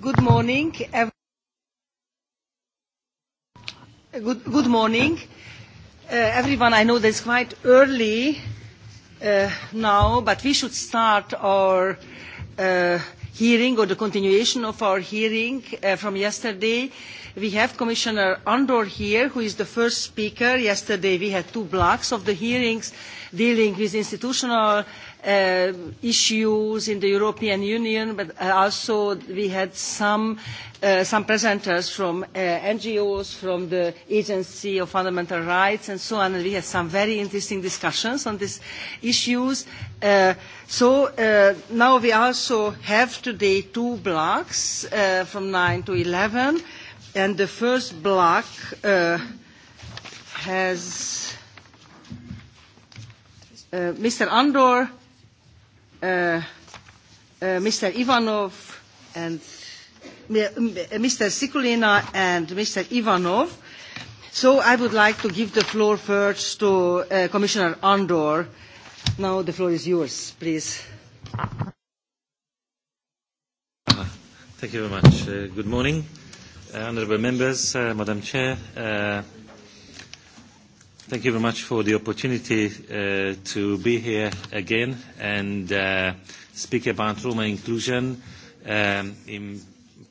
Good morning. Good, morning. Uh, everyone, I know that it's quite early uh, now, but we should start our uh, hearing or the continuation of our hearing uh, from yesterday. We have Commissioner Andor here, who is the first speaker. Yesterday we had two blocks of the hearings dealing with institutional uh, issues in the European Union, but also we had some, uh, some presenters from uh, NGOs, from the Agency of Fundamental Rights and so on, and we had some very interesting discussions on these issues. Uh, so uh, now we also have today two blocks uh, from 9 to 11, and the first block uh, has uh, Mr. Andor, Uh, uh, Mr. Ivanov and Mr. Sikulina and Mr. Ivanov. So I would like to give the floor first to uh, Commissioner Andor. Now the floor is yours, please. Thank you very much. Uh, good morning, uh, honourable members, uh, Madam Chair, Thank you very much for the opportunity uh, to be here again and uh, speak about Roma inclusion. Um, in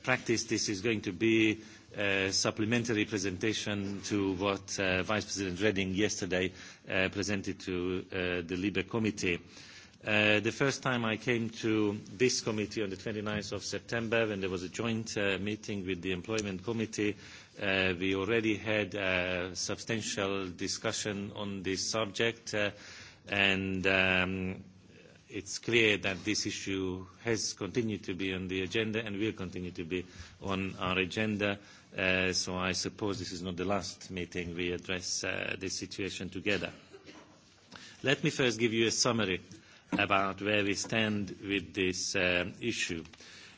practice, this is going to be a supplementary presentation to what uh, Vice President Reding yesterday uh, presented to uh, the LIBE Committee. Uh, the first time I came to this committee on the 29th of September when there was a joint uh, meeting with the Employment Committee Uh, we already had a substantial discussion on this subject, uh, and um, it's clear that this issue has continued to be on the agenda and will continue to be on our agenda. Uh, so I suppose this is not the last meeting we address uh, this situation together. Let me first give you a summary about where we stand with this uh, issue.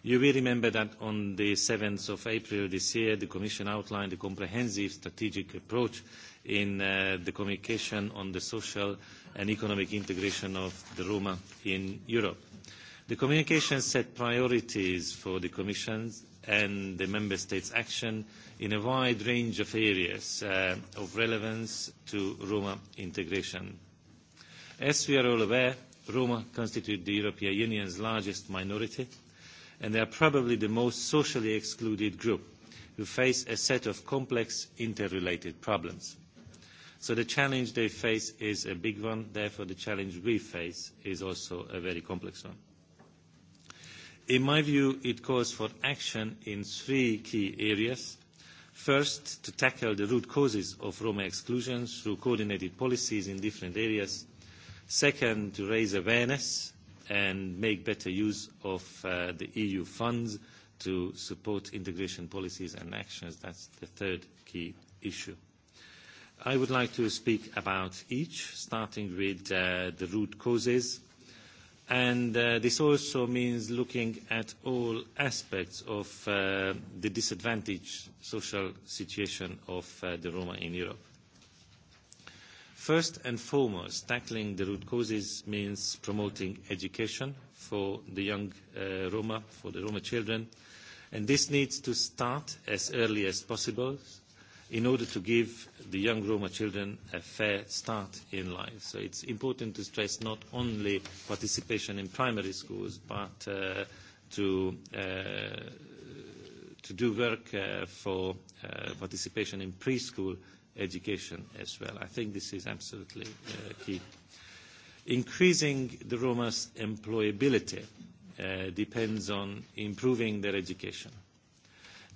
You will remember that on seven 7 April this year, the Commission outlined a comprehensive strategic approach in uh, the communication on the social and economic integration of the Roma in Europe. The communication set priorities for the Commission and the Member States' action in a wide range of areas uh, of relevance to Roma integration. As we are all aware, Roma constitute the European Union's largest minority, and they are probably the most socially excluded group who face a set of complex interrelated problems. So the challenge they face is a big one, therefore the challenge we face is also a very complex one. In my view, it calls for action in three key areas. First, to tackle the root causes of Roma exclusion through coordinated policies in different areas. Second, to raise awareness and make better use of uh, the EU funds to support integration policies and actions. That's the third key issue. I would like to speak about each, starting with uh, the root causes. and uh, This also means looking at all aspects of uh, the disadvantaged social situation of uh, the Roma in Europe. First and foremost, tackling the root causes means promoting education for the young uh, Roma, for the Roma children. And this needs to start as early as possible in order to give the young Roma children a fair start in life. So it's important to stress not only participation in primary schools, but uh, to, uh, to do work uh, for uh, participation in preschool education as well. I think this is absolutely uh, key. Increasing the Roma's employability uh, depends on improving their education.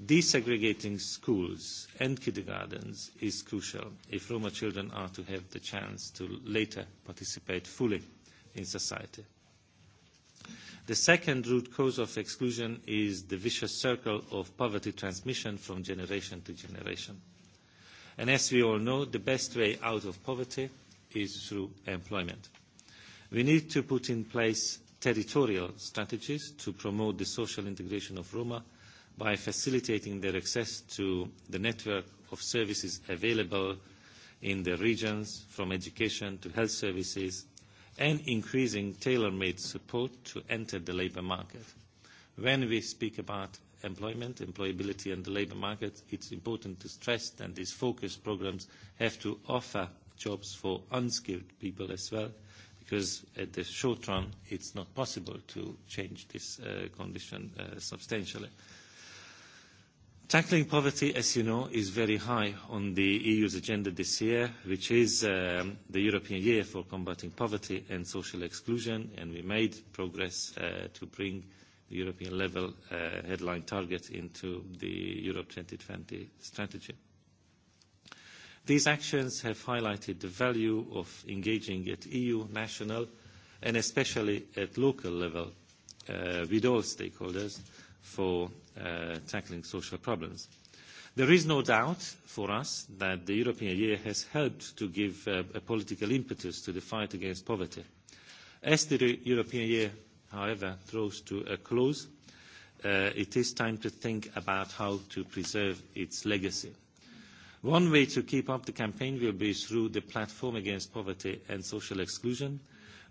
Desegregating schools and kindergartens is crucial if Roma children are to have the chance to later participate fully in society. The second root cause of exclusion is the vicious circle of poverty transmission from generation to generation And as we all know, the best way out of poverty is through employment. We need to put in place territorial strategies to promote the social integration of Roma by facilitating their access to the network of services available in the regions, from education to health services, and increasing tailor-made support to enter the labour market. When we speak about employment, employability and the labour market, it's important to stress that these focus programmes have to offer jobs for unskilled people as well, because at the short run, it's not possible to change this uh, condition uh, substantially. Tackling poverty, as you know, is very high on the EU's agenda this year, which is um, the European Year for Combating Poverty and Social Exclusion, and we made progress uh, to bring European level uh, headline target into the Europe 2020 strategy. These actions have highlighted the value of engaging at EU, national, and especially at local level uh, with all stakeholders for uh, tackling social problems. There is no doubt for us that the European year has helped to give uh, a political impetus to the fight against poverty. As the European year however, draws to a close, uh, it is time to think about how to preserve its legacy. One way to keep up the campaign will be through the Platform Against Poverty and Social Exclusion,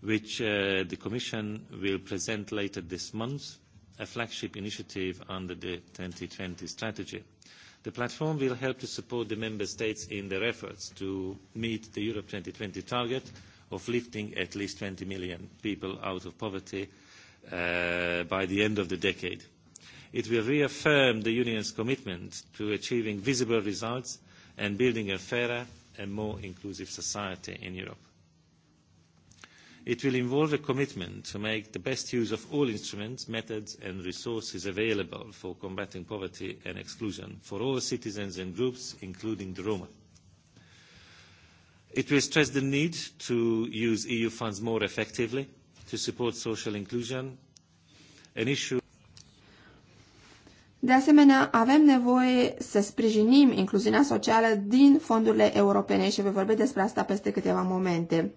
which uh, the Commission will present later this month, a flagship initiative under the 2020 strategy. The platform will help to support the member states in their efforts to meet the Europe 2020 target of lifting at least 20 million people out of poverty uh, by the end of the decade. It will reaffirm the Union's commitment to achieving visible results and building a fairer and more inclusive society in Europe. It will involve a commitment to make the best use of all instruments, methods and resources available for combating poverty and exclusion for all citizens and groups, including the Roma. It will stress the need to use EU funds more effectively to support social inclusion, an issue de asemenea, avem nevoie să sprijinim incluziunea socială din fondurile europene și voi vorbi despre asta peste câteva momente.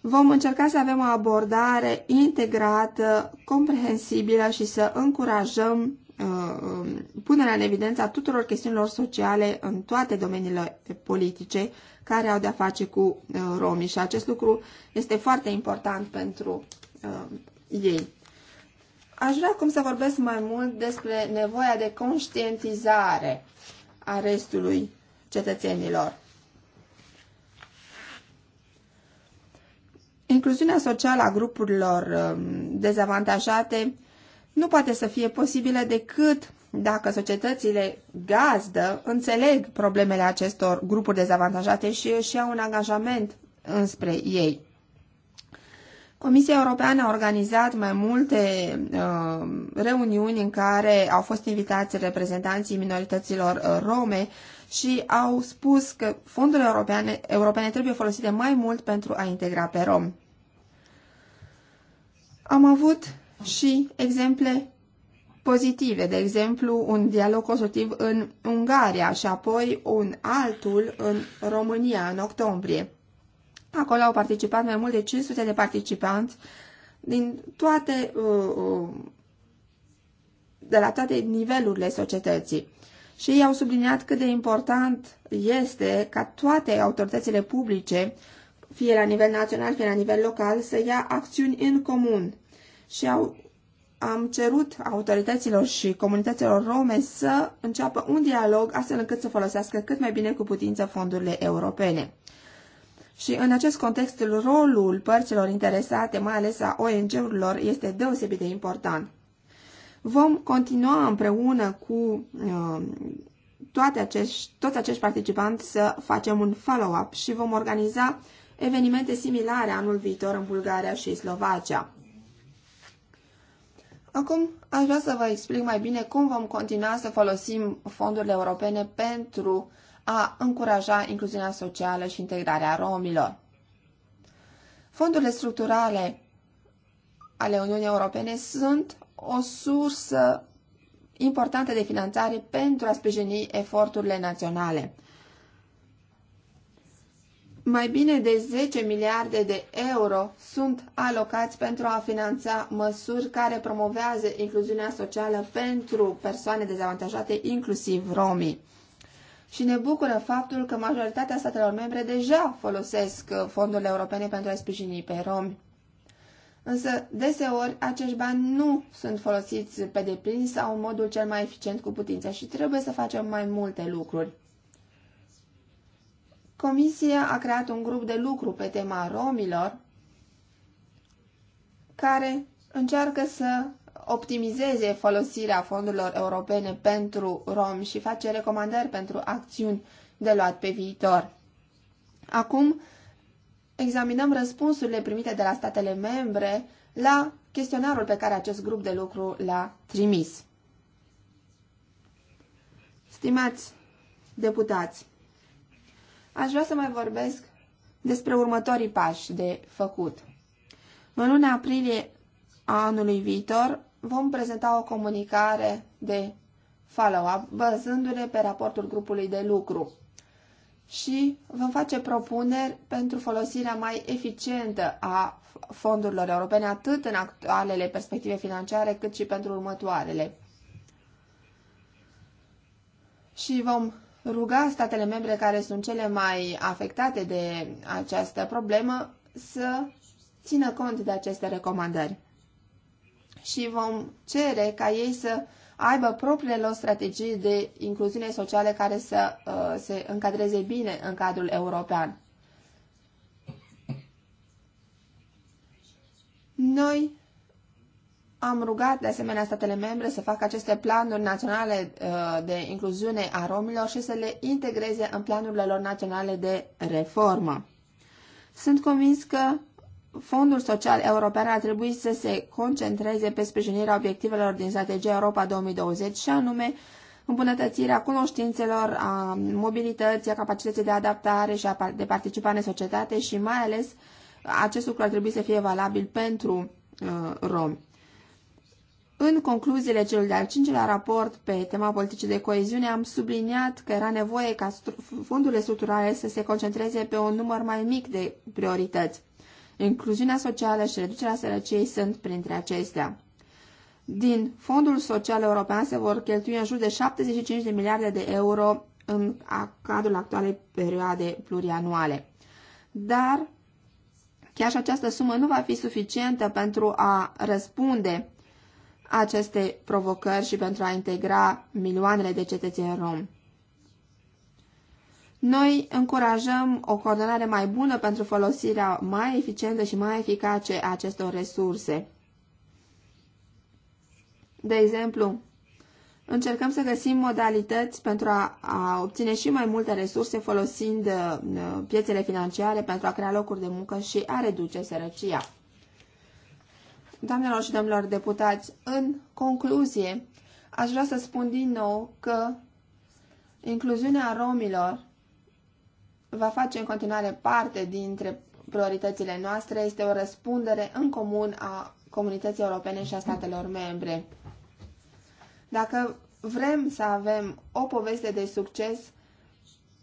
Vom încerca să avem o abordare integrată, comprehensibilă și să încurajăm Uh, um, punerea în evidență a tuturor chestiunilor sociale în toate domeniile politice care au de-a face cu uh, romii și acest lucru este foarte important pentru uh, ei. Aș vrea acum să vorbesc mai mult despre nevoia de conștientizare a restului cetățenilor. Incluziunea socială a grupurilor um, dezavantajate nu poate să fie posibilă decât dacă societățile gazdă înțeleg problemele acestor grupuri dezavantajate și își iau un angajament înspre ei. Comisia Europeană a organizat mai multe uh, reuniuni în care au fost invitați reprezentanții minorităților uh, rome și au spus că fondurile europeane, europene trebuie folosite mai mult pentru a integra pe rom. Am avut și exemple pozitive, de exemplu un dialog constructiv în Ungaria și apoi un altul în România în octombrie. Acolo au participat mai mult de 500 de participanți din toate, uh, uh, de la toate nivelurile societății. Și ei au subliniat cât de important este ca toate autoritățile publice, fie la nivel național, fie la nivel local, să ia acțiuni în comun și au, am cerut autorităților și comunităților rome să înceapă un dialog astfel încât să folosească cât mai bine cu putință fondurile europene. Și în acest context, rolul părților interesate, mai ales a ONG-urilor, este deosebit de important. Vom continua împreună cu uh, toate acești, toți acești participanți să facem un follow-up și vom organiza evenimente similare anul viitor în Bulgaria și Slovacia. Acum aș vrea să vă explic mai bine cum vom continua să folosim fondurile europene pentru a încuraja incluziunea socială și integrarea romilor. Fondurile structurale ale Uniunii Europene sunt o sursă importantă de finanțare pentru a sprijini eforturile naționale mai bine de 10 miliarde de euro sunt alocați pentru a finanța măsuri care promovează incluziunea socială pentru persoane dezavantajate, inclusiv romii. Și ne bucură faptul că majoritatea statelor membre deja folosesc uh, fondurile europene pentru a sprijini pe romi. Însă, deseori, acești bani nu sunt folosiți pe deplin sau în modul cel mai eficient cu putință și trebuie să facem mai multe lucruri. Comisia a creat un grup de lucru pe tema romilor care încearcă să optimizeze folosirea fondurilor europene pentru romi și face recomandări pentru acțiuni de luat pe viitor. Acum examinăm răspunsurile primite de la statele membre la chestionarul pe care acest grup de lucru l-a trimis. Stimați deputați, aș vrea să mai vorbesc despre următorii pași de făcut. În luna aprilie a anului viitor vom prezenta o comunicare de follow-up bazându-ne pe raportul grupului de lucru și vom face propuneri pentru folosirea mai eficientă a fondurilor europene, atât în actualele perspective financiare, cât și pentru următoarele. Și vom ruga statele membre care sunt cele mai afectate de această problemă să țină cont de aceste recomandări. Și vom cere ca ei să aibă propriile lor strategii de incluziune socială care să uh, se încadreze bine în cadrul european. Noi am rugat de asemenea statele membre să facă aceste planuri naționale uh, de incluziune a romilor și să le integreze în planurile lor naționale de reformă. Sunt convins că Fondul Social European ar trebui să se concentreze pe sprijinirea obiectivelor din strategia Europa 2020 și anume îmbunătățirea cunoștințelor, a mobilității, a capacității de adaptare și a de participare în societate și mai ales acest lucru ar trebui să fie valabil pentru uh, romi. În concluziile celor de-al cincilea raport pe tema politicii de coeziune am subliniat că era nevoie ca fondurile structurale să se concentreze pe un număr mai mic de priorități. Incluziunea socială și reducerea sărăciei sunt printre acestea. Din Fondul Social European se vor cheltui în jur de 75 de miliarde de euro în cadrul actualei perioade plurianuale. Dar chiar și această sumă nu va fi suficientă pentru a răspunde aceste provocări și pentru a integra milioanele de cetățeni romi. Noi încurajăm o coordonare mai bună pentru folosirea mai eficientă și mai eficace a acestor resurse. De exemplu, încercăm să găsim modalități pentru a, a obține și mai multe resurse folosind uh, piețele financiare pentru a crea locuri de muncă și a reduce sărăcia. Doamnelor și domnilor deputați, în concluzie, aș vrea să spun din nou că incluziunea romilor va face în continuare parte dintre prioritățile noastre, este o răspundere în comun a comunității europene și a statelor membre. Dacă vrem să avem o poveste de succes,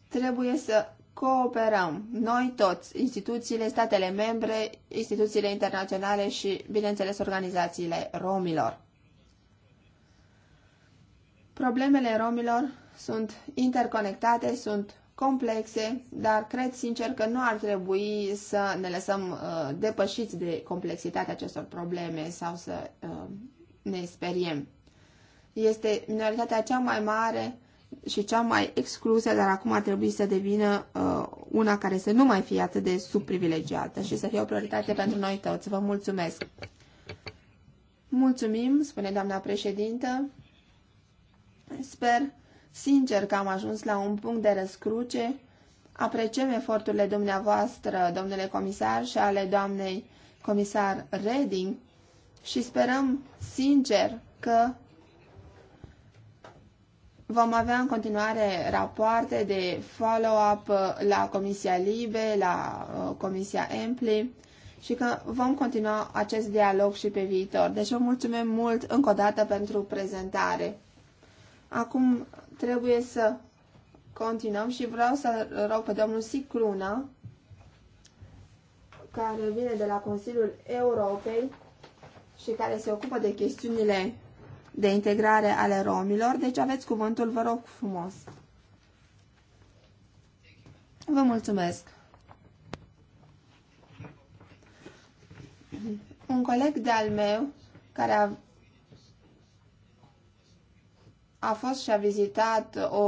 trebuie să cooperăm noi toți, instituțiile, statele membre, instituțiile internaționale și, bineînțeles, organizațiile romilor. Problemele romilor sunt interconectate, sunt complexe, dar cred sincer că nu ar trebui să ne lăsăm uh, depășiți de complexitatea acestor probleme sau să uh, ne speriem. Este minoritatea cea mai mare și cea mai exclusă, dar acum ar trebui să devină uh, una care să nu mai fie atât de subprivilegiată și să fie o prioritate pentru noi toți. Vă mulțumesc! Mulțumim, spune doamna președintă. Sper sincer că am ajuns la un punct de răscruce. Apreciem eforturile dumneavoastră, domnule comisar, și ale doamnei comisar Reding și sperăm sincer că Vom avea în continuare rapoarte de follow-up uh, la Comisia Libe, la uh, Comisia Empli și că vom continua acest dialog și pe viitor. Deci vă mulțumim mult încă o dată pentru prezentare. Acum trebuie să continuăm și vreau să rog pe domnul Sicluna, care vine de la Consiliul Europei și care se ocupă de chestiunile de integrare ale romilor, deci aveți cuvântul, vă rog frumos. Vă mulțumesc. Un coleg de-al meu care a, a fost și a vizitat o,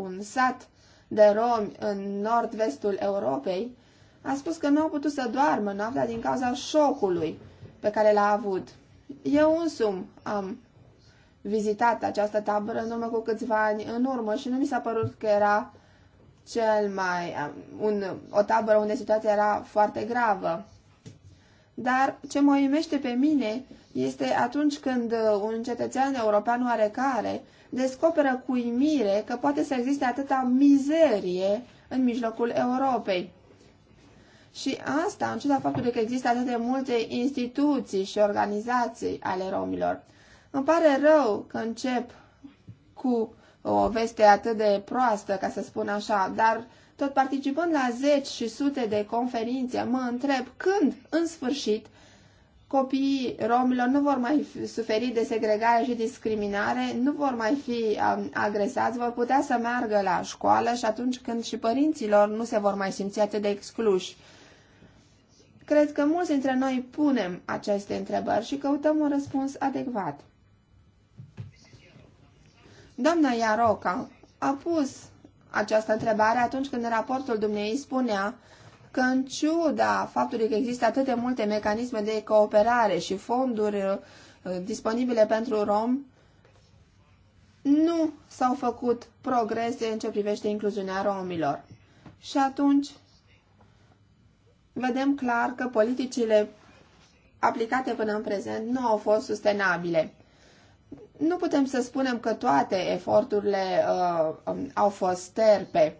un sat de romi în nord-vestul Europei, a spus că nu au putut să doarmă noaptea din cauza șocului pe care l-a avut. Eu însum am vizitat această tabără în urmă cu câțiva ani în urmă și nu mi s-a părut că era cel mai, un, o tabără unde situația era foarte gravă. Dar ce mă uimește pe mine este atunci când un cetățean european oarecare descoperă cu imire că poate să existe atâta mizerie în mijlocul Europei. Și asta, în ciuda faptului că există atât de multe instituții și organizații ale romilor. Îmi pare rău că încep cu o veste atât de proastă, ca să spun așa, dar tot participând la zeci și sute de conferințe, mă întreb când, în sfârșit, copiii romilor nu vor mai suferi de segregare și discriminare, nu vor mai fi um, agresați, vor putea să meargă la școală și atunci când și părinților nu se vor mai simți atât de excluși. Cred că mulți dintre noi punem aceste întrebări și căutăm un răspuns adecvat. Doamna Iaroca a pus această întrebare atunci când în raportul dumnei spunea că în ciuda faptului că există atât de multe mecanisme de cooperare și fonduri uh, disponibile pentru rom, nu s-au făcut progrese în ce privește incluziunea romilor. Și atunci vedem clar că politicile aplicate până în prezent nu au fost sustenabile. Nu putem să spunem că toate eforturile uh, um, au fost terpe.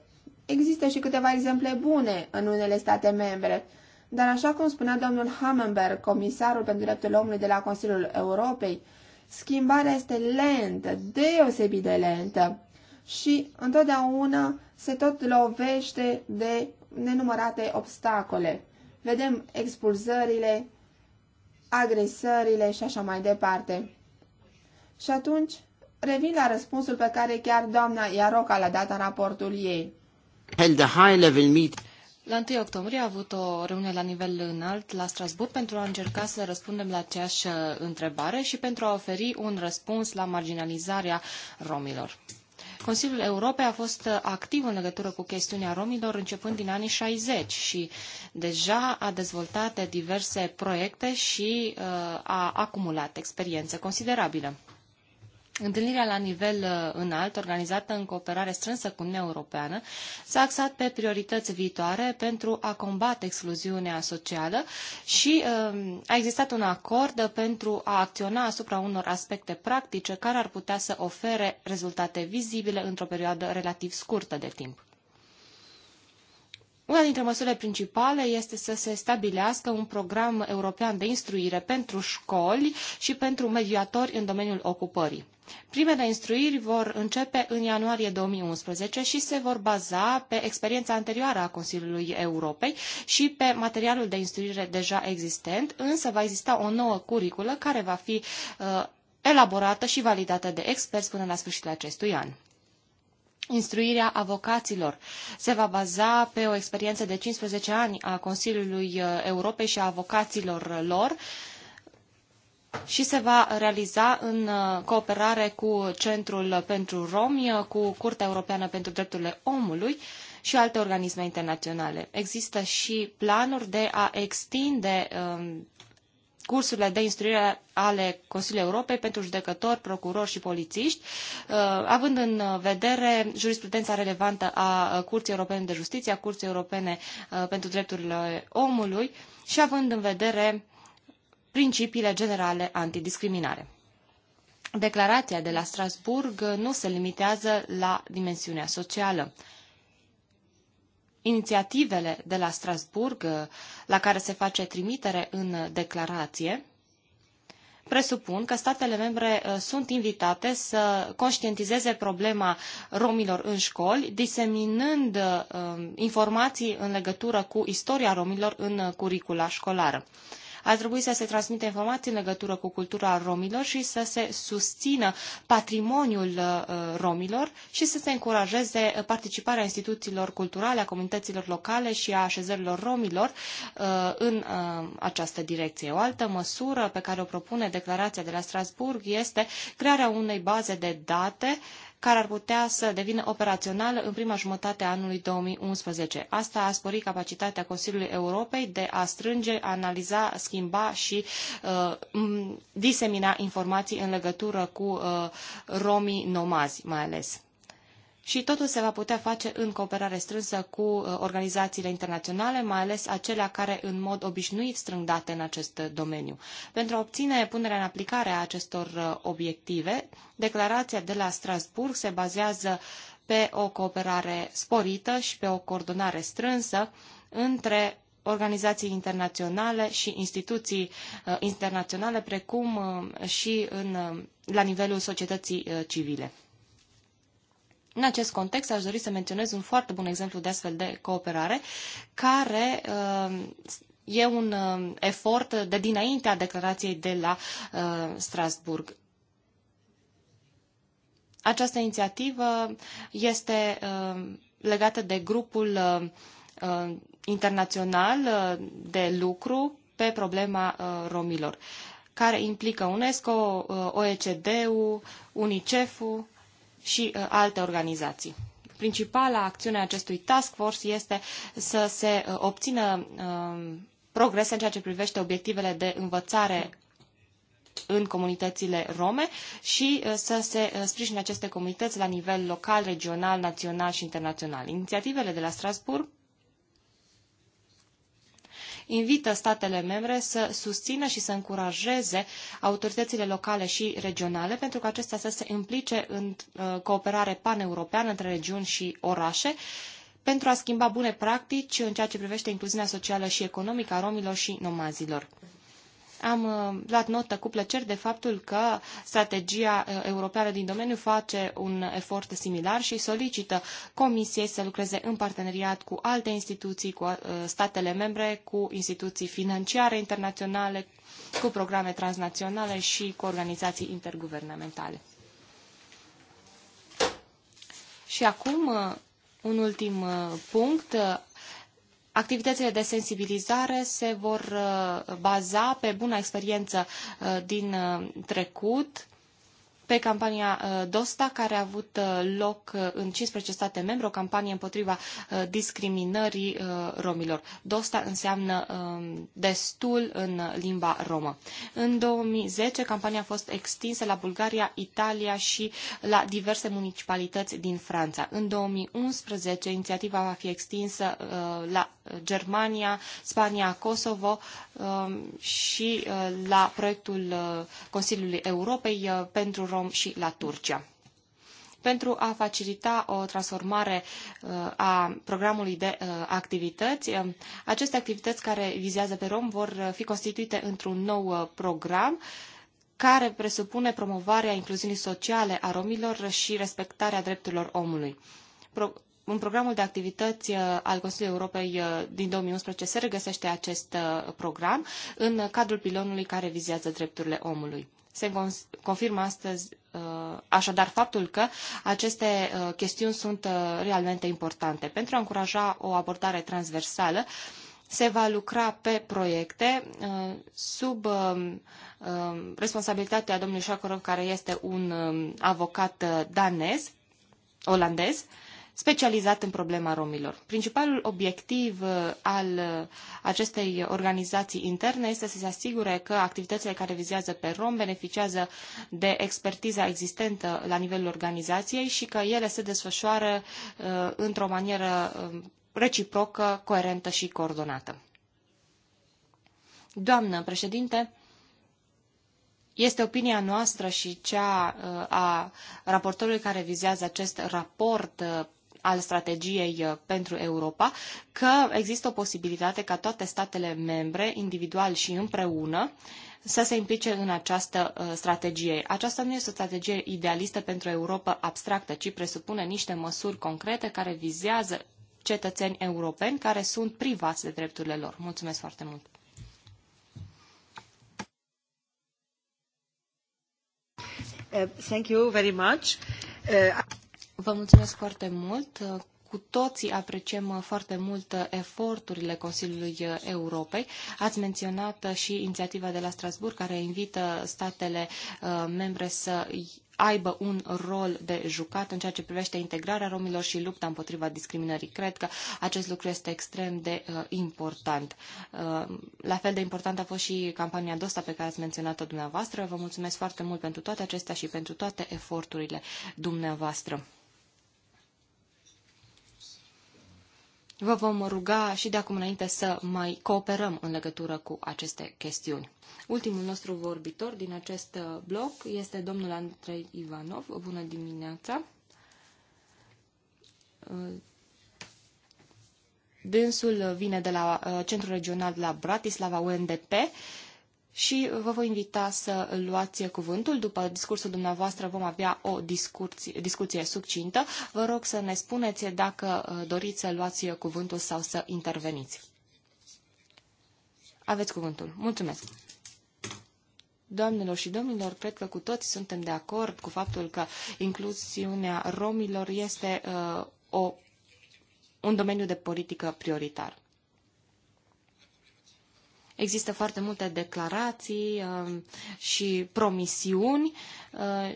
Există și câteva exemple bune în unele state membre, dar așa cum spunea domnul Hammenberg, comisarul pentru drepturile omului de la Consiliul Europei, schimbarea este lentă, deosebit de lentă și întotdeauna se tot lovește de nenumărate obstacole. Vedem expulzările, agresările și așa mai departe. Și atunci revin la răspunsul pe care chiar doamna Iaroca l-a dat în raportul ei. La 1 octombrie a avut o reuniune la nivel înalt la Strasbourg pentru a încerca să răspundem la aceeași uh, întrebare și pentru a oferi un răspuns la marginalizarea romilor. Consiliul Europei a fost uh, activ în legătură cu chestiunea romilor începând din anii 60 și deja a dezvoltat diverse proiecte și uh, a acumulat experiență considerabilă. Întâlnirea la nivel uh, înalt, organizată în cooperare strânsă cu Uniunea Europeană, s-a axat pe priorități viitoare pentru a combate excluziunea socială și um, a existat un acord pentru a acționa asupra unor aspecte practice care ar putea să ofere rezultate vizibile într-o perioadă relativ scurtă de timp. Una dintre măsurile principale este să se stabilească un program european de instruire pentru școli și pentru mediatori în domeniul ocupării. Primele instruiri vor începe în ianuarie 2011 și se vor baza pe experiența anterioară a Consiliului Europei și pe materialul de instruire deja existent, însă va exista o nouă curiculă care va fi uh, elaborată și validată de experți până la sfârșitul acestui an. Instruirea avocaților se va baza pe o experiență de 15 ani a Consiliului uh, Europei și a avocaților uh, lor și se va realiza în uh, cooperare cu Centrul pentru Romi, cu Curtea Europeană pentru Drepturile Omului și alte organisme internaționale. Există și planuri de a extinde um, cursurile de instruire ale Consiliului Europei pentru judecători, procurori și polițiști, uh, având în vedere jurisprudența relevantă a Curții Europene de Justiție, a Curții Europene uh, pentru Drepturile Omului și având în vedere principiile generale antidiscriminare. Declarația de la Strasbourg nu se limitează la dimensiunea socială inițiativele de la Strasburg uh, la care se face trimitere în declarație, presupun că statele membre uh, sunt invitate să conștientizeze problema romilor în școli, diseminând uh, um, informații în legătură cu istoria romilor în curicula școlară. Ar trebui să se transmită informații în legătură cu cultura romilor și să se susțină patrimoniul uh, romilor și să se încurajeze participarea instituțiilor culturale, a comunităților locale și a așezărilor romilor uh, în uh, această direcție. O altă măsură pe care o propune declarația de la Strasburg este crearea unei baze de date uh, care ar putea să devină operațională în prima jumătate a anului 2011. Asta a sporit capacitatea Consiliului Europei de a strânge, analiza, schimba și uh, disemina informații în legătură cu uh, romii nomazi, mai ales și totul se va putea face în cooperare strânsă cu uh, organizațiile internaționale, mai ales acelea care în mod obișnuit strâng date în acest uh, domeniu. Pentru a obține punerea în aplicare a acestor uh, obiective, declarația de la Strasbourg se bazează pe o cooperare sporită și pe o coordonare strânsă între organizații internaționale și instituții internaționale, precum și în, la nivelul societății civile. În acest context, aș dori să menționez un foarte bun exemplu de astfel de cooperare, care uh, e un uh, efort de dinaintea declarației de la uh, Strasburg. Această inițiativă este legată de grupul internațional de lucru pe problema romilor, care implică UNESCO, OECD-ul, UNICEF-ul și uh, alte organizații. Principala acțiune a acestui task force este să se uh, obțină um, progrese în ceea ce privește obiectivele de învățare în comunitățile rome și uh, să se sprijine aceste comunități la nivel local, regional, național și internațional. Inițiativele de la Strasbourg invită statele membre să susțină și să încurajeze autoritățile locale și regionale pentru că acestea să se implice în uh, cooperare paneuropeană între regiuni și orașe pentru a schimba bune practici în ceea ce privește incluziunea socială și economică a romilor și nomazilor. Am uh, luat notă cu plăceri de faptul că strategia uh, europeană din domeniu face un efort similar și solicită Comisiei să lucreze în parteneriat cu alte instituții, cu uh, statele membre, cu instituții financiare internaționale, cu programe transnaționale și cu organizații interguvernamentale. Și acum, un ultim punct, Activitățile de sensibilizare se vor uh, baza pe buna experiență uh, din uh, trecut, pe campania DOSTA, care a avut loc în 15 state membre, o campanie împotriva discriminării romilor. DOSTA înseamnă um, destul în limba romă. În 2010, campania a fost extinsă la Bulgaria, Italia și la diverse municipalități din Franța. În 2011, inițiativa va fi extinsă la Germania, Spania, Kosovo um, și uh, la proiectul uh, Consiliului Europei uh, pentru Rom și la Turcia pentru a facilita o transformare a programului de activități. Um, aceste activități care vizează pe rom vor fi constituite într-un nou program care presupune promovarea incluziunii sociale a romilor și respectarea drepturilor omului în programul de activități uh, al Consiliului Europei uh, din 2011 se regăsește acest uh, program în cadrul pilonului care vizează drepturile omului. Se confirmă astăzi așadar faptul că aceste chestiuni sunt realmente importante. Pentru a încuraja o abordare transversală, se va lucra pe proiecte sub responsabilitatea domnului Shakorov, care este un avocat danez, olandez, specializat în problema romilor. Principalul obiectiv uh, al uh, acestei organizații interne este să se asigure că activitățile care vizează pe rom beneficiază de expertiza existentă la nivelul organizației și că ele se desfășoară uh, într-o manieră um, reciprocă, coerentă și coordonată. Doamnă președinte, este opinia noastră și cea a raportorului care vizează acest raport al strategiei uh, pentru Europa că există o posibilitate ca toate statele membre, individual și împreună, să se implice în această uh, strategie. Aceasta nu este o strategie idealistă pentru Europa abstractă, ci presupune niște măsuri concrete care vizează cetățeni europeni care sunt privați de drepturile lor. Mulțumesc foarte mult! Uh, thank you very much. Vă mulțumesc foarte mult. Cu toții apreciem foarte mult eforturile Consiliului Europei. Ați menționat și inițiativa de la Strasbourg care invită statele uh, membre să aibă un rol de jucat în ceea ce privește integrarea romilor și lupta împotriva discriminării. Cred că acest lucru este extrem de uh, important. Uh, la fel de important a fost și campania DOSTA pe care ați menționat-o dumneavoastră. Vă mulțumesc foarte mult pentru toate acestea și pentru toate eforturile dumneavoastră. Vă vom ruga și de acum înainte să mai cooperăm în legătură cu aceste chestiuni. Ultimul nostru vorbitor din acest uh, bloc este domnul Andrei Ivanov. Bună dimineața! Uh, dânsul vine de la uh, Centrul Regional de la Bratislava, UNDP și vă voi invita să luați cuvântul. După discursul dumneavoastră vom avea o discuție, discuție succintă. Vă rog să ne spuneți dacă uh, doriți să luați cuvântul sau să interveniți. Aveți cuvântul. Mulțumesc! Doamnelor și domnilor, cred că cu toți suntem de acord cu faptul că incluziunea romilor este uh, o, un domeniu de politică prioritar. Există foarte multe declarații uh, și promisiuni, uh,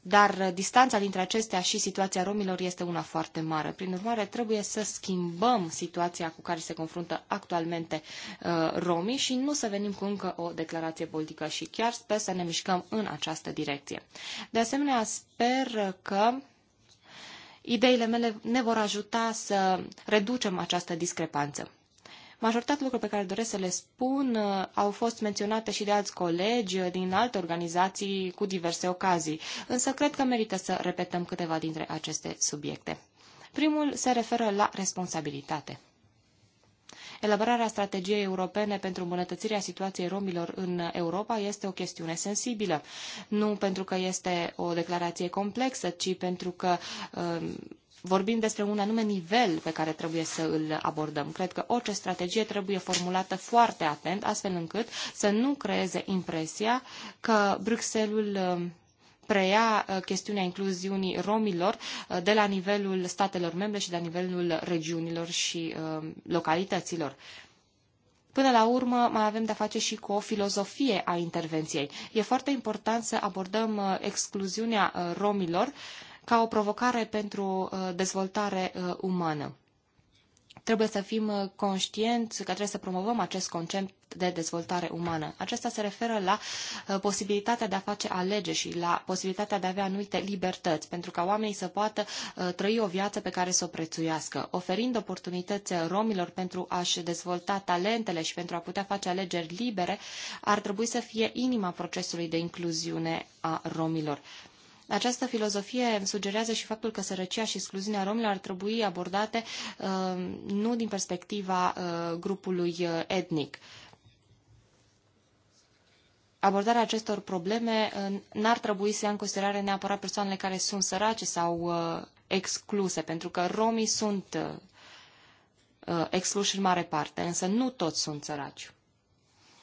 dar distanța dintre acestea și situația romilor este una foarte mare. Prin urmare, trebuie să schimbăm situația cu care se confruntă actualmente uh, romii și nu să venim cu încă o declarație politică și chiar sper să ne mișcăm în această direcție. De asemenea, sper că ideile mele ne vor ajuta să reducem această discrepanță. Majoritatea lucrurilor pe care doresc să le spun uh, au fost menționate și de alți colegi uh, din alte organizații cu diverse ocazii, însă cred că merită să repetăm câteva dintre aceste subiecte. Primul se referă la responsabilitate. Elaborarea strategiei europene pentru îmbunătățirea situației romilor în Europa este o chestiune sensibilă. Nu pentru că este o declarație complexă, ci pentru că uh, vorbim despre un anume nivel pe care trebuie să îl abordăm. Cred că orice strategie trebuie formulată foarte atent, astfel încât să nu creeze impresia că Bruxelles um, preia uh, chestiunea incluziunii romilor uh, de la nivelul statelor membre și de la nivelul regiunilor și um, localităților. Până la urmă, mai avem de-a face și cu o filozofie a intervenției. E foarte important să abordăm uh, excluziunea romilor uh, ca o provocare pentru uh, dezvoltare uh, umană. Trebuie să fim uh, conștienți că trebuie să promovăm acest concept de dezvoltare umană. Acesta se referă la posibilitatea de a face alegeri și la posibilitatea de a avea anumite libertăți, pentru ca oamenii să poată trăi o viață pe care să o prețuiască, oferind oportunități romilor pentru a-și dezvolta talentele și pentru a putea face alegeri libere, ar trebui să fie inima procesului de incluziune a romilor. Această filozofie sugerează și faptul că sărăcia și excluziunea romilor ar trebui abordate uh, nu din perspectiva uh, grupului uh, etnic abordarea acestor probleme n-ar trebui să ia în considerare neapărat persoanele care sunt sărace sau excluse, pentru că romii sunt excluși în mare parte, însă nu toți sunt săraci.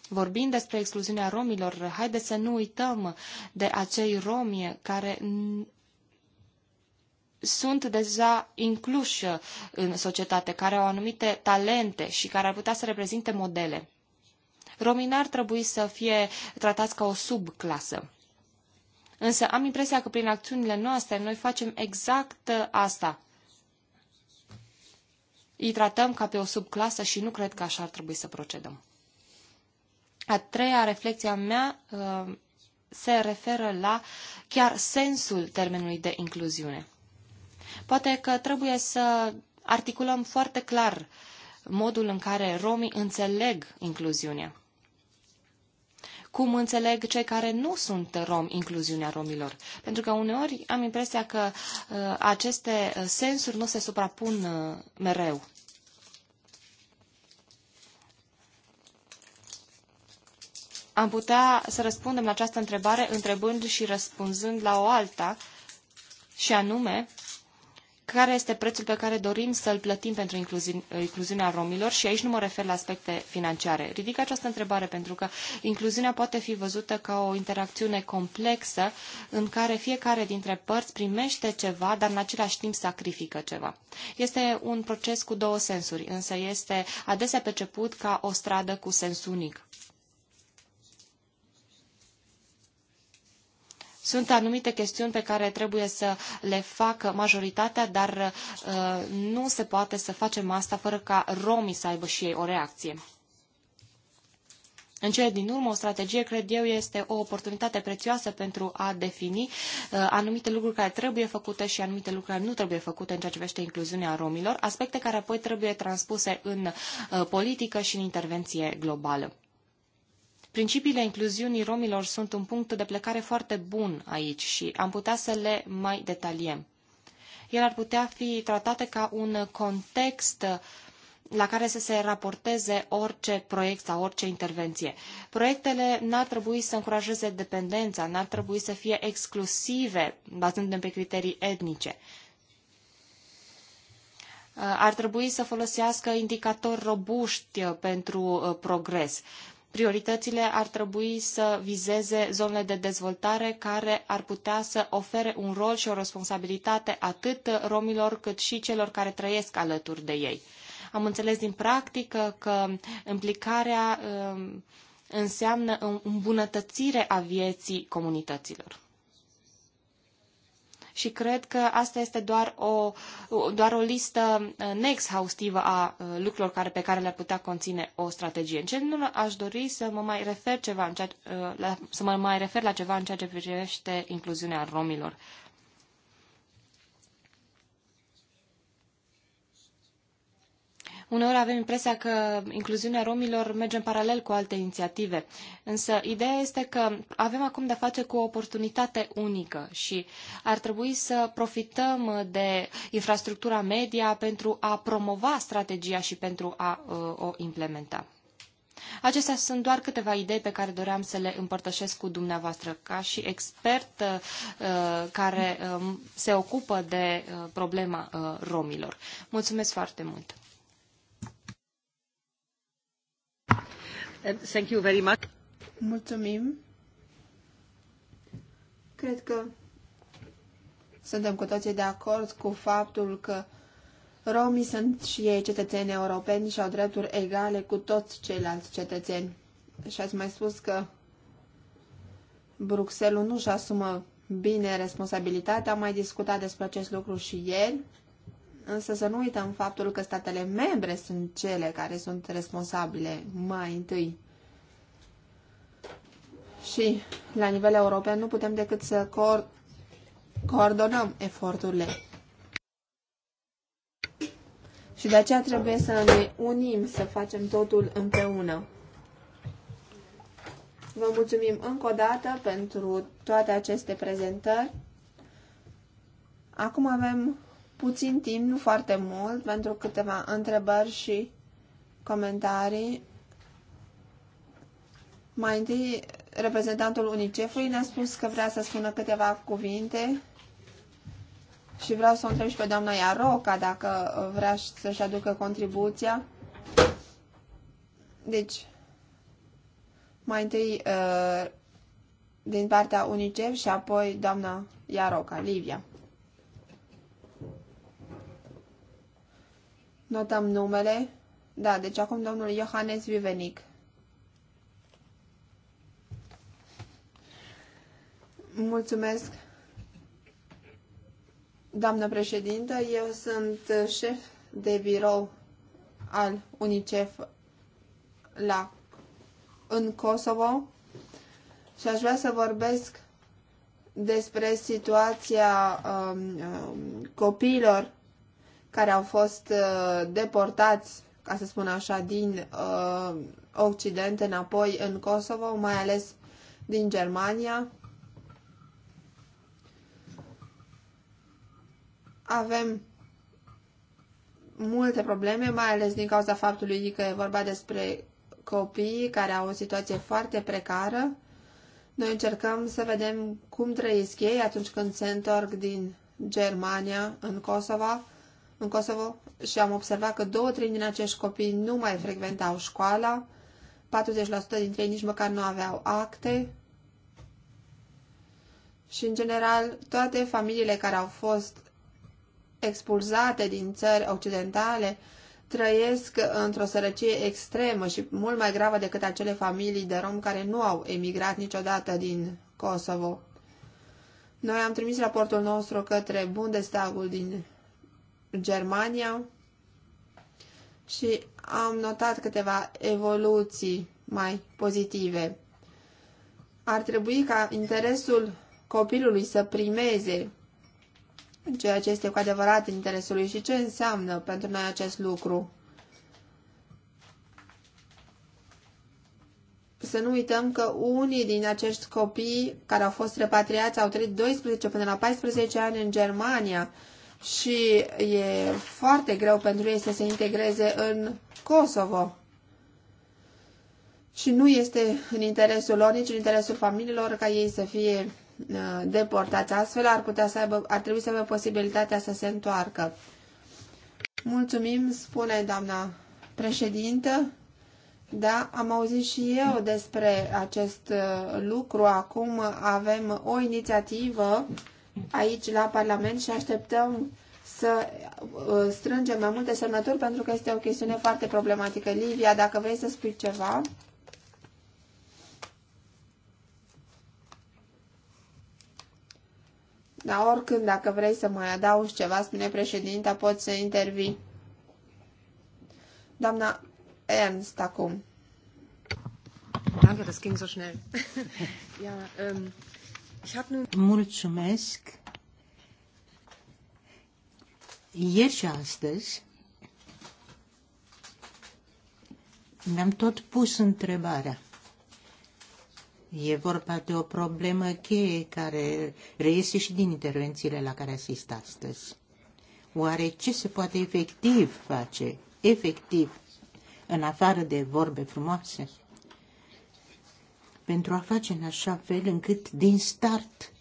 Vorbind despre excluziunea romilor, haideți să nu uităm de acei romi care sunt deja incluși în societate, care au anumite talente și care ar putea să reprezinte modele. Romii n-ar trebui să fie tratați ca o subclasă. Însă am impresia că prin acțiunile noastre noi facem exact asta. Îi tratăm ca pe o subclasă și nu cred că așa ar trebui să procedăm. A treia reflexie a mea uh, se referă la chiar sensul termenului de incluziune. Poate că trebuie să articulăm foarte clar modul în care romii înțeleg incluziunea. Cum înțeleg cei care nu sunt romi incluziunea romilor? Pentru că uneori am impresia că uh, aceste uh, sensuri nu se suprapun uh, mereu. am putea să răspundem la această întrebare întrebând și răspunzând la o alta, și anume, care este prețul pe care dorim să-l plătim pentru incluzi incluziunea romilor și aici nu mă refer la aspecte financiare. Ridic această întrebare pentru că incluziunea poate fi văzută ca o interacțiune complexă în care fiecare dintre părți primește ceva, dar în același timp sacrifică ceva. Este un proces cu două sensuri, însă este adesea perceput ca o stradă cu sens unic. Sunt anumite chestiuni pe care trebuie să le facă majoritatea, dar uh, nu se poate să facem asta fără ca romii să aibă și ei o reacție. În cele din urmă, o strategie, cred eu, este o oportunitate prețioasă pentru a defini uh, anumite lucruri care trebuie făcute și anumite lucruri care nu trebuie făcute în ceea ce vește incluziunea romilor, aspecte care apoi trebuie transpuse în uh, politică și în intervenție globală. Principiile incluziunii romilor sunt un punct de plecare foarte bun aici și am putea să le mai detaliem. El ar putea fi tratate ca un context la care să se raporteze orice proiect sau orice intervenție. Proiectele n-ar trebui să încurajeze dependența, n-ar trebui să fie exclusive, bazându-ne pe criterii etnice ar trebui să folosească indicatori robuști uh, pentru uh, progres. Prioritățile ar trebui să vizeze zonele de dezvoltare care ar putea să ofere un rol și o responsabilitate atât romilor cât și celor care trăiesc alături de ei. Am înțeles din practică că implicarea um, înseamnă îmbunătățire a vieții comunităților și cred că asta este doar o, doar o listă uh, neexhaustivă a uh, lucrurilor care, pe care le-ar putea conține o strategie. În nu aș dori să mă mai refer, ceva în ceea, uh, să mă mai refer la ceva în ceea ce privește incluziunea romilor. Uneori avem impresia că incluziunea romilor merge în paralel cu alte inițiative, însă ideea este că avem acum de-a face cu o oportunitate unică și ar trebui să profităm de infrastructura media pentru a promova strategia și pentru a uh, o implementa. Acestea sunt doar câteva idei pe care doream să le împărtășesc cu dumneavoastră ca și expert uh, care um, se ocupă de uh, problema uh, romilor. Mulțumesc foarte mult! Mulțumim. Cred că suntem cu toții de acord cu faptul că romii sunt și ei cetățeni europeni și au drepturi egale cu toți ceilalți cetățeni. Și ați mai spus că Bruxelles nu își asumă bine responsabilitatea. Am mai discutat despre acest lucru și ieri. Însă să nu uităm faptul că statele membre sunt cele care sunt responsabile mai întâi. Și la nivel european nu putem decât să coor coordonăm eforturile. Și de aceea trebuie să ne unim, să facem totul împreună. Vă mulțumim încă o dată pentru toate aceste prezentări. Acum avem puțin timp, nu foarte mult, pentru câteva întrebări și comentarii. Mai întâi, reprezentantul UNICEF-ului ne-a spus că vrea să spună câteva cuvinte și vreau să o întreb și pe doamna Iaroca dacă vrea să-și aducă contribuția. Deci, mai întâi uh, din partea UNICEF și apoi doamna Iaroca, Livia. Notăm numele. Da, deci acum domnul Iohannes Vivenic. Mulțumesc, doamnă președintă. Eu sunt șef de birou al UNICEF la, în Kosovo și aș vrea să vorbesc despre situația um, um copiilor care au fost uh, deportați, ca să spun așa, din uh, Occident înapoi în Kosovo, mai ales din Germania. Avem multe probleme, mai ales din cauza faptului că e vorba despre copii care au o situație foarte precară. Noi încercăm să vedem cum trăiesc ei atunci când se întorc din Germania în Kosovo în Kosovo și am observat că două treimi din acești copii nu mai frecventau școala, 40% dintre ei nici măcar nu aveau acte și, în general, toate familiile care au fost expulzate din țări occidentale trăiesc într-o sărăcie extremă și mult mai gravă decât acele familii de rom care nu au emigrat niciodată din Kosovo. Noi am trimis raportul nostru către Bundestagul din Germania și am notat câteva evoluții mai pozitive. Ar trebui ca interesul copilului să primeze ceea ce este cu adevărat interesul lui și ce înseamnă pentru noi acest lucru. Să nu uităm că unii din acești copii care au fost repatriați au trăit 12 până la 14 ani în Germania și e foarte greu pentru ei să se integreze în Kosovo. Și nu este în interesul lor, nici în interesul familiilor ca ei să fie uh, deportați. Astfel ar, putea să aibă, ar trebui să aibă posibilitatea să se întoarcă. Mulțumim, spune doamna președintă. Da, am auzit și eu despre acest uh, lucru. Acum avem o inițiativă aici la Parlament și așteptăm să uh, strângem mai multe semnături pentru că este o chestiune foarte problematică. Livia, dacă vrei să spui ceva. Dar oricând, dacă vrei să mai adaugi ceva, spune președinta, poți să intervii. Doamna Ernst, acum. Danke, das ging so schnell. ja, ähm, Mulțumesc. Ieri și astăzi mi-am tot pus întrebarea. E vorba de o problemă cheie care reiese și din intervențiile la care asist astăzi. Oare ce se poate efectiv face, efectiv, în afară de vorbe frumoase? pentru a face în așa fel încât din start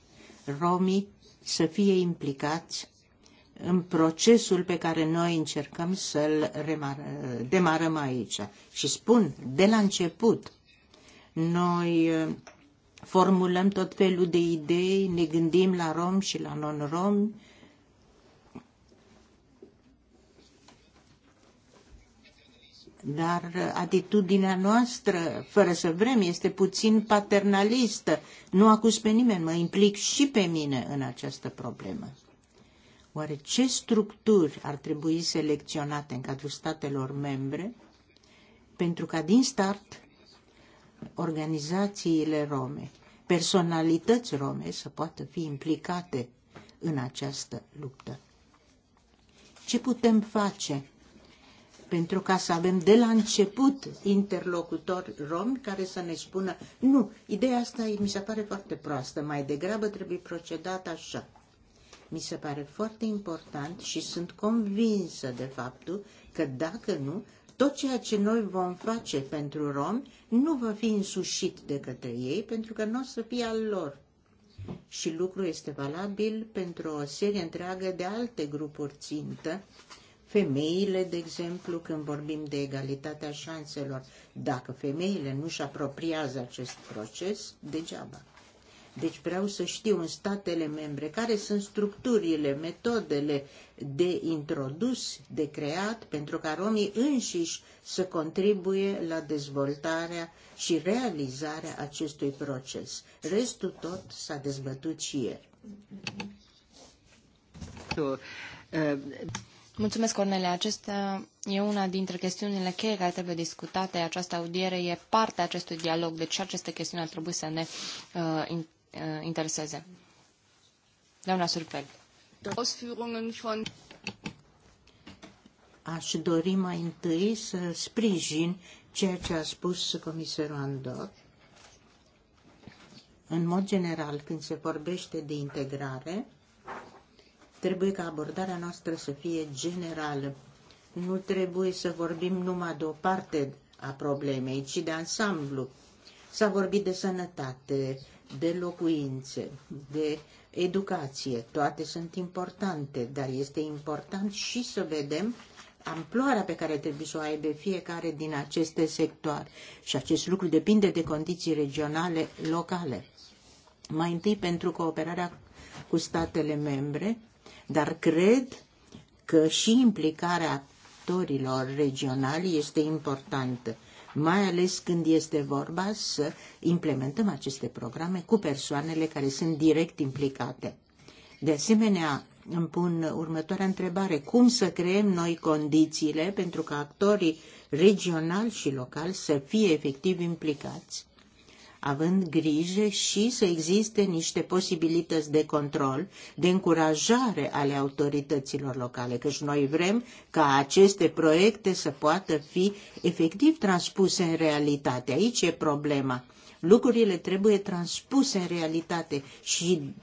romii să fie implicați în procesul pe care noi încercăm să-l demarăm aici. Și spun, de la început, noi uh, formulăm tot felul de idei, ne gândim la rom și la non-romi, Dar atitudinea noastră, fără să vrem, este puțin paternalistă. Nu acuz pe nimeni, mă implic și pe mine în această problemă. Oare ce structuri ar trebui selecționate în cadrul statelor membre pentru ca din start organizațiile rome, personalități rome să poată fi implicate în această luptă? Ce putem face pentru ca să avem de la început interlocutori romi care să ne spună nu, ideea asta mi se pare foarte proastă, mai degrabă trebuie procedat așa. Mi se pare foarte important și sunt convinsă de faptul că dacă nu, tot ceea ce noi vom face pentru romi nu va fi însușit de către ei pentru că nu o să fie al lor. Și lucru este valabil pentru o serie întreagă de alte grupuri țintă femeile, de exemplu, când vorbim de egalitatea șanselor. Dacă femeile nu își apropiază acest proces, degeaba. Deci vreau să știu în statele membre care sunt structurile, metodele de introdus, de creat, pentru ca romii înșiși să contribuie la dezvoltarea și realizarea acestui proces. Restul tot s-a dezbătut și ieri. Uh, Mulțumesc, Cornelia. Acesta e una dintre chestiunile cheie care trebuie discutate. Această audiere e parte a acestui dialog, deci aceste chestiuni ar trebui să ne uh, in, uh, intereseze. Doamna Surpel. Aș dori mai întâi să sprijin ceea ce a spus comisarul Andor. În mod general, când se vorbește de integrare, Trebuie ca abordarea noastră să fie generală. Nu trebuie să vorbim numai de o parte a problemei, ci de ansamblu. S-a vorbit de sănătate, de locuințe, de educație. Toate sunt importante, dar este important și să vedem amploarea pe care trebuie să o aibă fiecare din aceste sectoare. Și acest lucru depinde de condiții regionale, locale. Mai întâi pentru cooperarea cu statele membre, dar cred că și implicarea actorilor regionali este importantă, mai ales când este vorba să implementăm aceste programe cu persoanele care sunt direct implicate. De asemenea, îmi pun următoarea întrebare. Cum să creăm noi condițiile pentru ca actorii regional și local să fie efectiv implicați având grijă și să existe niște posibilități de control, de încurajare ale autorităților locale, căci noi vrem ca aceste proiecte să poată fi efectiv transpuse în realitate. Aici e problema. Lucrurile trebuie transpuse în realitate și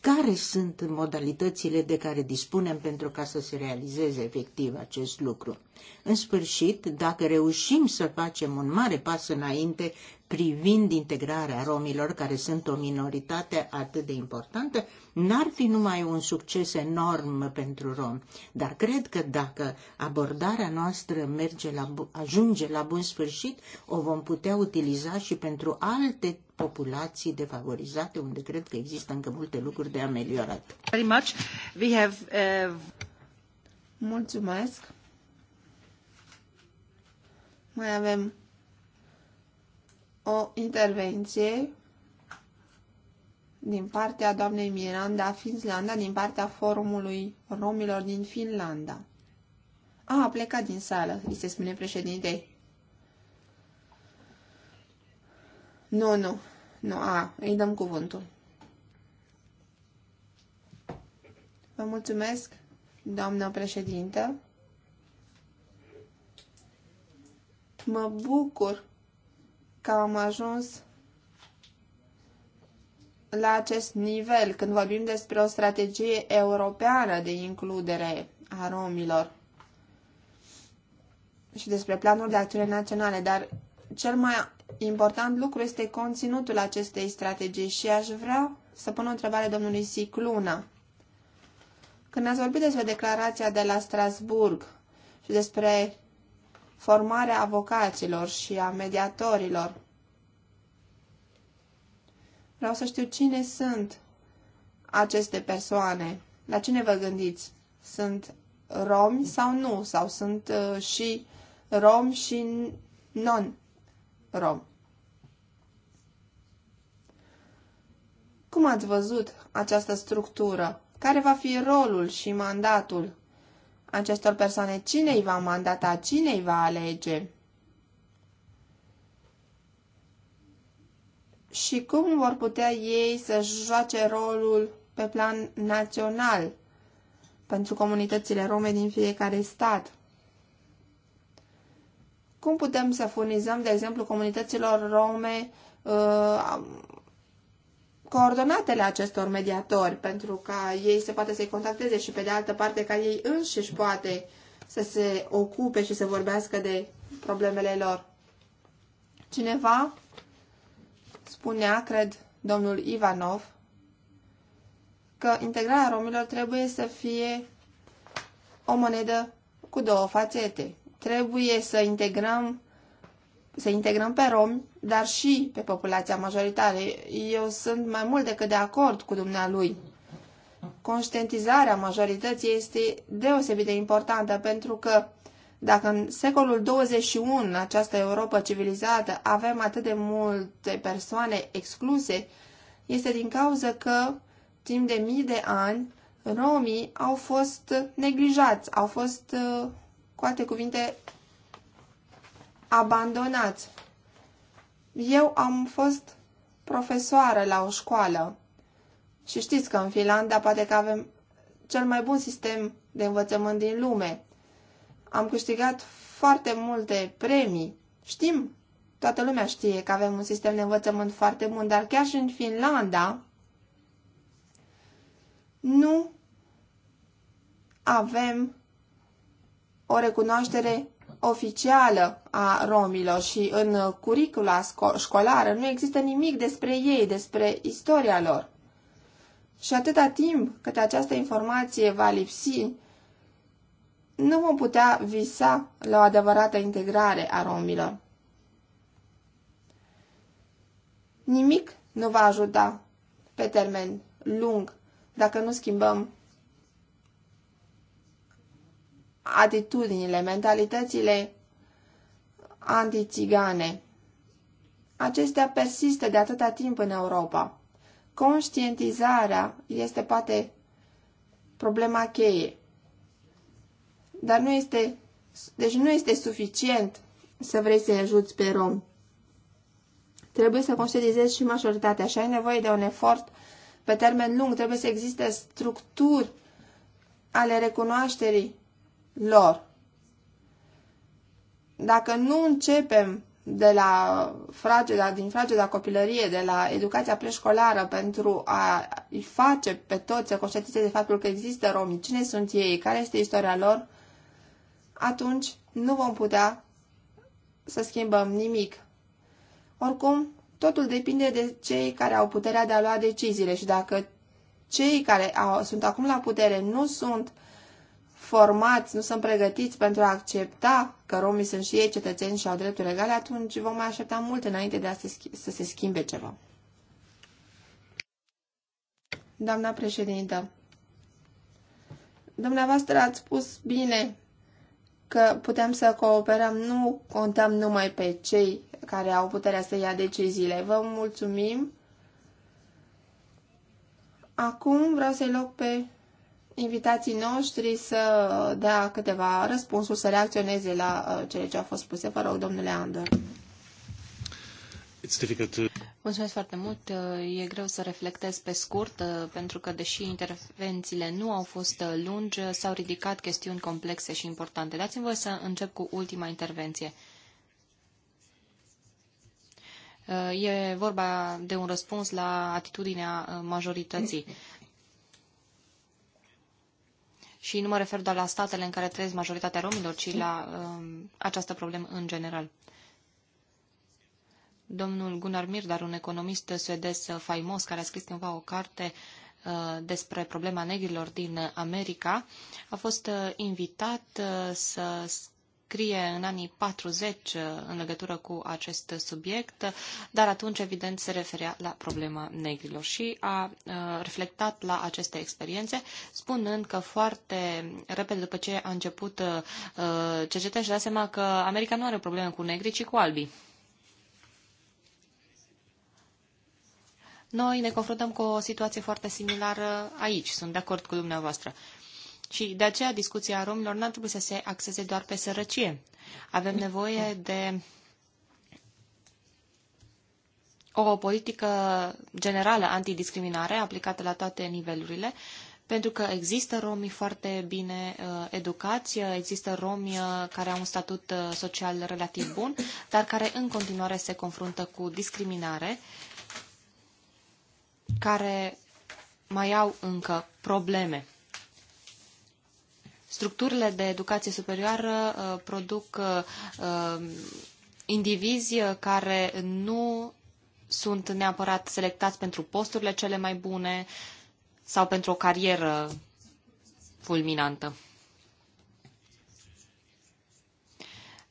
care sunt modalitățile de care dispunem pentru ca să se realizeze efectiv acest lucru. În sfârșit, dacă reușim să facem un mare pas înainte privind integrarea romilor, care sunt o minoritate atât de importantă, n-ar fi numai un succes enorm pentru rom. Dar cred că dacă abordarea noastră merge la, ajunge la bun sfârșit, o vom putea utiliza și pentru alte populații defavorizate, unde cred că există încă multe lucruri de ameliorat. Very much. We have, uh... Mulțumesc. Mai avem o intervenție din partea doamnei Miranda Finlanda, din partea forumului romilor din Finlanda. A, a plecat din sală, îi se spune președintei. Nu, nu, nu, a, îi dăm cuvântul. Vă mulțumesc, doamnă președintă. Mă bucur că am ajuns la acest nivel când vorbim despre o strategie europeană de includere a romilor și despre planuri de acțiune naționale, dar cel mai important lucru este conținutul acestei strategii și aș vrea să pun o întrebare domnului Sicluna. Când ați vorbit despre declarația de la Strasburg și despre formarea avocaților și a mediatorilor. Vreau să știu cine sunt aceste persoane. La cine vă gândiți? Sunt romi sau nu? Sau sunt uh, și romi și non-romi? Cum ați văzut această structură? Care va fi rolul și mandatul? acestor persoane, cine îi va mandata, cine îi va alege și cum vor putea ei să joace rolul pe plan național pentru comunitățile rome din fiecare stat. Cum putem să furnizăm, de exemplu, comunităților rome uh, coordonatele acestor mediatori, pentru ca ei se poate să-i contacteze și, pe de altă parte, ca ei înșiși poate să se ocupe și să vorbească de problemele lor. Cineva spunea, cred, domnul Ivanov, că integrarea romilor trebuie să fie o monedă cu două fațete. Trebuie să integrăm să integrăm pe romi, dar și pe populația majoritară. Eu sunt mai mult decât de acord cu dumnealui. Conștientizarea majorității este deosebit de importantă pentru că dacă în secolul 21, în această Europa civilizată, avem atât de multe persoane excluse, este din cauza că, timp de mii de ani, romii au fost neglijați, au fost, uh, cu alte cuvinte, abandonați. Eu am fost profesoară la o școală și știți că în Finlanda poate că avem cel mai bun sistem de învățământ din lume. Am câștigat foarte multe premii. Știm, toată lumea știe că avem un sistem de învățământ foarte bun, dar chiar și în Finlanda nu avem o recunoaștere oficială a romilor și în curicula școlară nu există nimic despre ei, despre istoria lor. Și atâta timp cât această informație va lipsi, nu vom putea visa la o adevărată integrare a romilor. Nimic nu va ajuta pe termen lung dacă nu schimbăm atitudinile, mentalitățile antițigane. Acestea persistă de atâta timp în Europa. Conștientizarea este poate problema cheie. Dar nu este, deci nu este suficient să vrei să-i ajuți pe rom. Trebuie să conștientizezi și majoritatea și ai nevoie de un efort pe termen lung. Trebuie să existe structuri ale recunoașterii lor. Dacă nu începem de la frageda, din frageda copilărie, de la educația preșcolară pentru a îi face pe toți să de faptul că există romi, cine sunt ei, care este istoria lor, atunci nu vom putea să schimbăm nimic. Oricum, totul depinde de cei care au puterea de a lua deciziile și dacă cei care au, sunt acum la putere nu sunt uh, formați, nu sunt pregătiți pentru a accepta că romii sunt și ei cetățeni și au drepturi legale, atunci vom mai aștepta mult înainte de a se, să se schimbe ceva. Doamna președintă, dumneavoastră ați spus bine că putem să cooperăm, nu contăm numai pe cei care au puterea să ia deciziile. Vă mulțumim. Acum vreau să-i loc pe invitații noștri să dea câteva răspunsuri, să reacționeze la uh, cele ce au fost spuse. Vă rog, domnule Andor. Mulțumesc foarte mult. Uh, e greu să reflectez pe scurt, uh, pentru că, deși intervențiile nu au fost lungi, s-au ridicat chestiuni complexe și importante. Dați-mi voi să încep cu ultima intervenție. E vorba de un răspuns la atitudinea majorității. Și nu mă refer doar la statele în care trăiesc majoritatea romilor, ci la um, această problemă în general. Domnul Gunnar Mirdar, un economist suedez faimos, care a scris cândva o carte uh, despre problema negrilor din America, a fost uh, invitat uh, să scrie în anii 40 uh, în legătură cu acest subiect, dar atunci, evident, se referea la problema negrilor și a uh, reflectat la aceste experiențe, spunând că foarte repede după ce a început uh, cercetarea și-a dat seama că America nu are probleme cu negri, ci cu albi. Noi ne confruntăm cu o situație foarte similară aici, sunt de acord cu dumneavoastră. Și de aceea discuția romilor n-ar trebui să se axeze doar pe sărăcie. Avem nevoie de o politică generală antidiscriminare aplicată la toate nivelurile, pentru că există romi foarte bine uh, educați, uh, există romi uh, care au un statut uh, social relativ bun, dar care în continuare se confruntă cu discriminare, care mai au încă probleme. Structurile de educație superioară uh, produc uh, indivizi uh, care nu sunt neapărat selectați pentru posturile cele mai bune sau pentru o carieră fulminantă.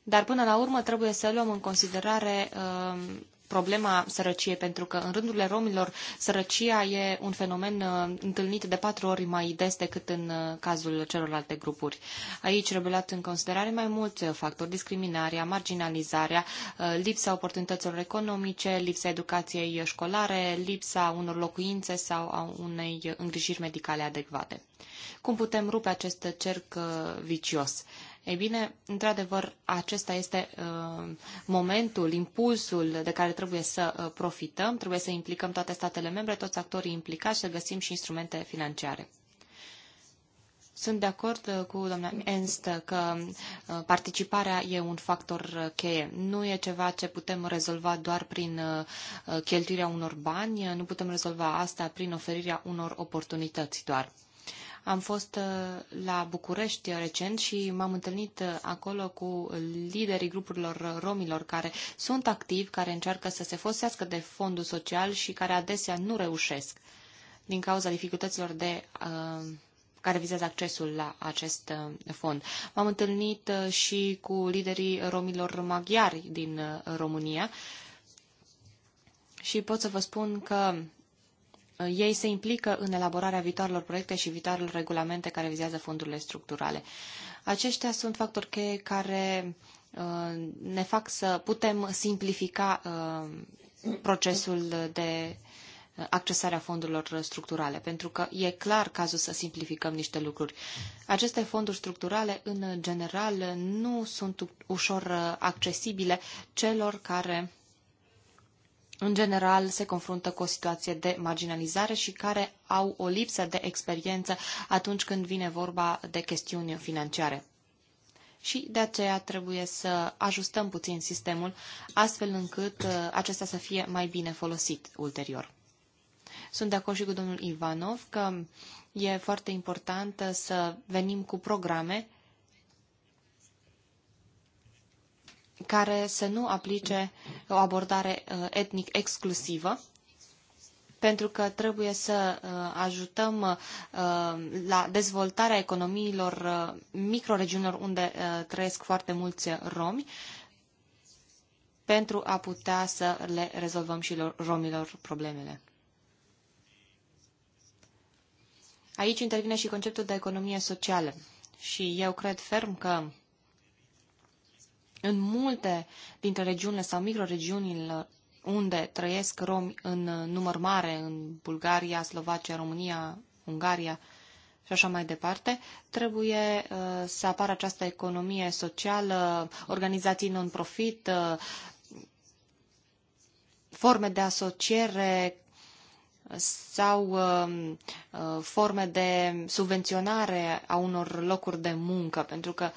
Dar până la urmă trebuie să luăm în considerare uh, problema sărăciei, pentru că în rândurile romilor sărăcia e un fenomen uh, întâlnit de patru ori mai des decât în uh, cazul celorlalte grupuri. Aici trebuie luat în considerare mai mulți uh, factori, discriminarea, marginalizarea, lipsa oportunităților economice, lipsa educației școlare, lipsa unor locuințe sau a unei îngrijiri medicale adecvate. Cum putem rupe acest cerc vicios? Ei bine, într-adevăr, acesta este uh, momentul, impulsul de care trebuie să uh, profităm, trebuie să implicăm toate statele membre, toți actorii implicați, să găsim și instrumente financiare. Sunt de acord uh, cu doamna Enst că uh, participarea e un factor uh, cheie. Nu e ceva ce putem rezolva doar prin cheltuirea unor bani, nu putem rezolva asta prin oferirea unor oportunități doar. Am fost uh, la București recent și m-am întâlnit uh, acolo cu liderii grupurilor romilor care sunt activi, care încearcă să se folosească de fondul social și care adesea nu reușesc din cauza dificultăților de uh, care vizează accesul la acest uh, fond. M-am întâlnit și cu liderii romilor maghiari din România și pot să vă spun că Uh, ei se implică în elaborarea viitoarelor proiecte și viitoarelor regulamente care vizează fondurile structurale. Aceștia sunt factori cheie care uh, ne fac să putem simplifica uh, procesul de accesarea fondurilor structurale, pentru că e clar cazul să simplificăm niște lucruri. Aceste fonduri structurale, în general, nu sunt ușor accesibile celor care în general se confruntă cu o situație de marginalizare și care au o lipsă de experiență atunci când vine vorba de chestiuni financiare. Și de aceea trebuie să ajustăm puțin sistemul, astfel încât uh, acesta să fie mai bine folosit ulterior. Sunt de acord și cu domnul Ivanov că e foarte important să venim cu programe care să nu aplice o abordare uh, etnic exclusivă, pentru că trebuie să uh, ajutăm uh, la dezvoltarea economiilor microregiunilor unde trăiesc foarte mulți romi, pentru a putea să le rezolvăm și romilor problemele. Aici intervine și conceptul de economie socială și eu cred ferm că în multe dintre regiunile sau microregiunile unde trăiesc romi în uh, număr mare, în Bulgaria, Slovacia, România, Ungaria și așa mai departe, trebuie uh, să apară această economie socială, organizații non-profit, uh, forme de asociere sau uh, uh forme de subvenționare a unor locuri de muncă, pentru că uh,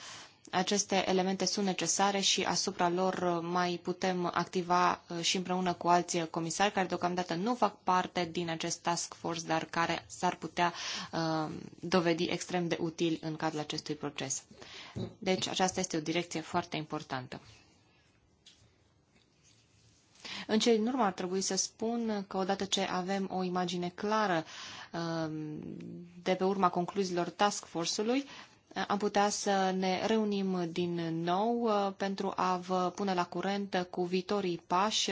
aceste elemente sunt necesare și asupra lor uh, mai putem activa uh, și împreună cu alții comisari care deocamdată nu fac parte din acest task force, dar care s-ar putea uh, dovedi extrem de utili în cadrul acestui proces. Deci aceasta este o direcție foarte importantă. În cele din urmă ar trebui să spun că odată ce avem o imagine clară de pe urma concluziilor task force-ului, am putea să ne reunim din nou uh, pentru a vă pune la curent cu viitorii pași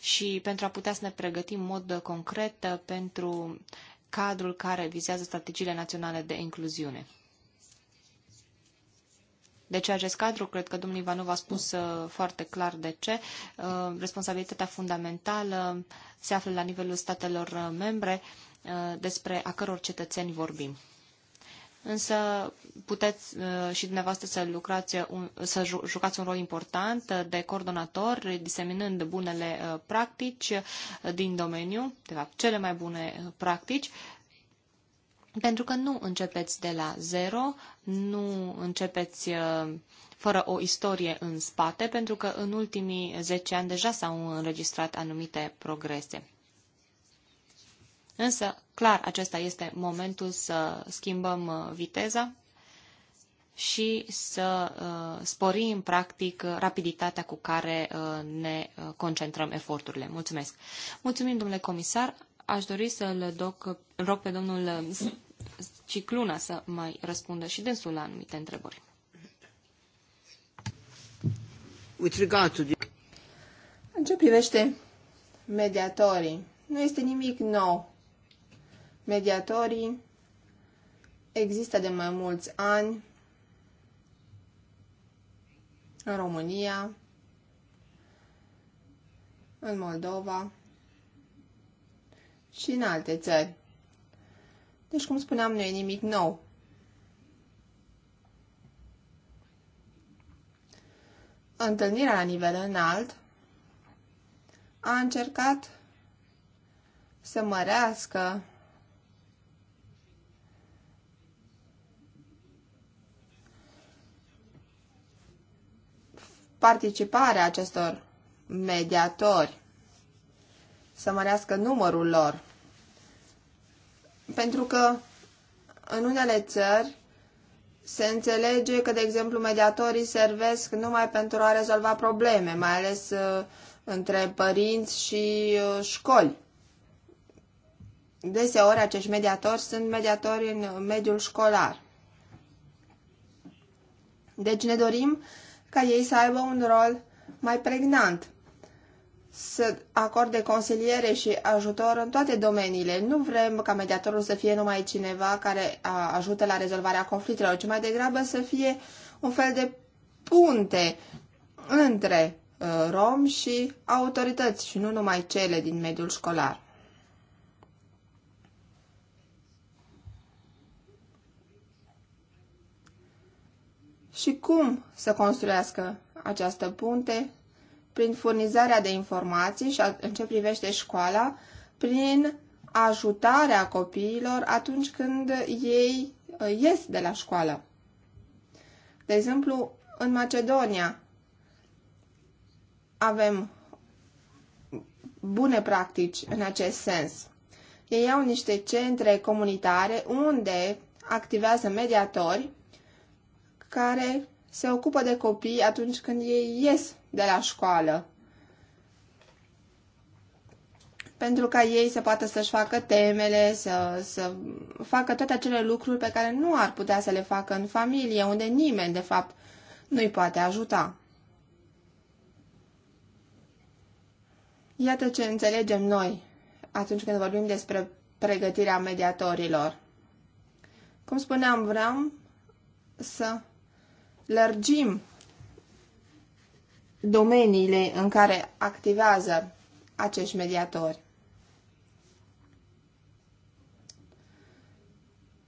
și pentru a putea să ne pregătim în mod concret pentru cadrul care vizează strategiile naționale de incluziune. Deci acest cadru, cred că domnul Ivanov a spus uh, foarte clar de ce, uh, responsabilitatea fundamentală se află la nivelul statelor membre despre a căror cetățeni vorbim însă puteți uh, și dumneavoastră să, lucrați să jucați un rol important de coordonator, diseminând bunele uh, practici uh, din domeniu, de fapt cele mai bune practici, pentru că nu începeți de la zero, nu începeți fără o istorie în spate, pentru că în ultimii 10 ani deja s-au înregistrat anumite progrese. Însă, clar, acesta este momentul să schimbăm uh, viteza și să uh, sporim, practic, uh, rapiditatea cu care ne concentrăm eforturile. Mulțumesc! Mulțumim, domnule comisar! Aș dori să-l rog pe domnul Cicluna să mai răspundă și dânsul la anumite întrebări. În ce privește mediatorii, nu este nimic nou Mediatorii există de mai mulți ani în România, în Moldova și în alte țări. Deci, cum spuneam, nu e nimic nou. Întâlnirea la nivel înalt a încercat să mărească participarea acestor mediatori, să mărească numărul lor. Pentru că în unele țări se înțelege că, de exemplu, mediatorii servesc numai pentru a rezolva probleme, mai ales uh, între părinți și uh, școli. Deseori acești mediatori sunt mediatori în mediul școlar. Deci ne dorim ca ei să aibă un rol mai pregnant, să acorde consiliere și ajutor în toate domeniile. Nu vrem ca mediatorul să fie numai cineva care ajută la rezolvarea conflictelor, ci mai degrabă să fie un fel de punte între uh, rom și autorități și nu numai cele din mediul școlar. și cum să construiască această punte prin furnizarea de informații și în ce privește școala, prin ajutarea copiilor atunci când ei uh, ies de la școală. De exemplu, în Macedonia avem bune practici în acest sens. Ei au niște centre comunitare unde activează mediatori care se ocupă de copii atunci când ei ies de la școală. Pentru ca ei să poată să-și facă temele, să, să facă toate acele lucruri pe care nu ar putea să le facă în familie, unde nimeni, de fapt, nu-i poate ajuta. Iată ce înțelegem noi atunci când vorbim despre pregătirea mediatorilor. Cum spuneam, vreau să lărgim domeniile în care activează acești mediatori.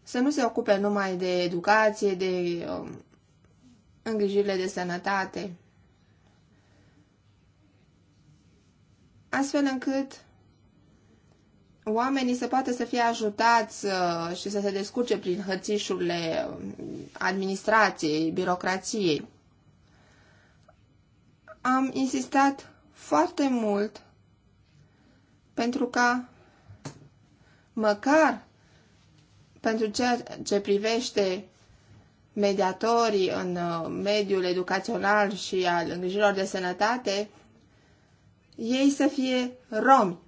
Să nu se ocupe numai de educație, de um, îngrijirile de sănătate, astfel încât oamenii se poate să fie ajutați uh, și să se descurce prin hățișurile administrației, birocrației. Am insistat foarte mult pentru ca măcar pentru ceea ce privește mediatorii în uh, mediul educațional și al îngrijirilor de sănătate, ei să fie romi,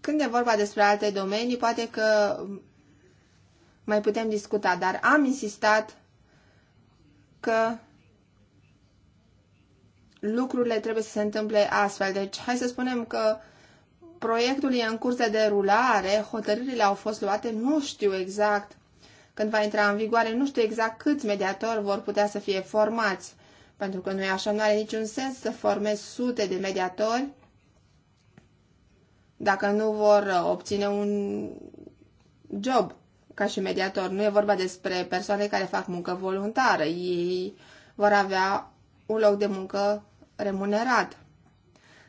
Când e vorba despre alte domenii, poate că mai putem discuta, dar am insistat că lucrurile trebuie să se întâmple astfel. Deci, hai să spunem că proiectul e în curs de derulare, hotărârile au fost luate, nu știu exact când va intra în vigoare, nu știu exact câți mediatori vor putea să fie formați, pentru că nu e așa, nu are niciun sens să formezi sute de mediatori dacă nu vor uh, obține un job ca și mediator. Nu e vorba despre persoane care fac muncă voluntară. Ei vor avea un loc de muncă remunerat.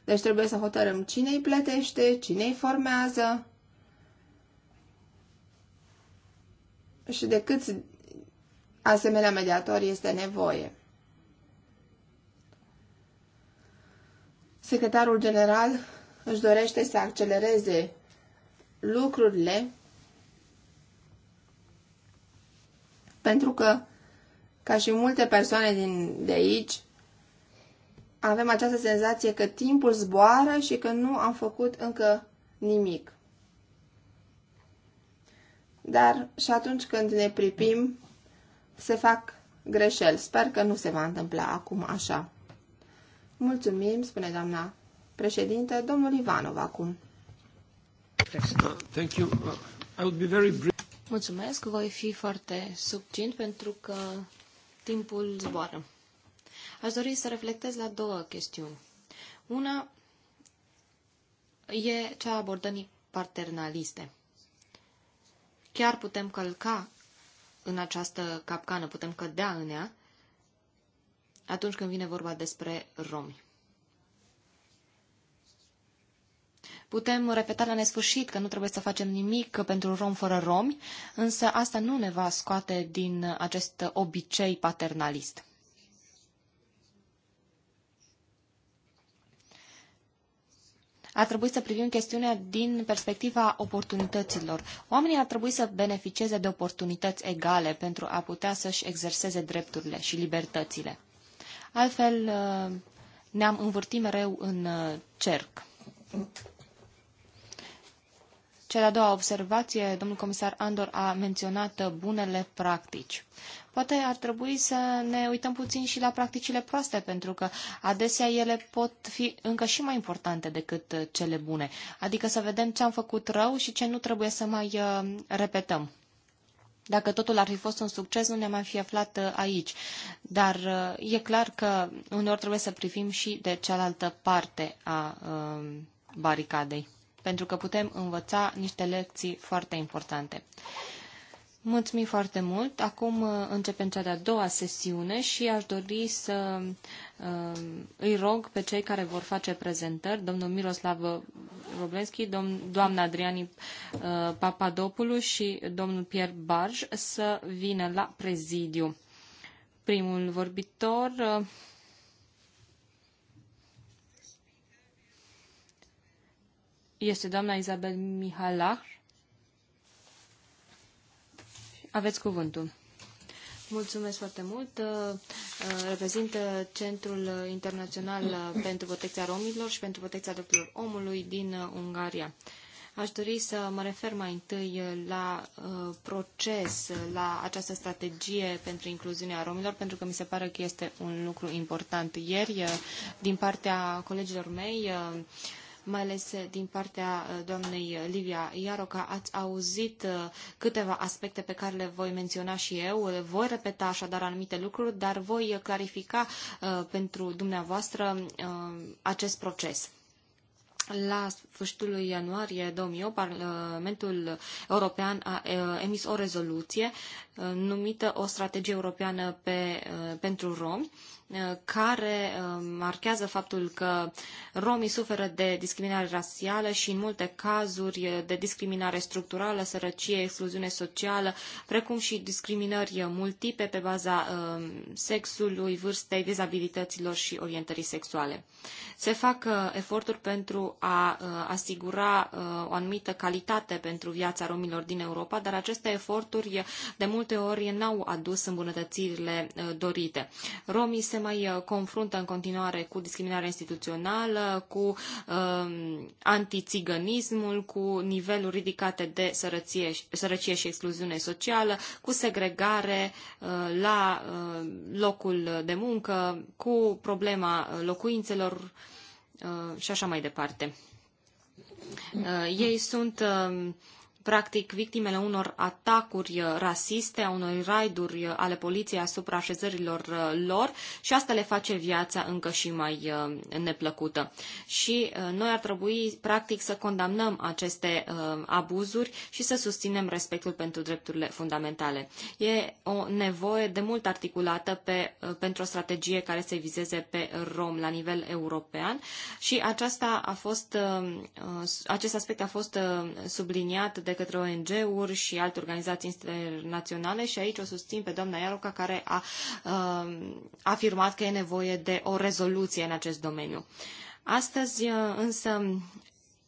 Deci trebuie să hotărâm cine îi plătește, cine îi formează și de câți asemenea mediatori este nevoie. Secretarul general își dorește să accelereze lucrurile pentru că, ca și multe persoane din, de aici, avem această senzație că timpul zboară și că nu am făcut încă nimic. Dar și atunci când ne pripim, se fac greșeli. Sper că nu se va întâmpla acum așa. Mulțumim, spune doamna președinte. Domnul Ivanov acum. Thank you. I would be very brief. Mulțumesc, voi fi foarte subțint pentru că timpul zboară. Aș dori să reflectez la două chestiuni. Una e cea a abordării paternaliste. Chiar putem călca în această capcană, putem cădea în ea atunci când vine vorba despre romi. Putem repeta la nesfârșit că nu trebuie să facem nimic pentru rom fără romi, însă asta nu ne va scoate din acest obicei paternalist. ar trebui să privim chestiunea din perspectiva oportunităților. Oamenii ar trebui să beneficieze de oportunități egale pentru a putea să-și exerseze drepturile și libertățile. Altfel, ne-am învârtit mereu în uh, cerc. Cea de-a doua observație, domnul comisar Andor a menționat bunele practici. Poate ar trebui să ne uităm puțin și la practicile proaste, pentru că adesea ele pot fi încă și mai importante decât cele bune. Adică să vedem ce am făcut rău și ce nu trebuie să mai uh, repetăm. Dacă totul ar fi fost un succes, nu ne-am mai fi aflat uh, aici. Dar uh, e clar că uneori trebuie să privim și de cealaltă parte a baricadei pentru că putem învăța niște lecții foarte importante. Mulțumim foarte mult. Acum uh, începem cea de-a doua sesiune și aș dori să uh, îi rog pe cei care vor face prezentări, domnul Miroslav Roblenski, domn, doamna Adriani uh, Papadopoulou și domnul Pierre Barj să vină la prezidiu. Primul vorbitor este doamna Isabel Mihala. Aveți cuvântul. Mulțumesc foarte mult. Uh, uh, reprezintă Centrul Internațional pentru Protecția Romilor și pentru Protecția Drepturilor Omului din uh, Ungaria. Aș dori să mă refer mai întâi la proces, la această strategie pentru incluziunea romilor, pentru că mi se pare că este un lucru important. Ieri, din partea colegilor mei, mai ales eh, din partea eh, doamnei eh, Livia Iaroca. Ați auzit câteva aspecte pe care le voi menționa și eu. Voi repeta așadar anumite lucruri, dar voi clarifica pentru dumneavoastră acest proces. La sfârșitul lui ianuarie 2008, Parlamentul European a emis o rezoluție numită o strategie europeană pe, pentru romi Uh, care uh, marchează faptul că romii suferă de discriminare rasială și în multe cazuri uh, de discriminare structurală, sărăcie, excluziune socială, precum și discriminări multiple pe baza sexului, vârstei, dezabilităților și orientării sexuale. Se fac eforturi pentru a asigura o anumită calitate pentru viața romilor din Europa, dar aceste eforturi de multe ori n-au adus îmbunătățirile dorite. Romii se mai uh, confruntă în continuare cu discriminarea instituțională, cu um, antițiganismul, cu niveluri ridicate de sărăcie, sărăcie și excluziune socială, cu segregare uh, la uh, locul de muncă, cu problema uh, locuințelor uh, și așa mai departe. Uh, ei sunt uh, practic victimele unor atacuri uh, rasiste, a unor raiduri uh, ale poliției asupra așezărilor uh, lor și asta le face viața încă și mai neplăcută. Și noi ar trebui practic să condamnăm aceste abuzuri și să susținem respectul pentru drepturile fundamentale. E o nevoie de mult articulată pe, pentru o strategie care să vizeze pe rom la nivel european și aceasta a fost, acest aspect a fost subliniat de de către ONG-uri și alte organizații internaționale și aici o susțin pe doamna Iaruca care a uh, afirmat că e nevoie de o rezoluție în acest domeniu. Astăzi uh, însă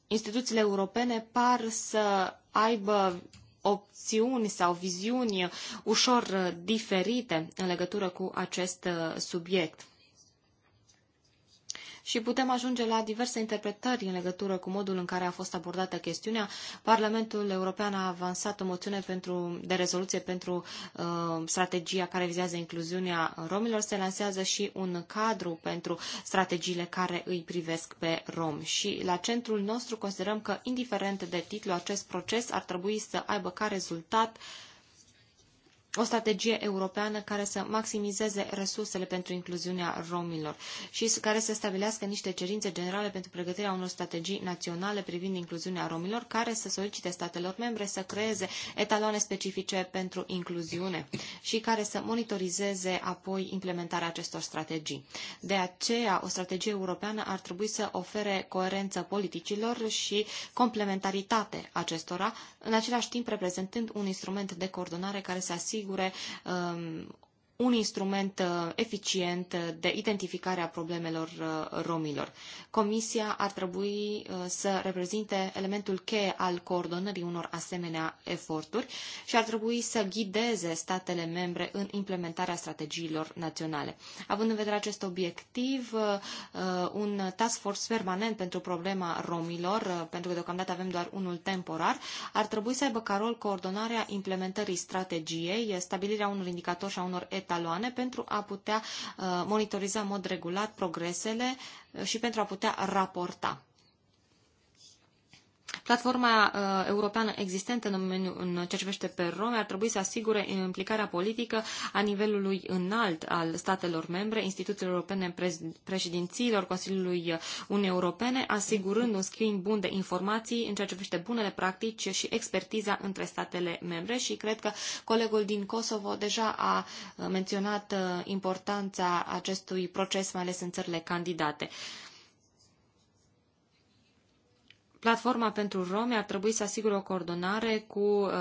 instituțiile europene par să aibă opțiuni sau viziuni ușor diferite în legătură cu acest uh, subiect și putem ajunge la diverse interpretări în legătură cu modul în care a fost abordată chestiunea. Parlamentul European a avansat o moțiune pentru, de rezoluție pentru uh, strategia care vizează incluziunea romilor. Se lansează și un cadru pentru strategiile care îi privesc pe rom. Și la centrul nostru considerăm că, indiferent de titlu, acest proces ar trebui să aibă ca rezultat uh, o strategie europeană care să maximizeze resursele pentru incluziunea romilor și care să stabilească niște cerințe generale pentru pregătirea unor strategii naționale privind incluziunea romilor, care să solicite statelor membre să creeze etaloane specifice pentru incluziune și care să monitorizeze apoi implementarea acestor strategii. De aceea, o strategie europeană ar trebui să ofere coerență politicilor și complementaritate acestora, în același timp reprezentând un instrument de coordonare care să asigure asigure um, un instrument uh, eficient de identificare a problemelor uh, romilor. Comisia ar trebui uh, să reprezinte elementul cheie al coordonării unor asemenea eforturi și ar trebui să ghideze statele membre în implementarea strategiilor naționale. Având în vedere acest obiectiv, un task force permanent pentru problema romilor, pentru că deocamdată avem doar unul temporar, ar trebui să aibă ca rol coordonarea implementării strategiei, stabilirea unor indicatori și a unor etape taloane pentru a putea uh, monitoriza în mod regulat progresele uh, și pentru a putea raporta. Platforma uh, europeană existentă în, ceea în ce privește pe Rome ar trebui să asigure implicarea politică a nivelului înalt al statelor membre, instituțiilor europene, președinților Consiliului Uniunii Europene, asigurând un schimb bun de informații în ceea ce privește bunele practici și expertiza între statele membre și cred că colegul din Kosovo deja a uh, menționat uh, importanța acestui proces, mai ales în țările candidate. Uh, Platforma pentru Romi ar trebui să asigure o coordonare cu uh,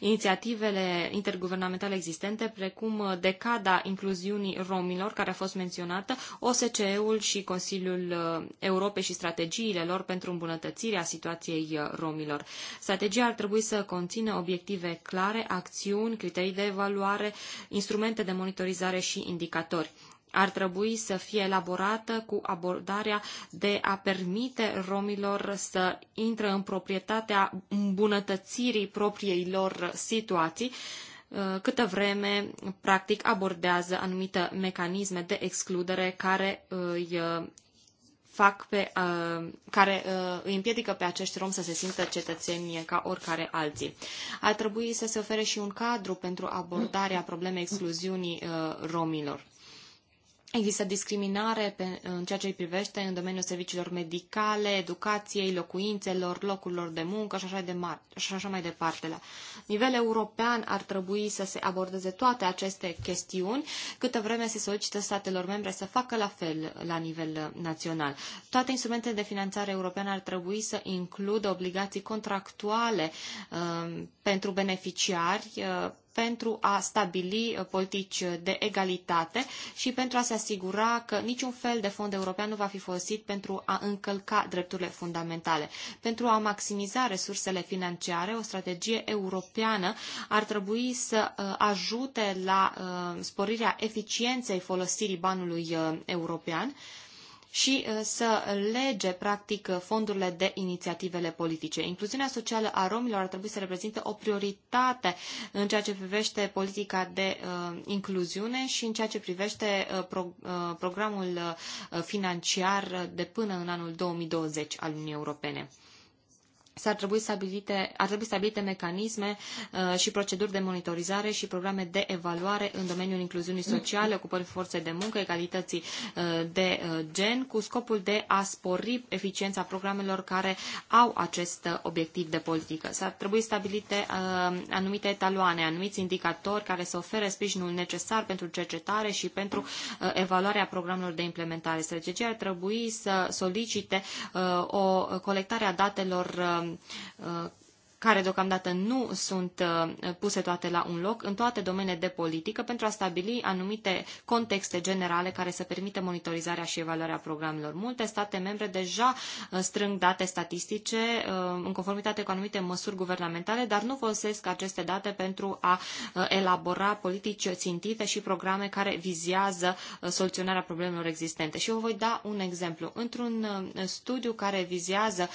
inițiativele interguvernamentale existente, precum uh, decada incluziunii romilor, care a fost menționată, OSCE-ul și Consiliul uh, Europei și strategiile lor pentru îmbunătățirea situației uh, romilor. Strategia ar trebui să conțină obiective clare, acțiuni, criterii de evaluare, instrumente de monitorizare și indicatori ar trebui să fie elaborată cu abordarea de a permite romilor să intre în proprietatea îmbunătățirii propriei lor situații, uh, câtă vreme, practic, abordează anumite mecanisme de excludere care îi uh, fac pe, uh, care îi împiedică pe acești romi să se simtă cetățeni ca oricare alții. Ar trebui să se ofere și un cadru pentru abordarea problemei excluziunii romilor. Există discriminare pe, în ceea ce îi privește în domeniul serviciilor medicale, educației, locuințelor, locurilor de muncă și așa, de mar- și așa mai departe. La nivel european ar trebui să se abordeze toate aceste chestiuni, câtă vreme se solicită statelor membre să facă la fel la nivel național. Toate instrumentele de finanțare europeană ar trebui să includă obligații contractuale uh, pentru beneficiari uh, pentru a stabili uh, politici de egalitate și pentru a se asigura că niciun fel de fond european nu va fi folosit pentru a încălca drepturile fundamentale. Pentru a maximiza resursele financiare, o strategie europeană ar trebui să uh, ajute la uh, sporirea eficienței folosirii banului european, și uh, să lege, practic, uh, fondurile de inițiativele politice. Incluziunea socială a romilor ar trebui să reprezinte o prioritate în ceea ce privește politica de uh, incluziune și în ceea ce privește uh, pro, uh, programul uh, financiar de până în anul 2020 al Uniunii Europene s-ar trebui stabilite, ar trebui stabilite mecanisme uh, și proceduri de monitorizare și programe de evaluare în domeniul incluziunii sociale, ocupării forței de muncă, egalității uh, de uh, gen, cu scopul de a spori eficiența programelor care au acest uh, obiectiv de politică. S-ar trebui stabilite uh, anumite etaloane, anumiți indicatori care să ofere sprijinul necesar pentru cercetare și pentru uh, evaluarea programelor de implementare. Strategia ar trebui să solicite o colectare a datelor uh, care deocamdată nu sunt uh, puse toate la un loc, în toate domeniile de politică, pentru a stabili anumite contexte generale care să permită monitorizarea și evaluarea programelor. Multe state membre deja uh, strâng date statistice uh, în conformitate cu anumite măsuri guvernamentale, dar nu folosesc aceste date pentru a elabora politici țintite și programe care vizează soluționarea problemelor existente. Și vă voi da un exemplu. Într-un studiu care vizează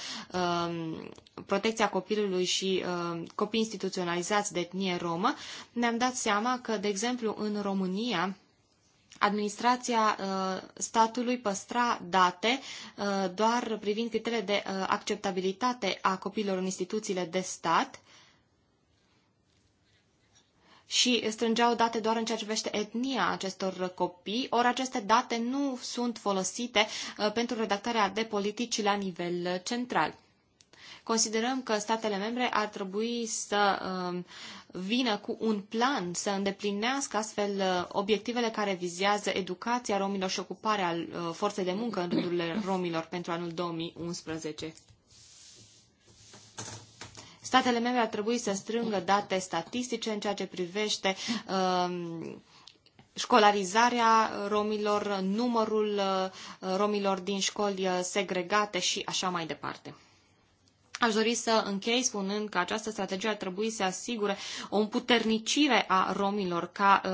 protecția copilului și uh, copii instituționalizați de etnie romă, ne-am dat seama că, de exemplu, în România, administrația uh, statului păstra date uh, doar privind criteriile de uh, acceptabilitate a copiilor în instituțiile de stat și strângeau date doar în ceea ce privește etnia acestor copii, ori aceste date nu sunt folosite uh, pentru redactarea de politici la nivel uh, central considerăm că statele membre ar trebui să um, vină cu un plan, să îndeplinească astfel uh, obiectivele care vizează educația romilor și ocuparea uh, forței de muncă în rândurile romilor pentru anul 2011. Statele membre ar trebui să strângă date statistice în ceea ce privește uh, școlarizarea romilor, numărul uh, romilor din școli segregate și așa mai departe. Aș dori să închei spunând că această strategie ar trebui să asigure o împuternicire a romilor ca uh,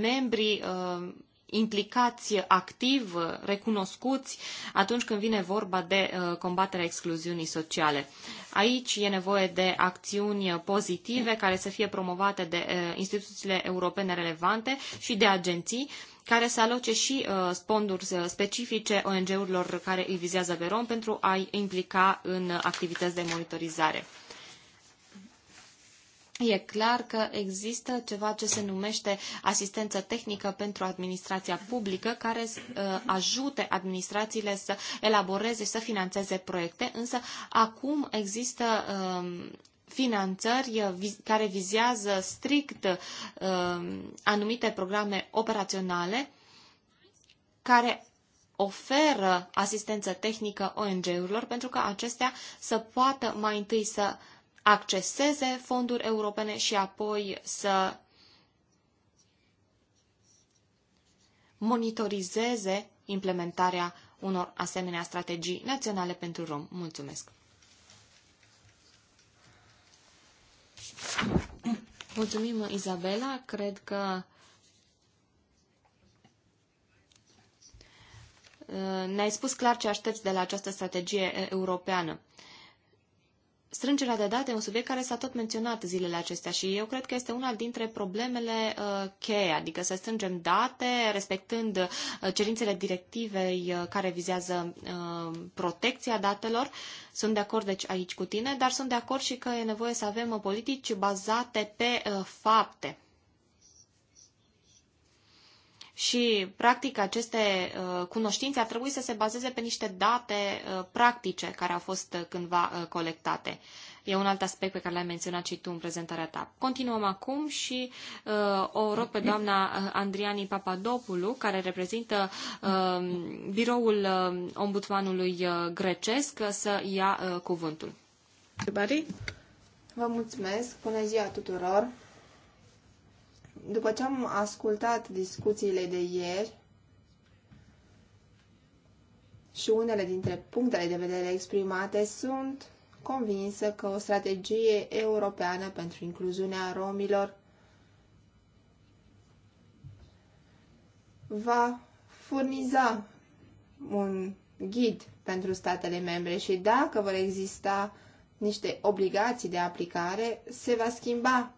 membri uh, implicați activ, recunoscuți atunci când vine vorba de uh, combaterea excluziunii sociale. Aici e nevoie de acțiuni pozitive care să fie promovate de uh, instituțiile europene relevante și de agenții care să aloce și uh, fonduri uh, specifice ONG-urilor care îi vizează pe rom pentru a-i implica în activități de monitorizare. E clar că există ceva ce se numește asistență tehnică pentru administrația publică, care uh, ajute administrațiile să elaboreze să financeze proiecte, însă acum există uh, finanțări eh, care vizează strict eh, anumite programe operaționale care oferă asistență tehnică ONG-urilor pentru ca acestea să poată mai întâi să acceseze fonduri europene și apoi să monitorizeze implementarea unor asemenea strategii naționale pentru rom. Mulțumesc! Mulțumim, Izabela. Cred că uh, ne-ai spus clar ce aștepți de la această strategie europeană. Strângerea de date e un subiect care s-a tot menționat zilele acestea și eu cred că este una dintre problemele uh, cheie, adică să strângem date respectând uh, cerințele directivei uh, care vizează uh, protecția datelor. Sunt de acord deci aici cu tine, dar sunt de acord și că e nevoie să avem uh, politici bazate pe uh, fapte și, practic, aceste uh, cunoștințe ar trebui să se bazeze pe niște date uh, practice care au fost uh, cândva colectate. E un alt aspect pe care l-ai menționat și tu în prezentarea ta. Continuăm acum și uh, o rog pe doamna Andriani Papadopoulou, care reprezintă uh, biroul uh, ombudsmanului uh, grecesc, să ia uh, cuvântul. Vă mulțumesc! Bună ziua tuturor! După ce am ascultat discuțiile de ieri și unele dintre punctele de vedere exprimate, sunt convinsă că o strategie europeană pentru incluziunea romilor va furniza un ghid pentru statele membre și dacă vor exista niște obligații de aplicare, se va schimba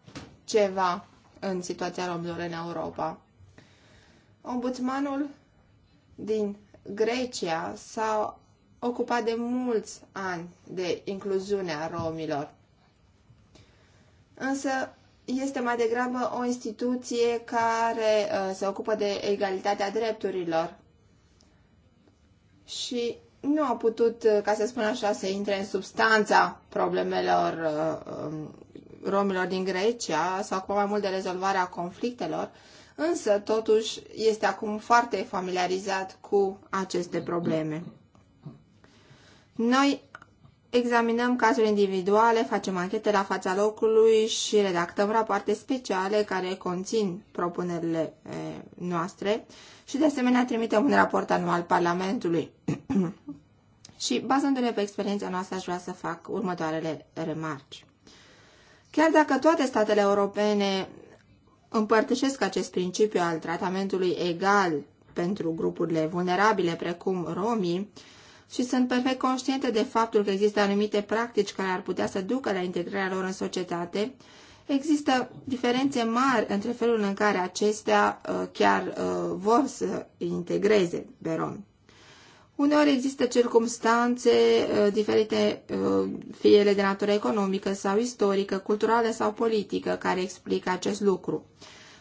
ceva în situația romilor în Europa. Ombudsmanul din Grecia s-a ocupat de mulți ani de incluziunea romilor. Însă este mai degrabă o instituție care uh, se ocupă de egalitatea drepturilor și nu a putut, uh, ca să spun așa, să intre în substanța problemelor uh, um, romilor din Grecia s-a ocupat mai mult de rezolvarea conflictelor, însă totuși este acum foarte familiarizat cu aceste probleme. Noi examinăm cazuri individuale, facem anchete la fața locului și redactăm rapoarte speciale care conțin propunerile noastre și de asemenea trimitem un raport anual Parlamentului. și bazându-ne pe experiența noastră aș vrea să fac următoarele remarci. Chiar dacă toate statele europene împărtășesc acest principiu al tratamentului egal pentru grupurile vulnerabile precum romii și sunt perfect conștiente de faptul că există anumite practici care ar putea să ducă la integrarea lor în societate, există diferențe mari între felul în care acestea uh, chiar uh, vor să integreze pe romi. Uneori există circumstanțe uh, diferite, uh, fie ele de natură economică sau istorică, culturală sau politică, care explică acest lucru.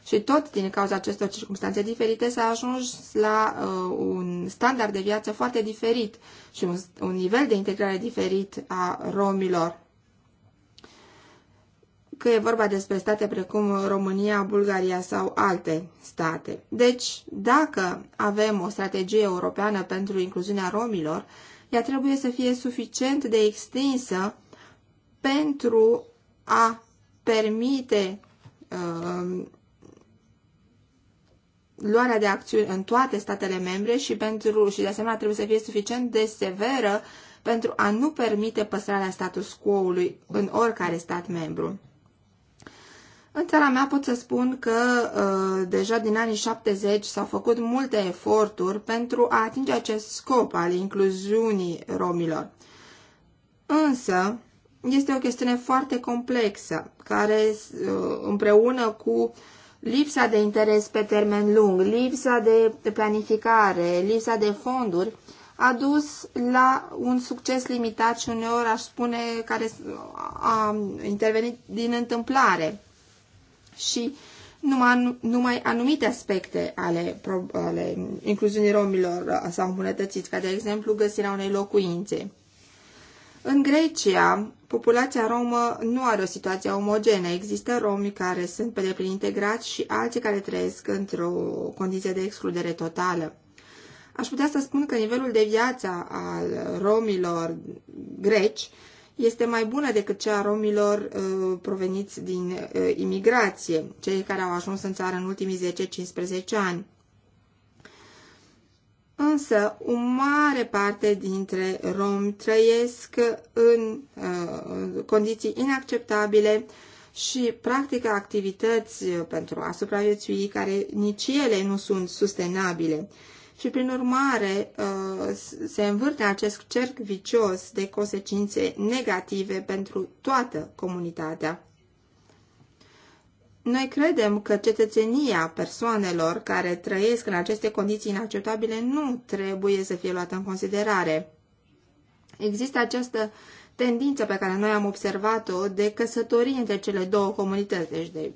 Și tot din cauza acestor circumstanțe diferite s-a ajuns la uh, un standard de viață foarte diferit și un, un nivel de integrare diferit a romilor că e vorba despre state precum România, Bulgaria sau alte state. Deci, dacă avem o strategie europeană pentru incluziunea romilor, ea trebuie să fie suficient de extinsă pentru a permite uh, luarea de acțiuni în toate statele membre și pentru și de asemenea trebuie să fie suficient de severă pentru a nu permite păstrarea status quo-ului în oricare stat membru. În țara mea pot să spun că uh, deja din anii 70 s-au făcut multe eforturi pentru a atinge acest scop al incluziunii romilor. Însă, este o chestiune foarte complexă, care uh, împreună cu lipsa de interes pe termen lung, lipsa de planificare, lipsa de fonduri, a dus la un succes limitat și uneori aș spune care a intervenit din întâmplare și numai, numai anumite aspecte ale, ale incluziunii romilor uh, s-au îmbunătățit, ca de exemplu găsirea unei locuințe. În Grecia, populația romă nu are o situație omogenă. Există romi care sunt pe deplin integrați și alții care trăiesc într-o condiție de excludere totală. Aș putea să spun că nivelul de viață al romilor greci este mai bună decât cea a romilor uh, proveniți din uh, imigrație, cei care au ajuns în țară în ultimii 10-15 ani. Însă, o mare parte dintre romi trăiesc în uh, condiții inacceptabile și practică activități pentru a supraviețui care nici ele nu sunt sustenabile și, prin urmare, uh, se învârte acest cerc vicios de consecințe negative pentru toată comunitatea. Noi credem că cetățenia persoanelor care trăiesc în aceste condiții inacceptabile nu trebuie să fie luată în considerare. Există această tendință pe care noi am observat-o de căsătorie între cele două comunități, deci de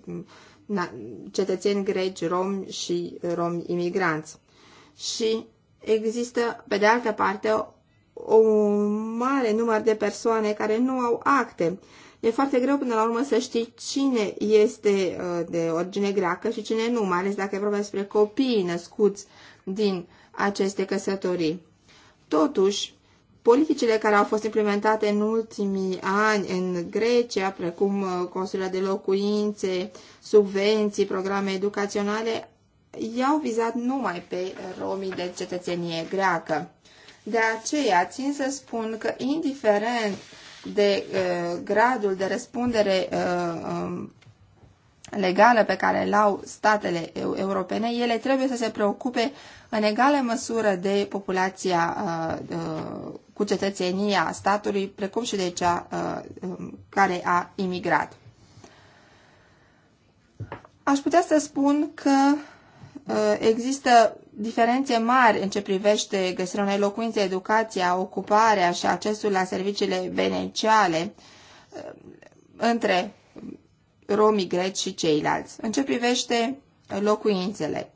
cetățeni greci, romi și romi imigranți și există, pe de altă parte, un mare număr de persoane care nu au acte. E foarte greu până la urmă să știi cine este uh, de origine greacă și cine nu, mai ales dacă e vorba despre copiii născuți din aceste căsătorii. Totuși, politicile care au fost implementate în ultimii ani în Grecia, precum uh, construirea de locuințe, subvenții, programe educaționale, i-au vizat numai pe romii de cetățenie greacă. De aceea țin să spun că indiferent de uh, gradul de răspundere uh, um, legală pe care îl au statele europene, ele trebuie să se preocupe în egală măsură de populația uh, uh, cu cetățenia statului, precum și de cea uh, um, care a imigrat. Aș putea să spun că Uh, există diferențe mari în ce privește găsirea unei locuințe, educația, ocuparea și accesul la serviciile beneficiale uh, între romii greci și ceilalți. În ce privește locuințele,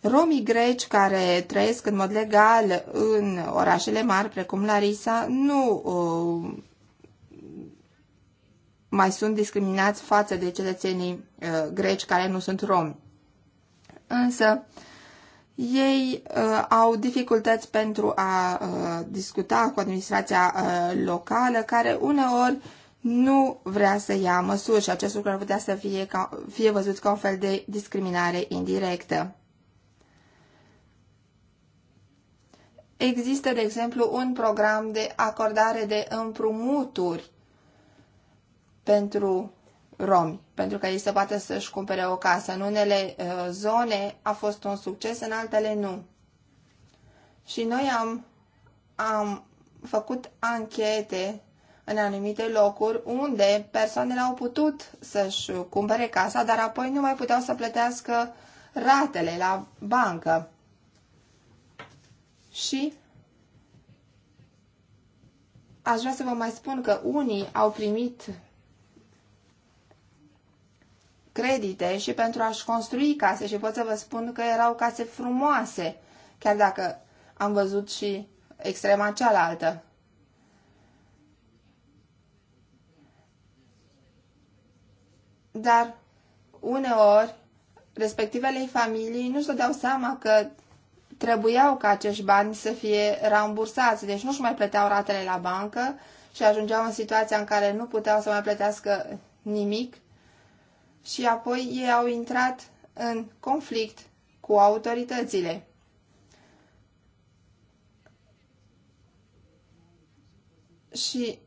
romii greci care trăiesc în mod legal în orașele mari, precum Larisa, nu uh, mai sunt discriminați față de cetățenii uh, greci care nu sunt romi însă ei uh, au dificultăți pentru a uh, discuta cu administrația uh, locală, care uneori nu vrea să ia măsuri și acest lucru ar putea să fie, ca, fie văzut ca un fel de discriminare indirectă. Există, de exemplu, un program de acordare de împrumuturi pentru romi, pentru că ei să poată să-și cumpere o casă. În unele uh, zone a fost un succes, în altele nu. Și noi am, am făcut anchete în anumite locuri unde persoanele au putut să-și cumpere casa, dar apoi nu mai puteau să plătească ratele la bancă. Și aș vrea să vă mai spun că unii au primit credite și pentru a-și construi case și pot să vă spun că erau case frumoase, chiar dacă am văzut și extrema cealaltă. Dar uneori respectivele familii nu-și dau seama că trebuiau ca acești bani să fie rambursați, deci nu-și mai plăteau ratele la bancă și ajungeau în situația în care nu puteau să mai plătească nimic și apoi ei au intrat în conflict cu autoritățile. Și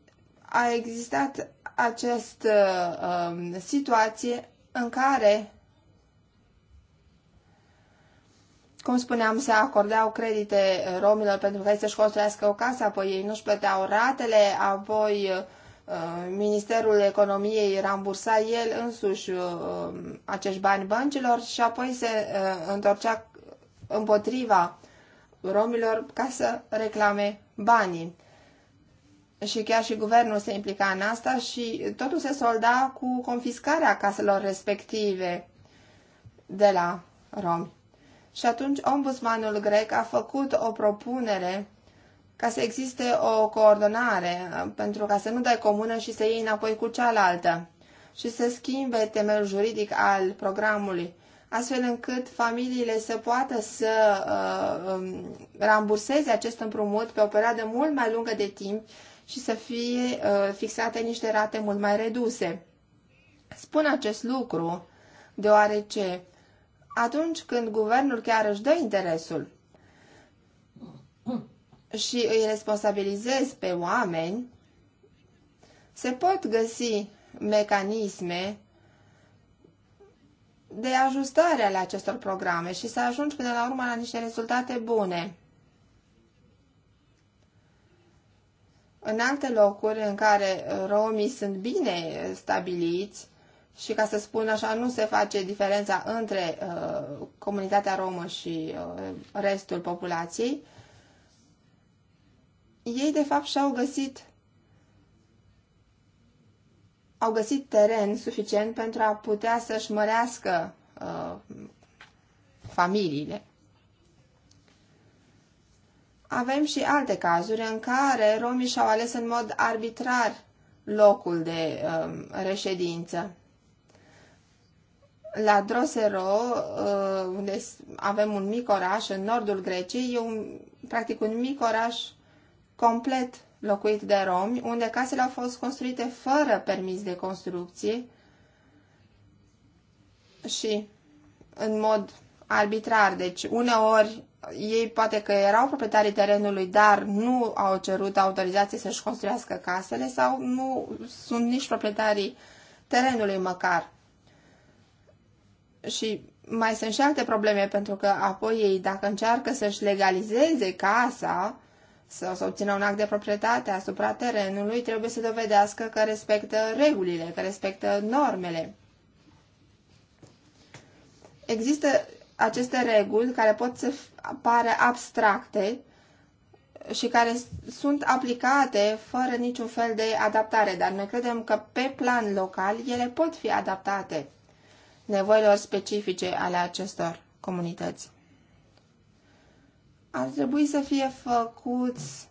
a existat această uh, situație în care, cum spuneam, se acordeau credite romilor pentru că ei să-și construiască o casă, apoi ei nu-și plăteau ratele, apoi uh, Uh, Ministerul Economiei rambursa el însuși uh, um, acești bani băncilor și apoi se uh, întorcea împotriva romilor ca să reclame banii. Și chiar și guvernul se implica în asta și totul se solda cu confiscarea caselor respective de la romi. Și atunci ombudsmanul grec a făcut o propunere ca să existe o coordonare, pentru ca să nu dai comună și să iei înapoi cu cealaltă și să schimbe temel juridic al programului, astfel încât familiile să poată să uh, um, ramburseze acest împrumut pe o perioadă mult mai lungă de timp și să fie uh, fixate niște rate mult mai reduse. Spun acest lucru deoarece atunci când guvernul chiar își dă interesul, și îi responsabilizez pe oameni, se pot găsi mecanisme de ajustare ale acestor programe și să ajungi până la urmă la niște rezultate bune. În alte locuri în care uh, romii sunt bine stabiliți și, ca să spun așa, nu se face diferența între uh, comunitatea romă și uh, restul populației, uh, ei de fapt și-au găsit au găsit teren suficient pentru a putea să-și mărească uh, familiile. Avem și alte cazuri în care romii și-au ales în mod arbitrar locul de uh, reședință. La Drosero, uh, unde avem un mic oraș în nordul Greciei, e un, practic un mic oraș complet locuit de romi, unde casele au fost construite fără permis de construcție și în mod arbitrar. Deci, uneori, ei poate că erau proprietarii terenului, dar nu au cerut autorizație să-și construiască casele sau nu sunt nici proprietarii terenului măcar. Și mai sunt și alte probleme, pentru că apoi ei, dacă încearcă să-și legalizeze casa, sau să obțină un act de proprietate asupra terenului, trebuie să dovedească că respectă regulile, că respectă normele. Există aceste reguli care pot să pare abstracte și care sunt aplicate fără niciun fel de adaptare, dar noi credem că pe plan local ele pot fi adaptate nevoilor specifice ale acestor comunități ar trebui să fie făcuți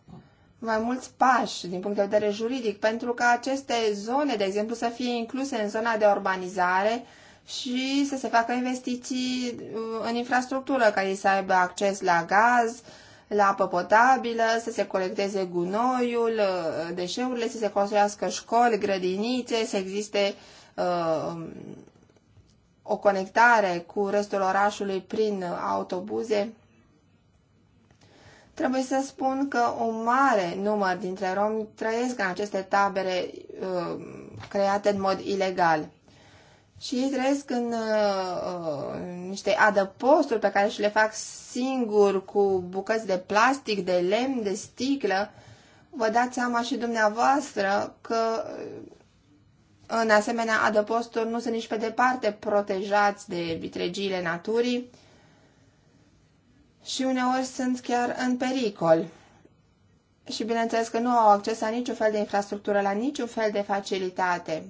mai mulți pași din punct de vedere juridic pentru ca aceste zone, de exemplu, să fie incluse în zona de urbanizare și să se facă investiții uh, în infrastructură, ca ei să aibă acces la gaz, la apă potabilă, să se colecteze gunoiul, uh, deșeurile, să se construiască școli, grădinițe, să existe uh, o conectare cu restul orașului prin autobuze Trebuie să spun că un mare număr dintre romi trăiesc în aceste tabere uh, create în mod ilegal. Și ei trăiesc în uh, uh niște adăposturi pe care și le fac singur cu bucăți de plastic, de lemn, de sticlă. Vă dați seama și dumneavoastră că uh, în asemenea adăposturi nu sunt nici pe departe protejați de vitregiile naturii și uneori sunt chiar în pericol. Și bineînțeles că nu au acces la niciun fel de infrastructură, la niciun fel de facilitate.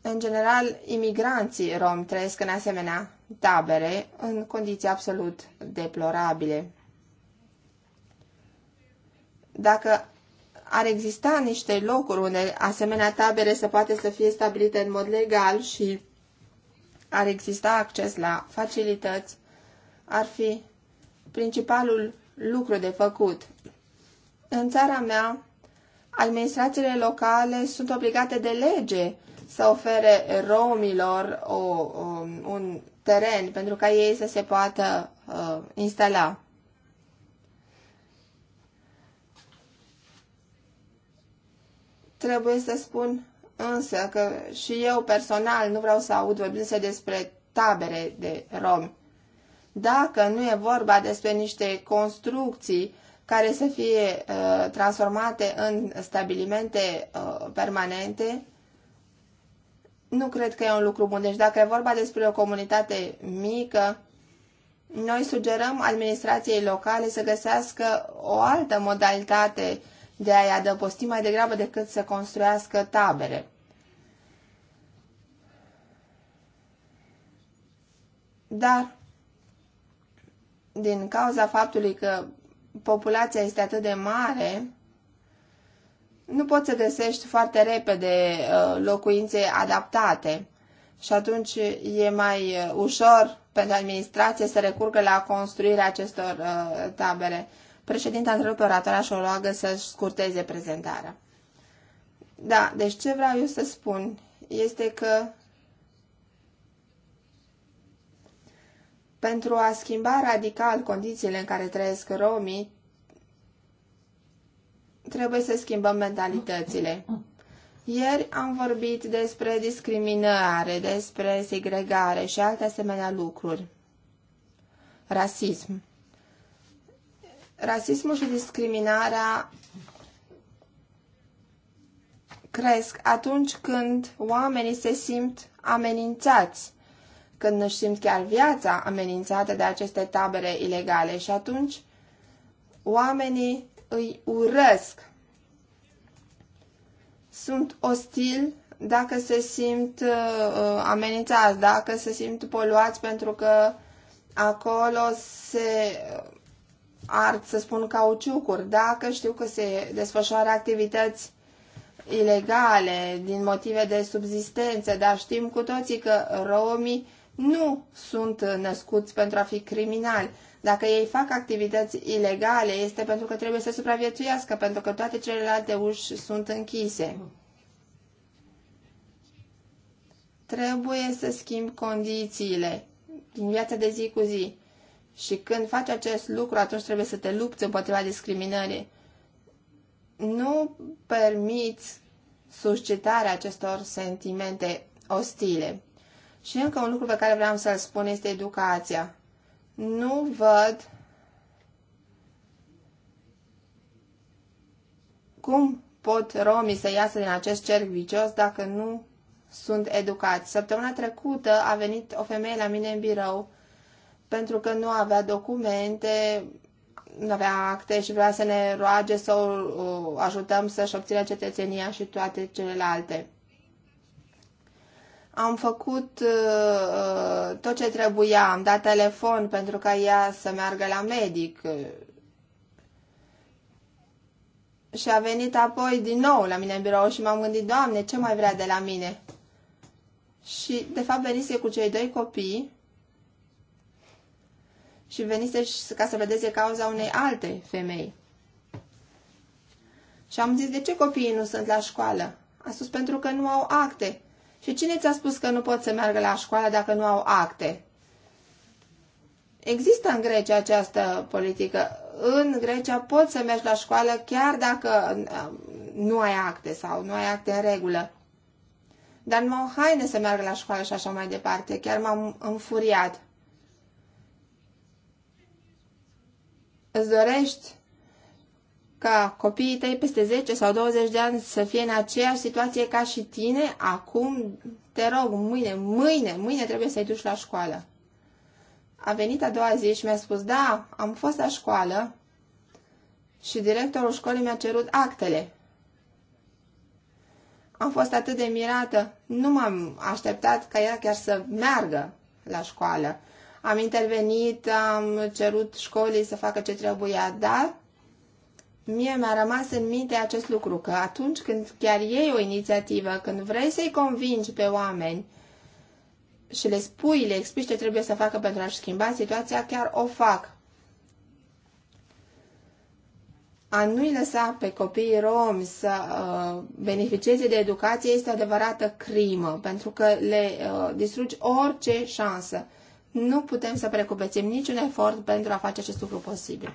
În general, imigranții rom trăiesc în asemenea tabere în condiții absolut deplorabile. Dacă ar exista niște locuri unde asemenea tabere să poate să fie stabilite în mod legal și ar exista acces la facilități, ar fi principalul lucru de făcut. În țara mea, administrațiile locale sunt obligate de lege să ofere romilor o, o, um, un teren pentru ca ei să se poată uh, instala. Trebuie să spun însă că și eu personal nu vreau să aud vorbindu-se despre tabere de romi dacă nu e vorba despre niște construcții care să fie uh, transformate în stabilimente uh, permanente, nu cred că e un lucru bun. Deci dacă e vorba despre o comunitate mică, noi sugerăm administrației locale să găsească o altă modalitate de a-i adăposti mai degrabă decât să construiască tabere. Dar din cauza faptului că populația este atât de mare, nu poți să găsești foarte repede uh, locuințe adaptate și atunci e mai uh, ușor pentru administrație să recurgă la construirea acestor uh, tabere. Președinta întrerupe oratoarea și o roagă să scurteze prezentarea. Da, deci ce vreau eu să spun este că Pentru a schimba radical condițiile în care trăiesc romii, trebuie să schimbăm mentalitățile. Ieri am vorbit despre discriminare, despre segregare și alte asemenea lucruri. Rasism. Rasismul și discriminarea cresc atunci când oamenii se simt amenințați când își simt chiar viața amenințată de aceste tabere ilegale și atunci oamenii îi urăsc. Sunt ostili dacă se simt uh, uh, amenințați, dacă se simt poluați pentru că acolo se ard, să spun, cauciucuri, dacă știu că se desfășoară activități ilegale din motive de subzistență, dar știm cu toții că romii nu sunt uh, născuți pentru a fi criminali. Dacă ei fac activități ilegale, este pentru că trebuie să supraviețuiască, pentru că toate celelalte uși sunt închise. Trebuie să schimb condițiile din viața de zi cu zi. Și când faci acest lucru, atunci trebuie să te lupți împotriva discriminării. Nu permiți suscitarea acestor sentimente ostile. Și încă un lucru pe care vreau să-l spun este educația. Nu văd cum pot romii să iasă din acest cerc vicios dacă nu sunt educați. Săptămâna trecută a venit o femeie la mine în birou pentru că nu avea documente, nu avea acte și vrea să ne roage să o ajutăm să-și obțină cetățenia și toate celelalte am făcut uh, uh, tot ce trebuia, am dat telefon pentru ca ea să meargă la medic. Și a venit apoi din nou la mine în birou și m-am gândit, Doamne, ce mai vrea de la mine? Și, de fapt, venise cu cei doi copii și venise ca să vedeze cauza unei alte femei. Și am zis, de ce copiii nu sunt la școală? A spus, pentru că nu au acte. Și cine ți-a spus că nu pot să meargă la școală dacă nu au acte? Există în Grecia această politică. În Grecia poți să mergi la școală chiar dacă um, nu ai acte sau nu ai acte în regulă. Dar nu au haine să meargă la școală și așa mai departe. Chiar m-am înfuriat. Îți dorești ca copiii tăi peste 10 sau 20 de ani să fie în aceeași situație ca și tine, acum te rog, mâine, mâine, mâine trebuie să-i duci la școală. A venit a doua zi și mi-a spus, da, am fost la școală și directorul școlii mi-a cerut actele. Am fost atât de mirată, nu m-am așteptat ca ea chiar să meargă la școală. Am intervenit, am cerut școlii să facă ce trebuia, dar Mie mi-a rămas în minte acest lucru, că atunci când chiar iei o inițiativă, când vrei să-i convingi pe oameni și le spui, le explici ce trebuie să facă pentru a-și schimba situația, chiar o fac. A nu-i lăsa pe copiii romi să uh, beneficieze de educație este adevărată crimă, pentru că le uh, distrugi orice șansă. Nu putem să precupețim niciun efort pentru a face acest lucru posibil.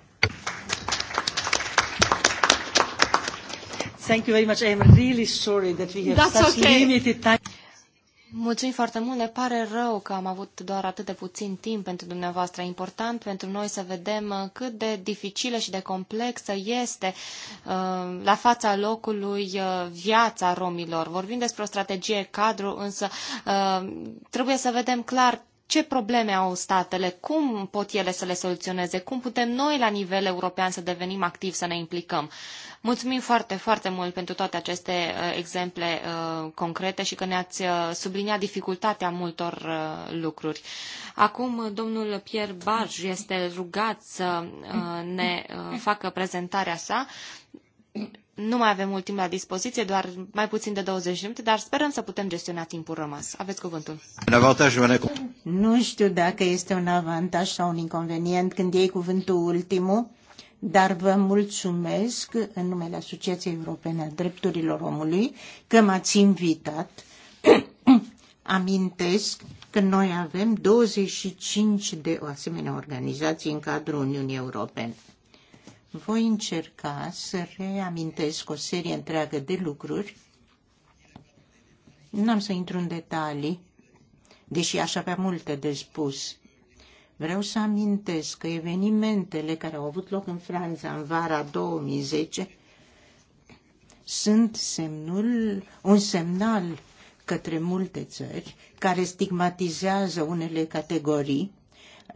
Thank you very much. I am really sorry that we have That's such okay. limited time. Mulțumim foarte mult. Ne pare rău că am avut doar atât de puțin timp pentru dumneavoastră. Important pentru noi să vedem uh, cât de dificilă și de complexă este uh, la fața locului uh, viața romilor. Vorbim despre o strategie cadru, însă trebuie să vedem clar ce probleme au statele, cum pot ele să le soluționeze, cum putem noi la nivel european să devenim activi, să ne implicăm. Mulțumim foarte, foarte mult pentru toate aceste uh, exemple uh, concrete și că ne-ați uh, subliniat dificultatea multor lucruri. Acum, domnul Pierre Barj este rugat să ne facă prezentarea sa. Nu mai avem mult timp la dispoziție, doar mai puțin de 20 minute, dar sperăm să putem gestiona timpul rămas. Aveți cuvântul. Nu știu dacă este un avantaj sau un inconvenient când iei cuvântul ultimul, dar vă mulțumesc în numele Asociației Europene a Drepturilor Omului că m-ați invitat. Amintesc că noi avem 25 de o asemenea organizații în cadrul Uniunii Europene. Voi încerca să reamintesc o serie întreagă de lucruri. N-am să intru în detalii, deși aș avea multe de spus Vreau să amintesc că evenimentele care au avut loc în Franța în vara 2010 sunt semnul, un semnal către multe țări care stigmatizează unele categorii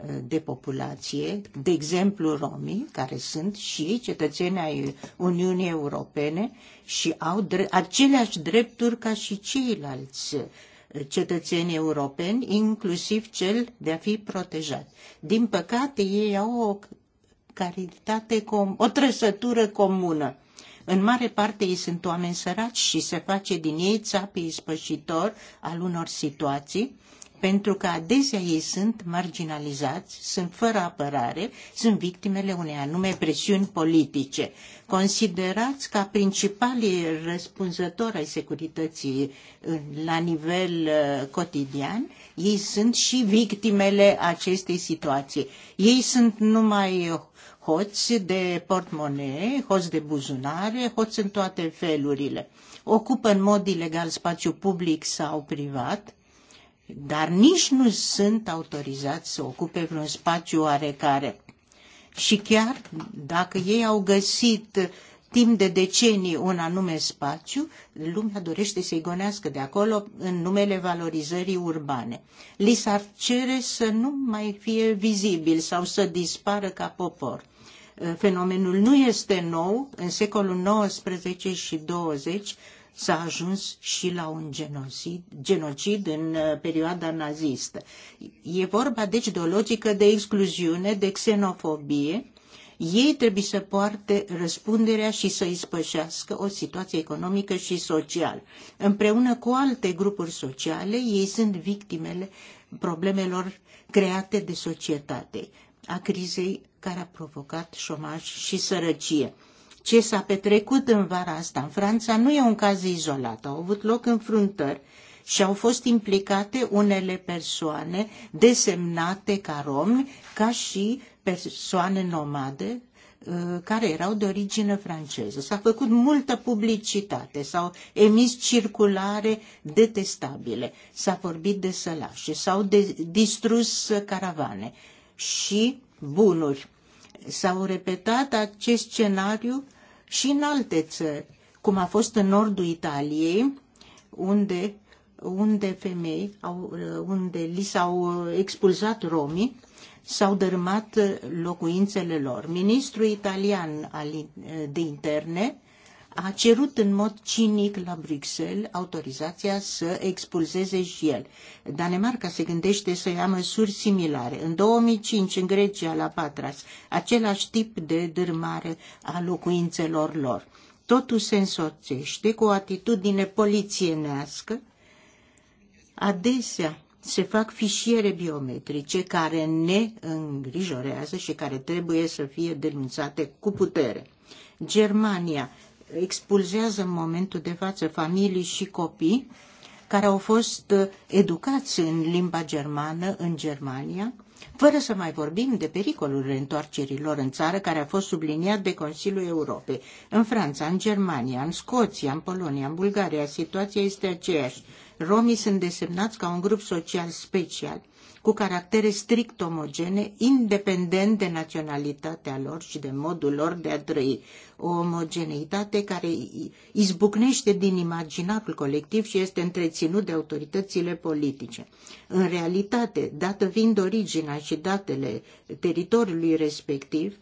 uh, de populație, de exemplu romii, care sunt și cetățeni ai Uniunii Europene și au dre- aceleași drepturi ca și ceilalți cetățenii europeni, inclusiv cel de a fi protejat. Din păcate, ei au o caritate, o trăsătură comună. În mare parte ei sunt oameni săraci și se face din ei țapii ispășitor al unor situații pentru că adesea ei sunt marginalizați, sunt fără apărare, sunt victimele unei anume presiuni politice. Considerați ca principalii răspunzători ai securității la nivel uh, cotidian, ei sunt și victimele acestei situații. Ei sunt numai hoți de portmonee, hoți de buzunare, hoți în toate felurile. Ocupă în mod ilegal spațiu public sau privat, dar nici nu sunt autorizați să ocupe vreun spațiu oarecare. Și chiar dacă ei au găsit timp de decenii un anume spațiu, lumea dorește să-i gonească de acolo în numele valorizării urbane. Li s-ar cere să nu mai fie vizibil sau să dispară ca popor. Fenomenul nu este nou, în secolul 19 și 20 s-a ajuns și la un genocid, genocid în uh, perioada nazistă. E vorba deci de o logică de excluziune, de xenofobie. Ei trebuie să poarte răspunderea și să ispășească o situație economică și socială. Împreună cu alte grupuri sociale, ei sunt victimele problemelor create de societate, a crizei care a provocat șomaj și sărăcie ce s-a petrecut în vara asta în Franța nu e un caz izolat. Au avut loc înfruntări și au fost implicate unele persoane desemnate ca romi, ca și persoane nomade uh, care erau de origine franceză. S-a făcut multă publicitate, s-au emis circulare detestabile, s-a vorbit de sălașe, s-au de- distrus caravane și bunuri S-au repetat acest scenariu și în alte țări, cum a fost în nordul Italiei, unde, unde femei, au, unde li s-au expulzat romii, s-au dărâmat locuințele lor. Ministrul italian al, de interne a cerut în mod cinic la Bruxelles autorizația să expulzeze și el. Danemarca se gândește să ia măsuri similare. În 2005, în Grecia, la Patras, același tip de dârmare a locuințelor lor. Totul se însoțește cu o atitudine polițienească, adesea se fac fișiere biometrice care ne îngrijorează și care trebuie să fie denunțate cu putere. Germania expulzează în momentul de față familii și copii care au fost uh, educați în limba germană în Germania, fără să mai vorbim de pericolul reîntoarcerilor în țară care a fost subliniat de Consiliul Europei. În Franța, în Germania, în Scoția, în Polonia, în Bulgaria, situația este aceeași. Romii sunt desemnați ca un grup social special cu caractere strict omogene, independent de naționalitatea lor și de modul lor de a trăi. O omogeneitate care izbucnește din imaginarul colectiv și este întreținut de autoritățile politice. În realitate, dată fiind originea și datele teritoriului respectiv,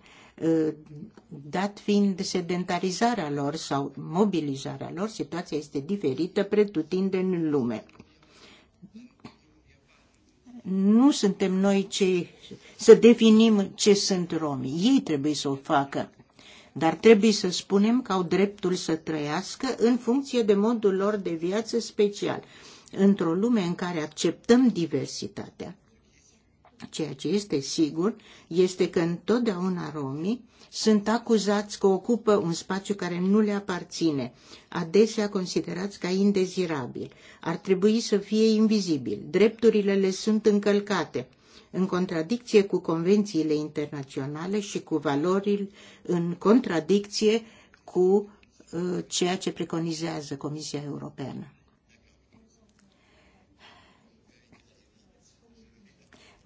ă, dat fiind sedentarizarea lor sau mobilizarea lor, situația este diferită pretutindeni în lume nu suntem noi cei să definim ce sunt romi. Ei trebuie să o facă. Dar trebuie să spunem că au dreptul să trăiască în funcție de modul lor de viață special, într-o lume în care acceptăm diversitatea Ceea ce este sigur este că întotdeauna romii sunt acuzați că ocupă un spațiu care nu le aparține, adesea considerați ca indezirabil. Ar trebui să fie invizibil. Drepturile le sunt încălcate, în contradicție cu convențiile internaționale și cu valorile, în contradicție cu uh, ceea ce preconizează Comisia Europeană.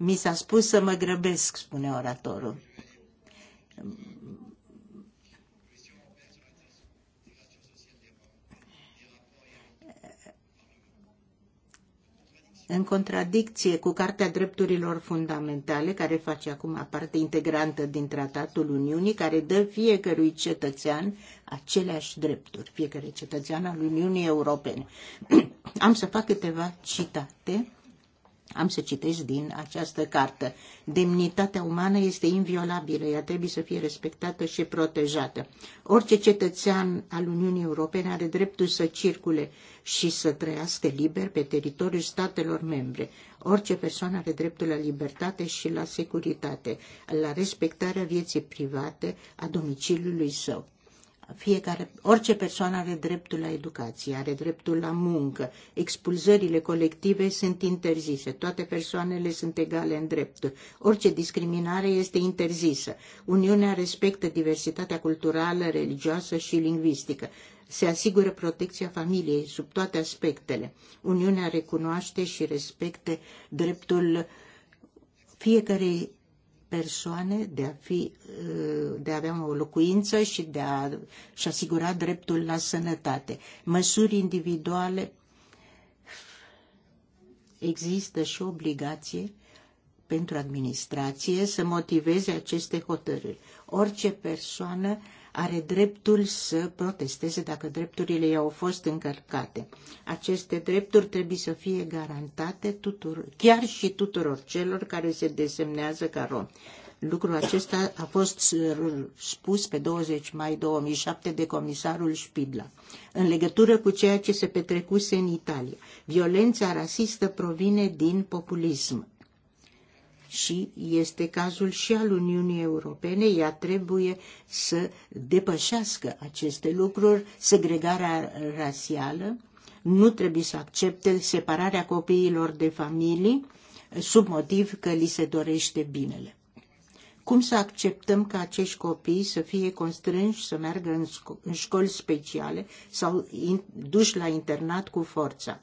Mi s-a spus să mă grăbesc, spune oratorul. în contradicție cu Cartea Drepturilor Fundamentale, care face acum parte integrantă din Tratatul Uniunii, care dă fiecărui cetățean aceleași drepturi, fiecare cetățean al Uniunii Europene. Am să fac câteva citate am să citesc din această carte. Demnitatea umană este inviolabilă, ea trebuie să fie respectată și protejată. Orice cetățean al Uniunii Europene are dreptul să circule și să trăiască liber pe teritoriul statelor membre. Orice persoană are dreptul la libertate și la securitate, la respectarea vieții private a domiciliului său fiecare, orice persoană are dreptul la educație, are dreptul la muncă. Expulzările colective sunt interzise. Toate persoanele sunt egale în drept. Orice discriminare este interzisă. Uniunea respectă diversitatea culturală, religioasă și lingvistică se asigură protecția familiei sub toate aspectele. Uniunea recunoaște și respecte dreptul fiecarei persoane de a, fi, de a avea o locuință și de a-și asigura dreptul la sănătate. Măsuri individuale există și obligație pentru administrație să motiveze aceste hotărâri. Orice persoană uh, are dreptul să protesteze dacă drepturile i-au fost încărcate. Aceste drepturi trebuie să fie garantate tuturor, chiar și tuturor celor care se desemnează ca rom. Lucrul acesta a fost spus pe 20 mai 2007 de comisarul Spidla. În legătură cu ceea ce se petrecuse în Italia, violența rasistă provine din populism și este cazul și al Uniunii Europene. Ea trebuie să depășească aceste lucruri, segregarea rasială, nu trebuie să accepte separarea copiilor de familii sub motiv că li se dorește binele. Cum să acceptăm ca acești copii să fie constrânși să meargă în, sco- în școli speciale sau in- duși la internat cu forța?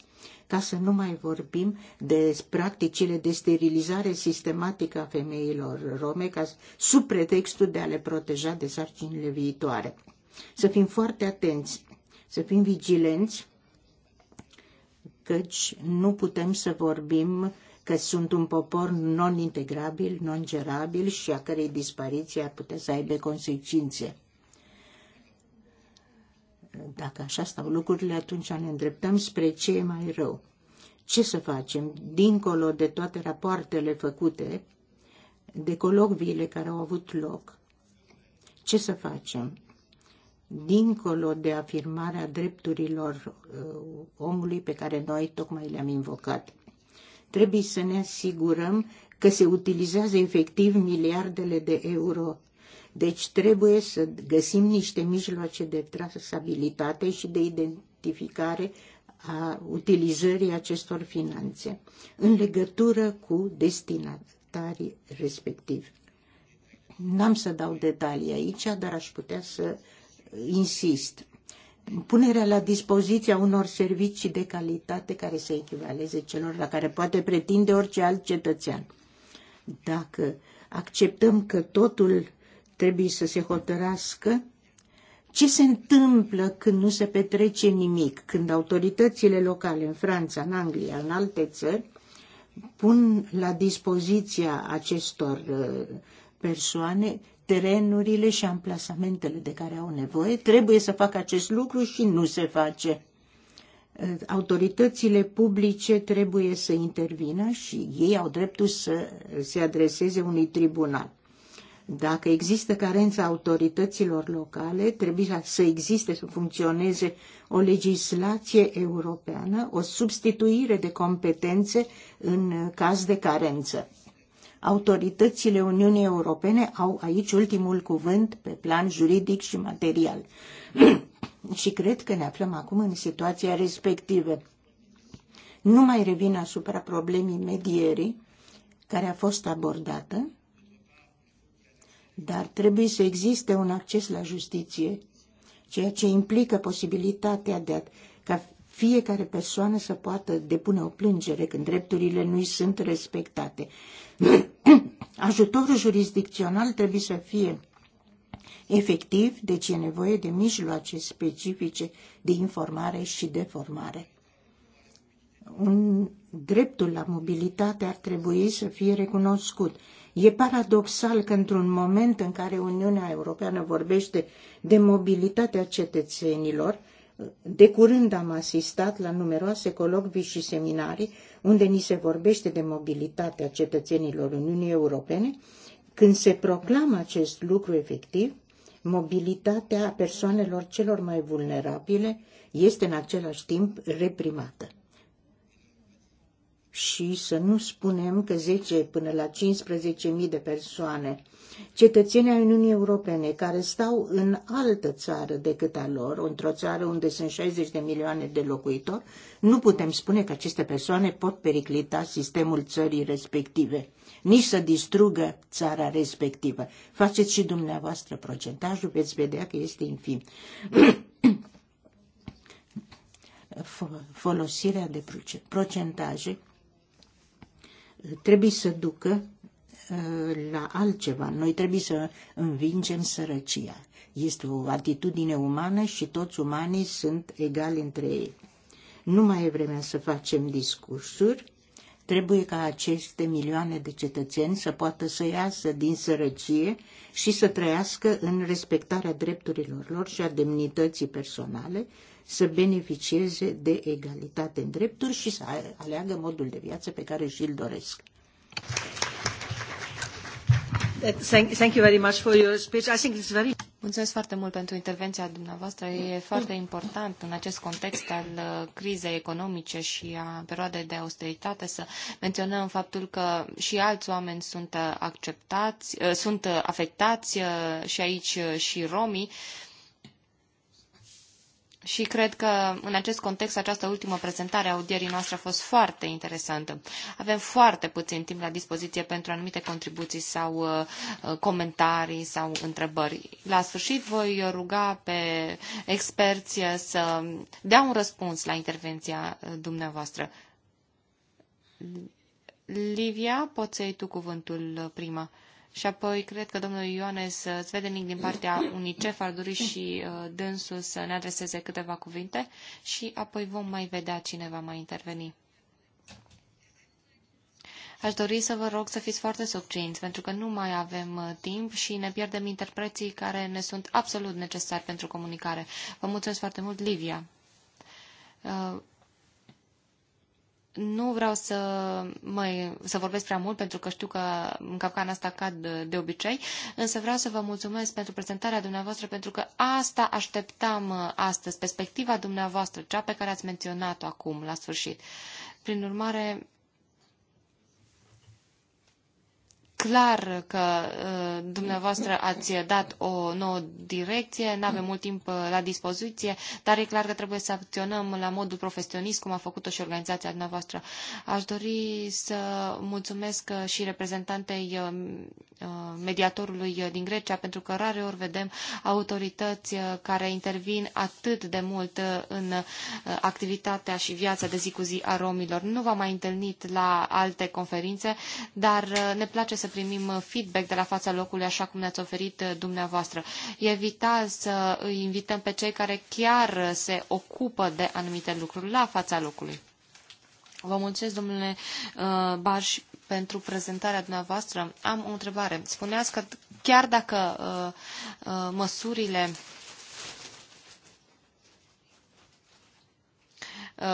Ca să nu mai vorbim de practicile de sterilizare sistematică a femeilor rome ca sub pretextul de a le proteja de sarcinile viitoare. Să fim foarte atenți, să fim vigilenți căci nu putem să vorbim că sunt un popor non-integrabil, non-gerabil și a cărei dispariție ar putea să aibă consecințe. Dacă așa stau lucrurile, atunci ne îndreptăm spre ce e mai rău. Ce să facem, dincolo de toate rapoartele făcute, de colocviile care au avut loc? Ce să facem? dincolo de afirmarea drepturilor uh, omului pe care noi tocmai le-am invocat. Trebuie să ne asigurăm că se utilizează efectiv miliardele de euro. Deci trebuie să găsim niște mijloace de trasabilitate și de identificare a utilizării acestor finanțe în legătură cu destinatarii respectivi. N-am să dau detalii aici, dar aș putea să insist, punerea la dispoziția unor servicii de calitate care să echivaleze celor la care poate pretinde orice alt cetățean. Dacă acceptăm că totul trebuie să se hotărască, ce se întâmplă când nu se petrece nimic, când autoritățile locale în Franța, în Anglia, în alte țări, pun la dispoziția acestor uh, persoane terenurile și amplasamentele de care au nevoie. Trebuie să facă acest lucru și nu se face. Autoritățile publice trebuie să intervină și ei au dreptul să se adreseze unui tribunal. Dacă există carența autorităților locale, trebuie să existe, să funcționeze o legislație europeană, o substituire de competențe în caz de carență. Autoritățile Uniunii Europene au aici ultimul cuvânt pe plan juridic și material. și cred că ne aflăm acum în situația respectivă. Nu mai revin asupra problemei medierii, care a fost abordată, dar trebuie să existe un acces la justiție, ceea ce implică posibilitatea de a fiecare persoană să poată depune o plângere când drepturile nu sunt respectate. Ajutorul jurisdicțional trebuie să fie efectiv, deci e nevoie de mijloace specifice de informare și de formare. Un dreptul la mobilitate ar trebui să fie recunoscut. E paradoxal că într-un moment în care Uniunea Europeană vorbește de mobilitatea cetățenilor, de curând am asistat la numeroase colocvii și seminarii unde ni se vorbește de mobilitatea cetățenilor Uniunii Europene, când se proclamă acest lucru efectiv, mobilitatea persoanelor celor mai vulnerabile este în același timp reprimată și să nu spunem că 10 până la 15.000 de persoane, cetățenii ai Uniunii Europene care stau în altă țară decât a lor, într-o țară unde sunt 60 de milioane de locuitori, nu putem spune că aceste persoane pot periclita sistemul țării respective, nici să distrugă țara respectivă. Faceți și dumneavoastră procentajul, veți vedea că este infim. folosirea de procentaje trebuie să ducă uh, la altceva. Noi trebuie să învingem sărăcia. Este o atitudine umană și toți umanii sunt egali între ei. Nu mai e vremea să facem discursuri, trebuie ca aceste milioane de cetățeni să poată să iasă din sărăcie și să trăiască în respectarea drepturilor lor și a demnității personale să beneficieze de egalitate în drepturi și să aleagă modul de viață pe care și-l doresc. Thank, you very much for your speech. I think it's very... Mulțumesc foarte mult pentru intervenția dumneavoastră. E mm. foarte important în acest context al uh, crizei economice și a perioadei de austeritate să menționăm faptul că și alți oameni sunt uh, acceptați, uh, sunt afectați și aici și romii și cred că în acest context această ultimă prezentare a audierii noastre a fost foarte interesantă. Avem foarte puțin timp la dispoziție pentru anumite contribuții sau uh, uh, comentarii sau întrebări. La sfârșit voi ruga pe experți uh, să dea un răspuns la intervenția dumneavoastră. Livia, poți să iei tu cuvântul prima. Și apoi cred că domnul Ioanes uh, Zvedenic din partea UNICEF ar dori și uh, dânsul să ne adreseze câteva cuvinte și apoi vom mai vedea cine va mai interveni. Aș dori să vă rog să fiți foarte subținți, pentru că nu mai avem uh, timp și ne pierdem interpreții care ne sunt absolut necesari pentru comunicare. Vă mulțumesc foarte mult, Livia. Nu vreau să, mai să vorbesc prea mult pentru că știu că în capcana asta cad de obicei, însă vreau să vă mulțumesc pentru prezentarea dumneavoastră pentru că asta așteptam uh, astăzi, perspectiva dumneavoastră, cea pe care ați menționat-o acum, la sfârșit. Prin urmare, clar că uh, dumneavoastră ați dat o nouă direcție, nu avem mult timp uh, la dispoziție, dar e clar că trebuie să acționăm la modul profesionist, cum a făcut-o și organizația dumneavoastră. Aș dori să mulțumesc uh, și reprezentantei mediatorului din Grecia, pentru că rare ori vedem autorități care intervin atât de mult în activitatea și viața de zi cu zi a romilor. Nu v-am mai întâlnit la alte conferințe, dar ne place să să primim uh, feedback de la fața locului, așa cum ne-ați oferit uh, dumneavoastră. vital să îi invităm pe cei care chiar se ocupă de anumite lucruri la fața locului. Vă mulțumesc, domnule uh, Barș, pentru prezentarea dumneavoastră. Am o întrebare. Spuneați că chiar dacă măsurile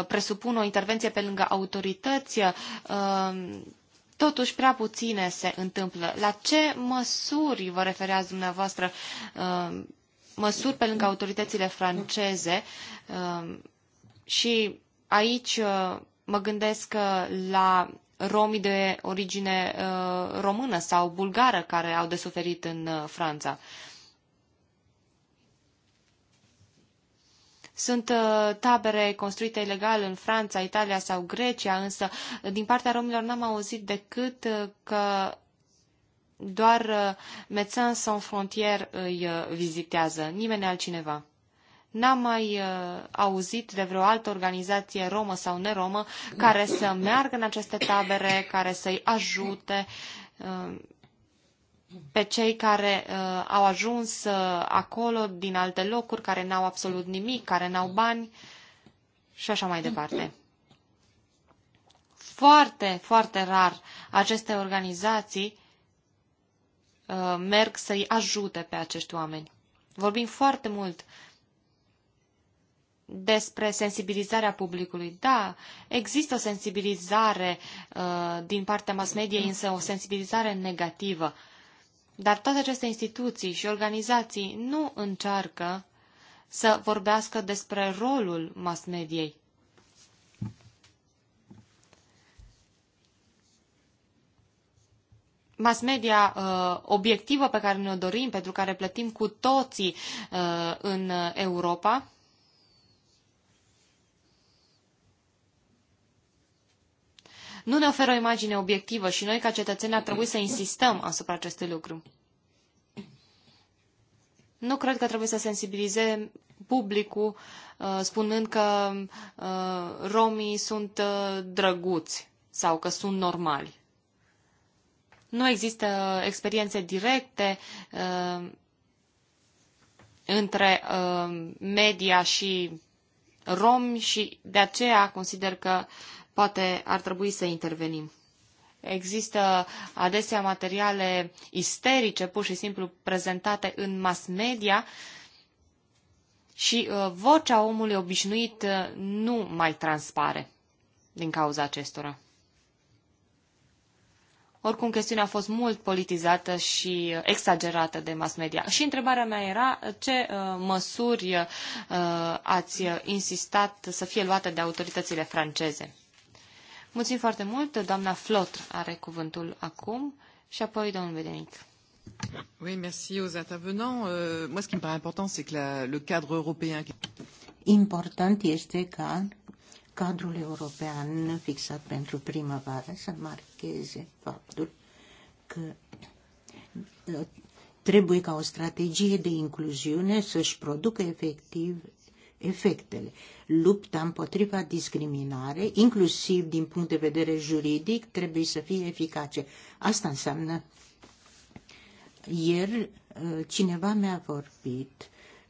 presupun o intervenție pe lângă autorități, totuși prea puține se întâmplă. La ce măsuri vă refereați dumneavoastră, uh, măsuri pe lângă autoritățile franceze uh, și aici uh, mă gândesc la romii de origine română sau bulgară care au de suferit în Franța. Sunt uh, tabere construite ilegal în Franța, Italia sau Grecia, însă uh, din partea romilor n-am auzit decât uh, că doar Médecins Sans Frontières îi vizitează, nimeni altcineva. N-am mai uh, auzit de vreo altă organizație romă sau neromă care să meargă în aceste tabere, care să-i ajute. Uh, pe cei care uh, au ajuns uh, acolo din alte locuri, care n-au absolut nimic, care n-au bani și așa mai departe. Foarte, foarte rar aceste organizații uh, merg să-i ajute pe acești oameni. Vorbim foarte mult despre sensibilizarea publicului. Da, există o sensibilizare uh, din partea mass media, însă o sensibilizare negativă. Uh, dar toate aceste instituții și organizații nu încearcă să vorbească despre rolul mass-mediei. mass media uh, obiectivă pe care ne-o dorim, pentru care plătim cu toții uh, în Europa, nu ne oferă o imagine obiectivă și noi, ca cetățeni, ar trebui să insistăm asupra acestui lucru. Nu cred că trebuie să sensibilizeze publicul uh, spunând că uh, romii sunt uh, drăguți sau că sunt normali. Nu există experiențe directe între media și romi și de aceea consider că poate ar trebui să intervenim. Există adesea materiale isterice, pur și simplu prezentate în mass media și uh, vocea omului obișnuit uh, nu mai transpare din cauza acestora. Oricum, chestiunea a fost mult politizată și uh, exagerată de mass media. Și întrebarea mea era uh, ce uh, măsuri uh, ați insistat să fie luate de autoritățile franceze? Mulțumim foarte mult. Doamna Flot are cuvântul acum și apoi domnul Vedenic. Oui, merci aux intervenants. Euh, moi, ce qui me paraît important, c'est que la, le cadre européen... Important este ca cadrul european fixat pentru primăvară să marcheze faptul că uh, trebuie ca o strategie de incluziune să-și producă efectiv efectele. Lupta împotriva discriminare, inclusiv din punct de vedere juridic, trebuie să fie eficace. Asta înseamnă. Ieri uh, cineva mi-a vorbit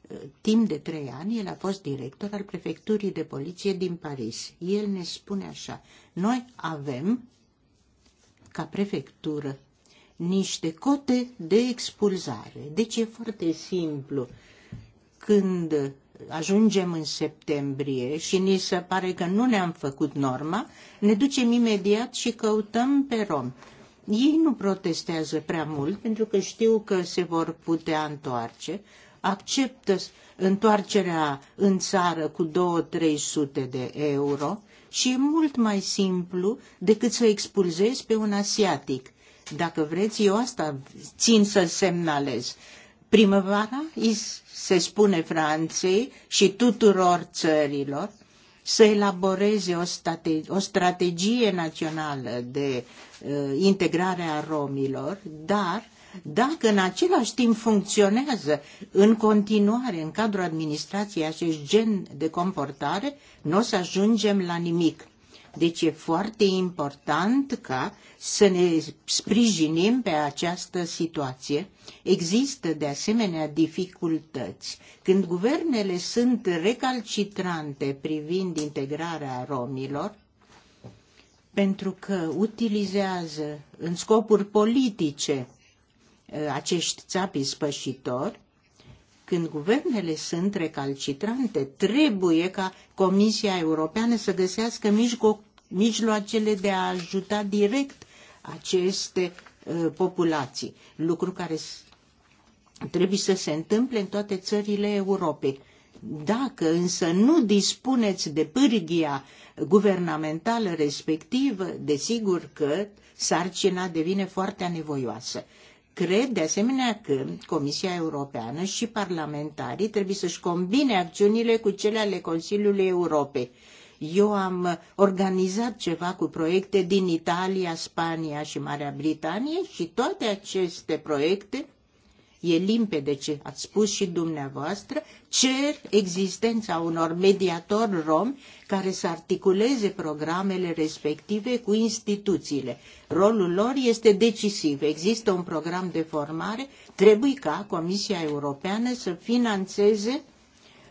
uh, timp de trei ani, el a fost director al prefecturii de poliție din Paris. El ne spune așa, noi avem, ca prefectură, niște cote de expulzare. Deci e foarte simplu. Când ajungem în septembrie și ni se pare că nu ne-am făcut norma, ne ducem imediat și căutăm pe rom. Ei nu protestează prea mult pentru că știu că se vor putea întoarce, acceptă întoarcerea în țară cu 2-300 de euro și e mult mai simplu decât să expulzezi pe un asiatic. Dacă vreți, eu asta țin să semnalez. Primăvara se spune Franței și tuturor țărilor să elaboreze o, state, o strategie națională de uh, integrare a romilor, dar dacă în același timp funcționează în continuare în cadrul administrației acest gen de comportare, nu o să ajungem la nimic. Deci e foarte important ca să ne sprijinim pe această situație. Există de asemenea dificultăți. Când guvernele sunt recalcitrante privind integrarea romilor, pentru că utilizează în scopuri politice uh, acești țapi spășitori, când guvernele sunt recalcitrante, trebuie ca Comisia Europeană să găsească mijloacele de a ajuta direct aceste uh, populații, lucru care trebuie să se întâmple în toate țările Europei. Dacă însă nu dispuneți de pârghia guvernamentală respectivă, desigur că sarcina devine foarte anevoioasă. Cred de asemenea că Comisia Europeană și parlamentarii trebuie să-și combine acțiunile cu cele ale Consiliului Europei. Eu am organizat ceva cu proiecte din Italia, Spania și Marea Britanie și toate aceste proiecte e limpede ce ați spus și dumneavoastră, cer existența unor mediatori romi care să articuleze programele respective cu instituțiile. Rolul lor este decisiv. Există un program de formare, trebuie ca Comisia Europeană să financeze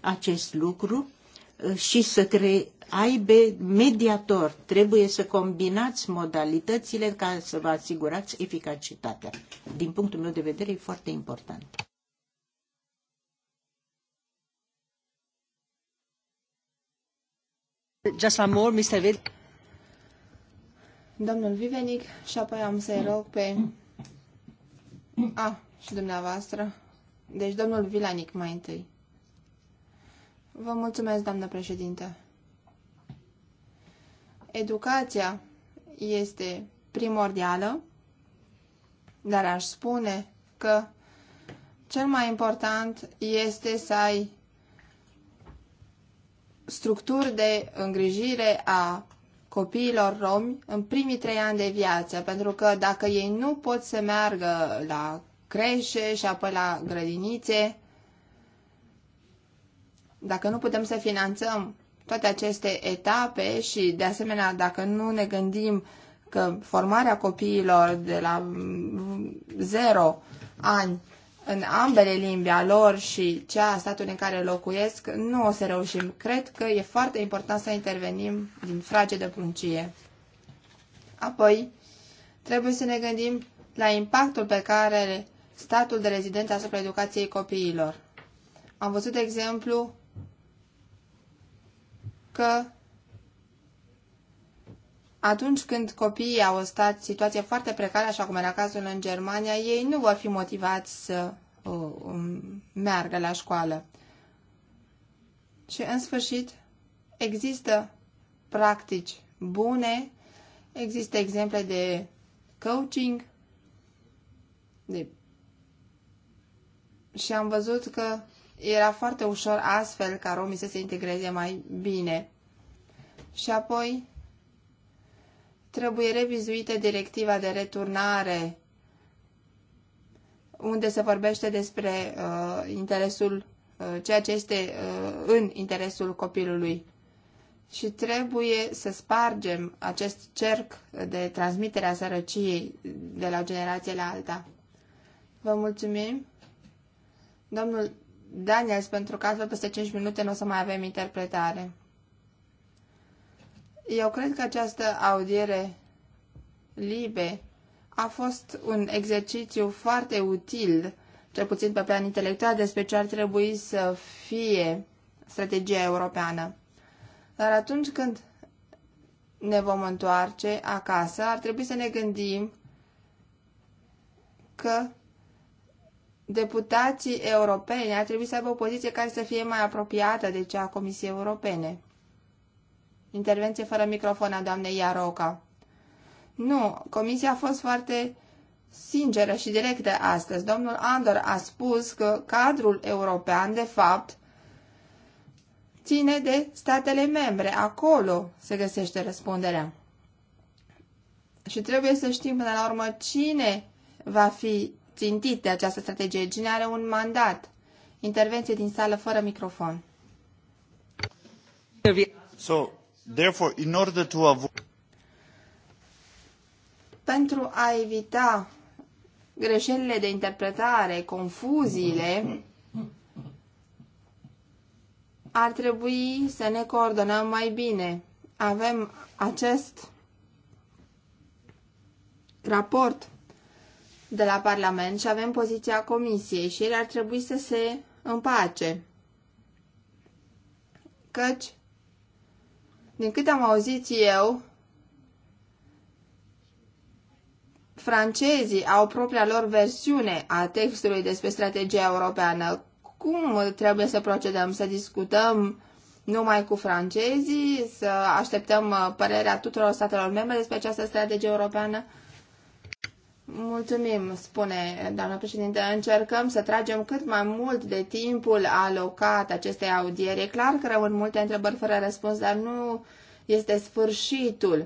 acest lucru și să cre- aibă mediator. Trebuie să combinați modalitățile ca să vă asigurați eficacitatea. Din punctul meu de vedere, e foarte important. Just one more, Mr. Vid. Domnul Vivenic și apoi am să-i rog pe... A, ah, și dumneavoastră. Deci domnul Vilanic mai întâi. Vă mulțumesc, doamnă președinte. Educația este primordială, dar aș spune că cel mai important este să ai structuri de îngrijire a copiilor romi în primii trei ani de viață, pentru că dacă ei nu pot să meargă la creșe și apoi la grădinițe, dacă nu putem să finanțăm toate aceste etape și, de asemenea, dacă nu ne gândim că formarea copiilor de la 0 ani în ambele limbi a lor și cea a statului în care locuiesc, nu o să reușim. Cred că e foarte important să intervenim din frage de pruncie. Apoi, trebuie să ne gândim la impactul pe care statul de rezidență asupra educației copiilor. Am văzut, de exemplu, că atunci când copiii au o stat, situație foarte precară, așa cum era cazul în Germania, ei nu vor fi motivați să uh, um, meargă la școală. Și, în sfârșit, există practici bune, există exemple de coaching, de... și am văzut că era foarte ușor astfel ca romii să se integreze mai bine. Și apoi trebuie revizuită directiva de returnare, unde se vorbește despre uh, interesul, uh, ceea ce este uh, în interesul copilului. Și trebuie să spargem acest cerc de transmitere a sărăciei de la o generație la alta. Vă mulțumim! Domnul Daniels, pentru că altfel peste 5 minute nu o să mai avem interpretare. Eu cred că această audiere libe a fost un exercițiu foarte util, cel puțin pe plan intelectual, despre ce ar trebui să fie strategia europeană. Dar atunci când ne vom întoarce acasă, ar trebui să ne gândim că deputații europeni ar trebui să aibă o poziție care să fie mai apropiată de cea a Comisiei Europene. Intervenție fără microfon a doamnei Iaroca. Nu, Comisia a fost foarte sinceră și directă astăzi. Domnul Andor a spus că cadrul european, de fapt, ține de statele membre. Acolo se găsește răspunderea. Și trebuie să știm până la urmă cine va fi țintit de această strategie. Cine are un mandat? Intervenție din sală fără microfon. So, therefore, in order to avoid... Pentru a evita greșelile de interpretare, confuziile, ar trebui să ne coordonăm mai bine. Avem acest raport de la Parlament și avem poziția Comisiei și ele ar trebui să se împace. Căci, din câte am auzit eu, francezii au propria lor versiune a textului despre strategia europeană. Cum trebuie să procedăm? Să discutăm numai cu francezii? Să așteptăm uh, părerea tuturor statelor membre despre această strategie europeană? Mulțumim, spune doamna președinte. Încercăm să tragem cât mai mult de timpul alocat acestei audieri. E clar că rămân multe întrebări fără răspuns, dar nu este sfârșitul.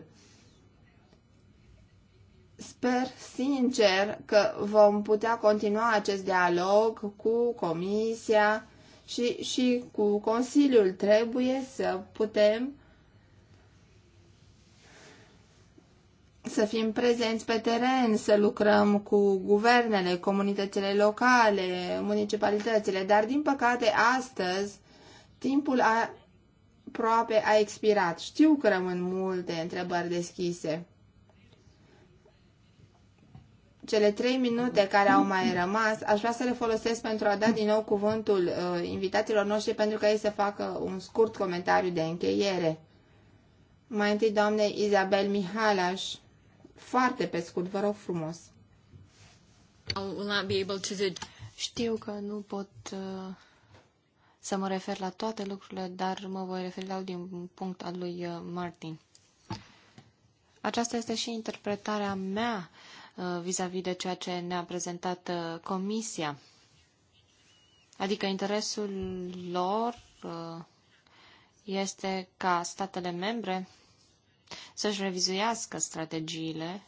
Sper sincer că vom putea continua acest dialog cu Comisia și, și cu Consiliul. Trebuie să putem să fim prezenți pe teren, să lucrăm cu guvernele, comunitățile locale, municipalitățile, dar din păcate astăzi timpul a, aproape a expirat. Știu că rămân multe întrebări deschise. Cele trei minute care au mai rămas, aș vrea să le folosesc pentru a da din nou cuvântul uh, invitaților noștri pentru ca ei să facă un scurt comentariu de încheiere. Mai întâi, doamne Izabel Mihalaș. Foarte pe scurt, vă rog frumos. Știu că nu pot uh, să mă refer la toate lucrurile, dar mă voi referi la din punct al lui uh, Martin. Aceasta este și interpretarea mea uh, vis-a-vis uh, -vis de ceea ce ne-a prezentat uh, Comisia. Adică interesul lor uh, este ca statele membre să-și revizuiască strategiile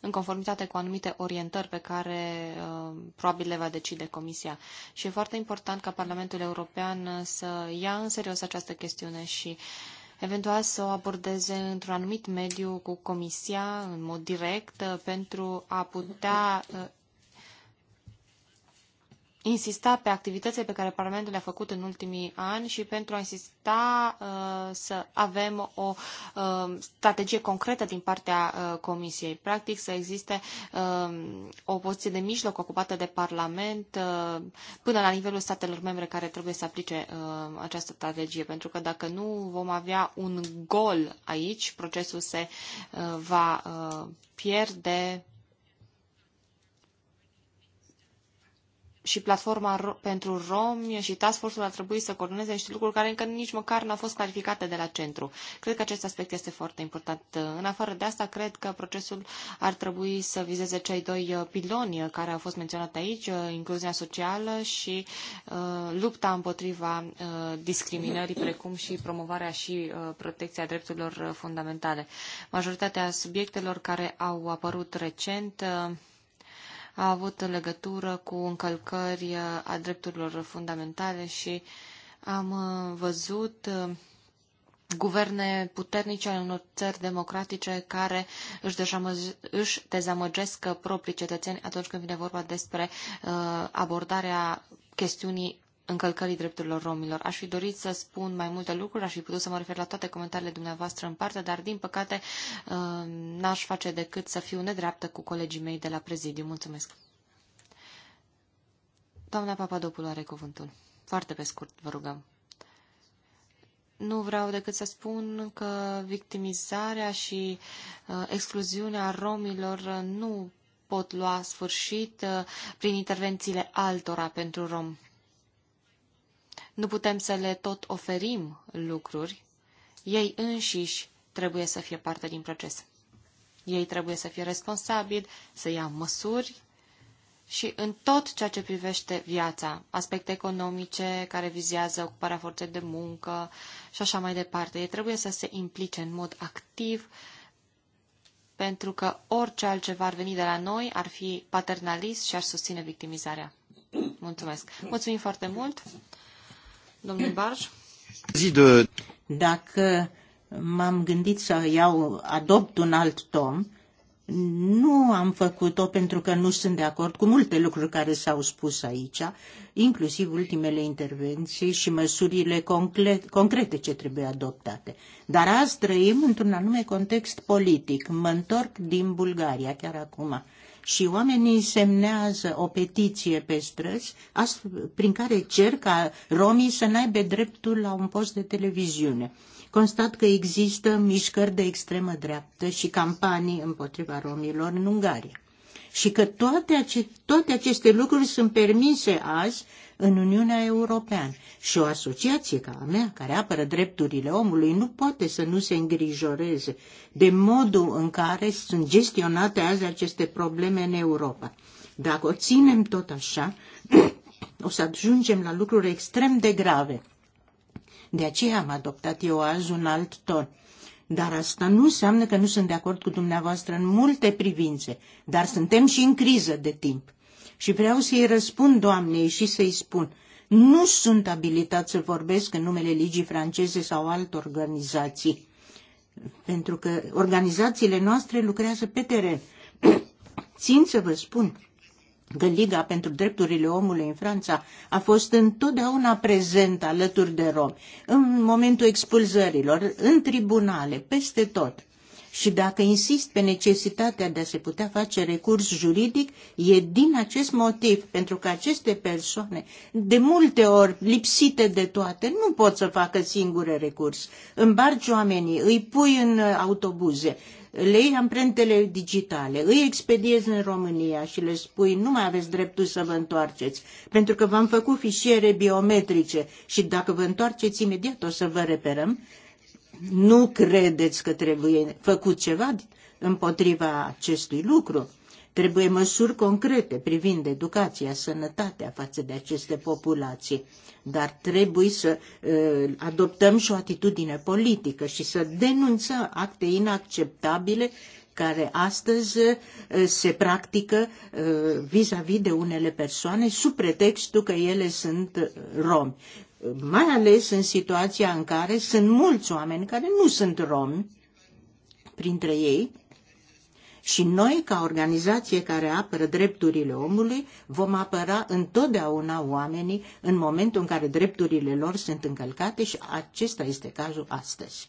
în conformitate cu anumite orientări pe care uh, probabil le va decide Comisia. Și e foarte important ca Parlamentul European uh, să ia în serios această chestiune și eventual să o abordeze într-un anumit mediu cu Comisia, în mod direct, uh, pentru a putea uh, insista pe activitățile pe care Parlamentul le-a făcut în ultimii ani și pentru a insista uh, să avem o uh, strategie concretă din partea uh, Comisiei. Practic să existe uh, o poziție de mijloc ocupată de Parlament uh, până la nivelul statelor membre care trebuie să aplice uh, această strategie, pentru că dacă nu vom avea un gol aici, procesul se va pierde și platforma pentru romi și task force-ul ar trebui să coordoneze niște lucruri care încă nici măcar nu au fost clarificate de la centru. Cred că acest aspect este foarte important. În afară de asta, cred că procesul ar trebui să vizeze cei doi uh, piloni care au fost menționate aici, uh, incluziunea socială și uh, lupta împotriva uh, discriminării, precum și promovarea și uh, protecția drepturilor fundamentale. Majoritatea subiectelor care au apărut recent uh, a avut legătură cu încălcări uh, a drepturilor fundamentale și am uh, văzut uh, guverne puternice ale unor țări democratice care își, dezamăgesc proprii cetățeni atunci când vine vorba despre abordarea chestiunii încălcării drepturilor romilor. Aș fi dorit să spun mai multe lucruri, aș fi putut să mă refer la toate comentariile dumneavoastră în parte, dar din păcate uh, n-aș face decât să fiu nedreaptă cu colegii mei de la prezidiu. Mulțumesc. Doamna Papadopoulou are cuvântul. Foarte pe scurt, vă rugăm. Nu vreau decât să spun că victimizarea și uh, excluziunea romilor uh, nu pot lua sfârșit uh, prin intervențiile altora pentru rom. Nu putem să le tot oferim lucruri. Ei înșiși trebuie să fie parte din proces. Ei trebuie să fie responsabili, să ia măsuri și în tot ceea ce privește viața, aspecte economice care vizează ocuparea forței de muncă și așa mai departe. Ei trebuie să se implice în mod activ pentru că orice altceva ar veni de la noi ar fi paternalist și ar susține victimizarea. Mulțumesc. Mulțumim foarte mult. Domnul Barș? Dacă m-am gândit să iau, adopt un alt tom, nu am făcut-o pentru că nu sunt de acord cu multe lucruri care s-au spus aici, inclusiv ultimele intervenții și măsurile concrete ce trebuie adoptate. Dar azi trăim într-un anume context politic. Mă întorc din Bulgaria chiar acum și oamenii semnează o petiție pe străzi astfel, prin care cer ca romii să n-aibă dreptul la un post de televiziune. Constat că există mișcări de extremă dreaptă și campanii împotriva romilor în Ungaria și că toate, ace- toate aceste lucruri sunt permise azi în Uniunea Europeană. Și o asociație ca a mea, care apără drepturile omului, nu poate să nu se îngrijoreze de modul în care sunt gestionate azi aceste probleme în Europa. Dacă o ținem tot așa, o să ajungem la lucruri extrem de grave. De aceea am adoptat eu azi un alt ton. Dar asta nu înseamnă că nu sunt de acord cu dumneavoastră în multe privințe, dar suntem și în criză de timp. Și vreau să-i răspund doamnei și să-i spun, nu sunt abilitat să vorbesc în numele Ligii franceze sau altor organizații, pentru că organizațiile noastre lucrează pe teren. Țin să vă spun că Liga pentru Drepturile Omului în Franța a fost întotdeauna prezentă alături de romi, în momentul expulzărilor, în tribunale, peste tot. Și dacă insist pe necesitatea de a se putea face recurs juridic, e din acest motiv, pentru că aceste persoane, de multe ori lipsite de toate, nu pot să facă singure recurs. Îmbarci oamenii, îi pui în autobuze, le iei amprentele digitale, îi expediezi în România și le spui nu mai aveți dreptul să vă întoarceți, pentru că v-am făcut fișiere biometrice și dacă vă întoarceți imediat o să vă reperăm, nu credeți că trebuie făcut ceva împotriva acestui lucru. Trebuie măsuri concrete privind educația, sănătatea față de aceste populații, dar trebuie să uh, adoptăm și o atitudine politică și să denunțăm acte inacceptabile care astăzi ă, se practică ă, vis-a-vis -vis de unele persoane sub pretextul că ele sunt romi. Mai ales în situația în care sunt mulți oameni care nu sunt romi, printre ei și noi, ca organizație care apără drepturile omului, vom apăra întotdeauna oamenii în momentul în care drepturile lor sunt încălcate și acesta este cazul astăzi.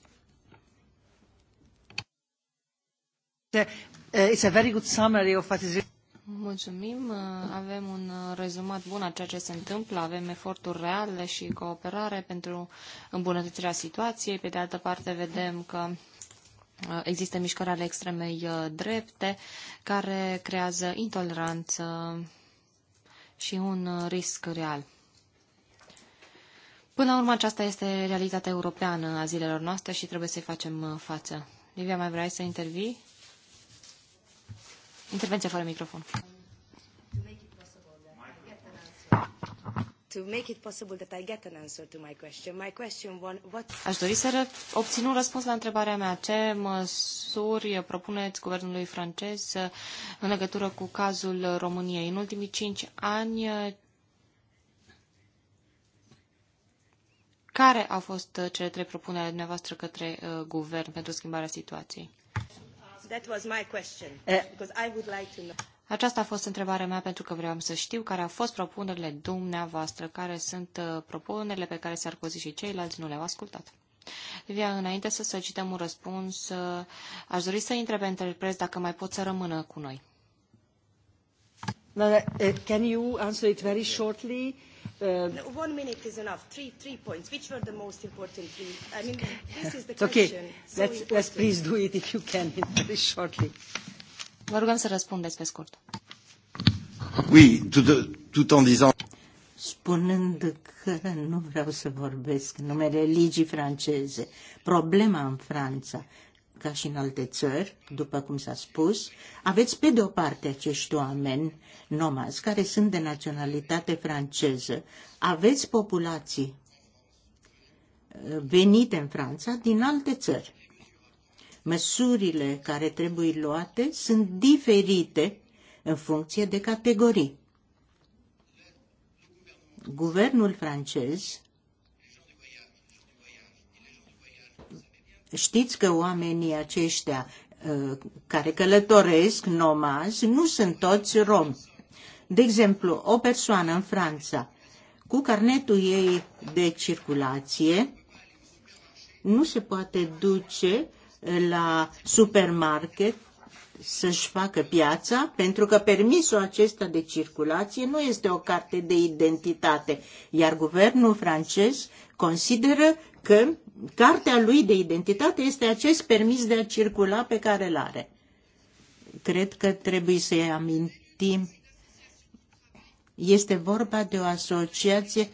It's a very good summary of what is... Mulțumim. Avem un rezumat bun a ceea ce se întâmplă. Avem eforturi reale și cooperare pentru îmbunătățirea situației. Pe de altă parte, vedem că Uh, există mișcări ale extremei uh, drepte care creează intoleranță și un uh, risc real. Până la urmă, aceasta este realitatea europeană a zilelor noastre și trebuie să-i facem față. Livia, mai vrei să intervii? Intervenție fără microfon. to make it possible that I get an answer to my question. My question one, what... Aș dori să obțin un răspuns la întrebarea mea. Ce măsuri propuneți guvernului francez uh, în legătură cu cazul României? În ultimii cinci ani, uh, care au fost uh, cele trei propuneri ale dumneavoastră către uh, guvern pentru schimbarea situației? That was my question, eh. because I would like to know. Aceasta a fost întrebarea mea pentru că vreau să știu care au fost propunerile dumneavoastră, care sunt uh, propunerile pe care Sarkozy și ceilalți nu le-au ascultat. Livia, înainte să solicităm un răspuns, uh, aș dori să intre pe interpret dacă mai pot să rămână cu noi. Uh, can you answer it very shortly? Uh, no, one minute is enough. Three, three points. Which were the most important three? I mean, this is the question. Okay, so let's, let's please do it if you can, very shortly. Vă rugăm să răspundeți pe scurt. Oui, tout, tout en disant... Spunând că nu vreau să vorbesc numele ligii franceze, problema în Franța, ca și în alte țări, după cum s-a spus, aveți pe de o parte acești oameni nomazi care sunt de naționalitate franceză, aveți populații uh, venite în Franța din alte țări măsurile care trebuie luate sunt diferite în funcție de categorii. Guvernul francez Știți că oamenii aceștia uh, care călătoresc, nomazi, nu sunt toți romi. De exemplu, o persoană în Franța cu carnetul ei de circulație nu se poate duce la supermarket să-și facă piața, pentru că permisul acesta de circulație nu este o carte de identitate, iar guvernul francez consideră că cartea lui de identitate este acest permis de a circula pe care îl are. Cred că trebuie să-i amintim. Este vorba de o asociație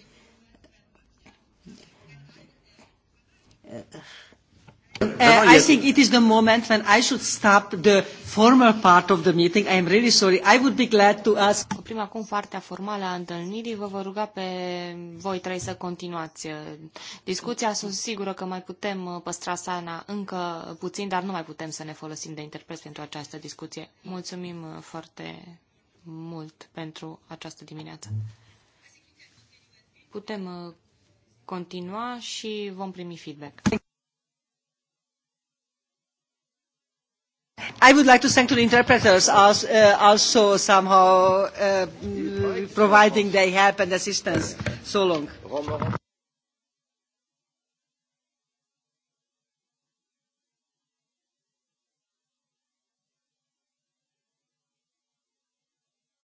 Uh, I think it is the moment when I should stop the formal part of the meeting. I am really sorry. I would be glad to ask. Oprim acum partea formală a întâlnirii. Vă voi ruga pe voi trei să continuați uh, discuția. Sunt sigură că mai putem uh, păstra sana încă puțin, dar nu mai putem să ne folosim de interpret pentru această discuție. Mulțumim uh, foarte mult pentru această dimineață. Putem continua și vom primi feedback. I would like to thank to the interpreters as, uh, eh, also somehow uh, providing their help and assistance so long.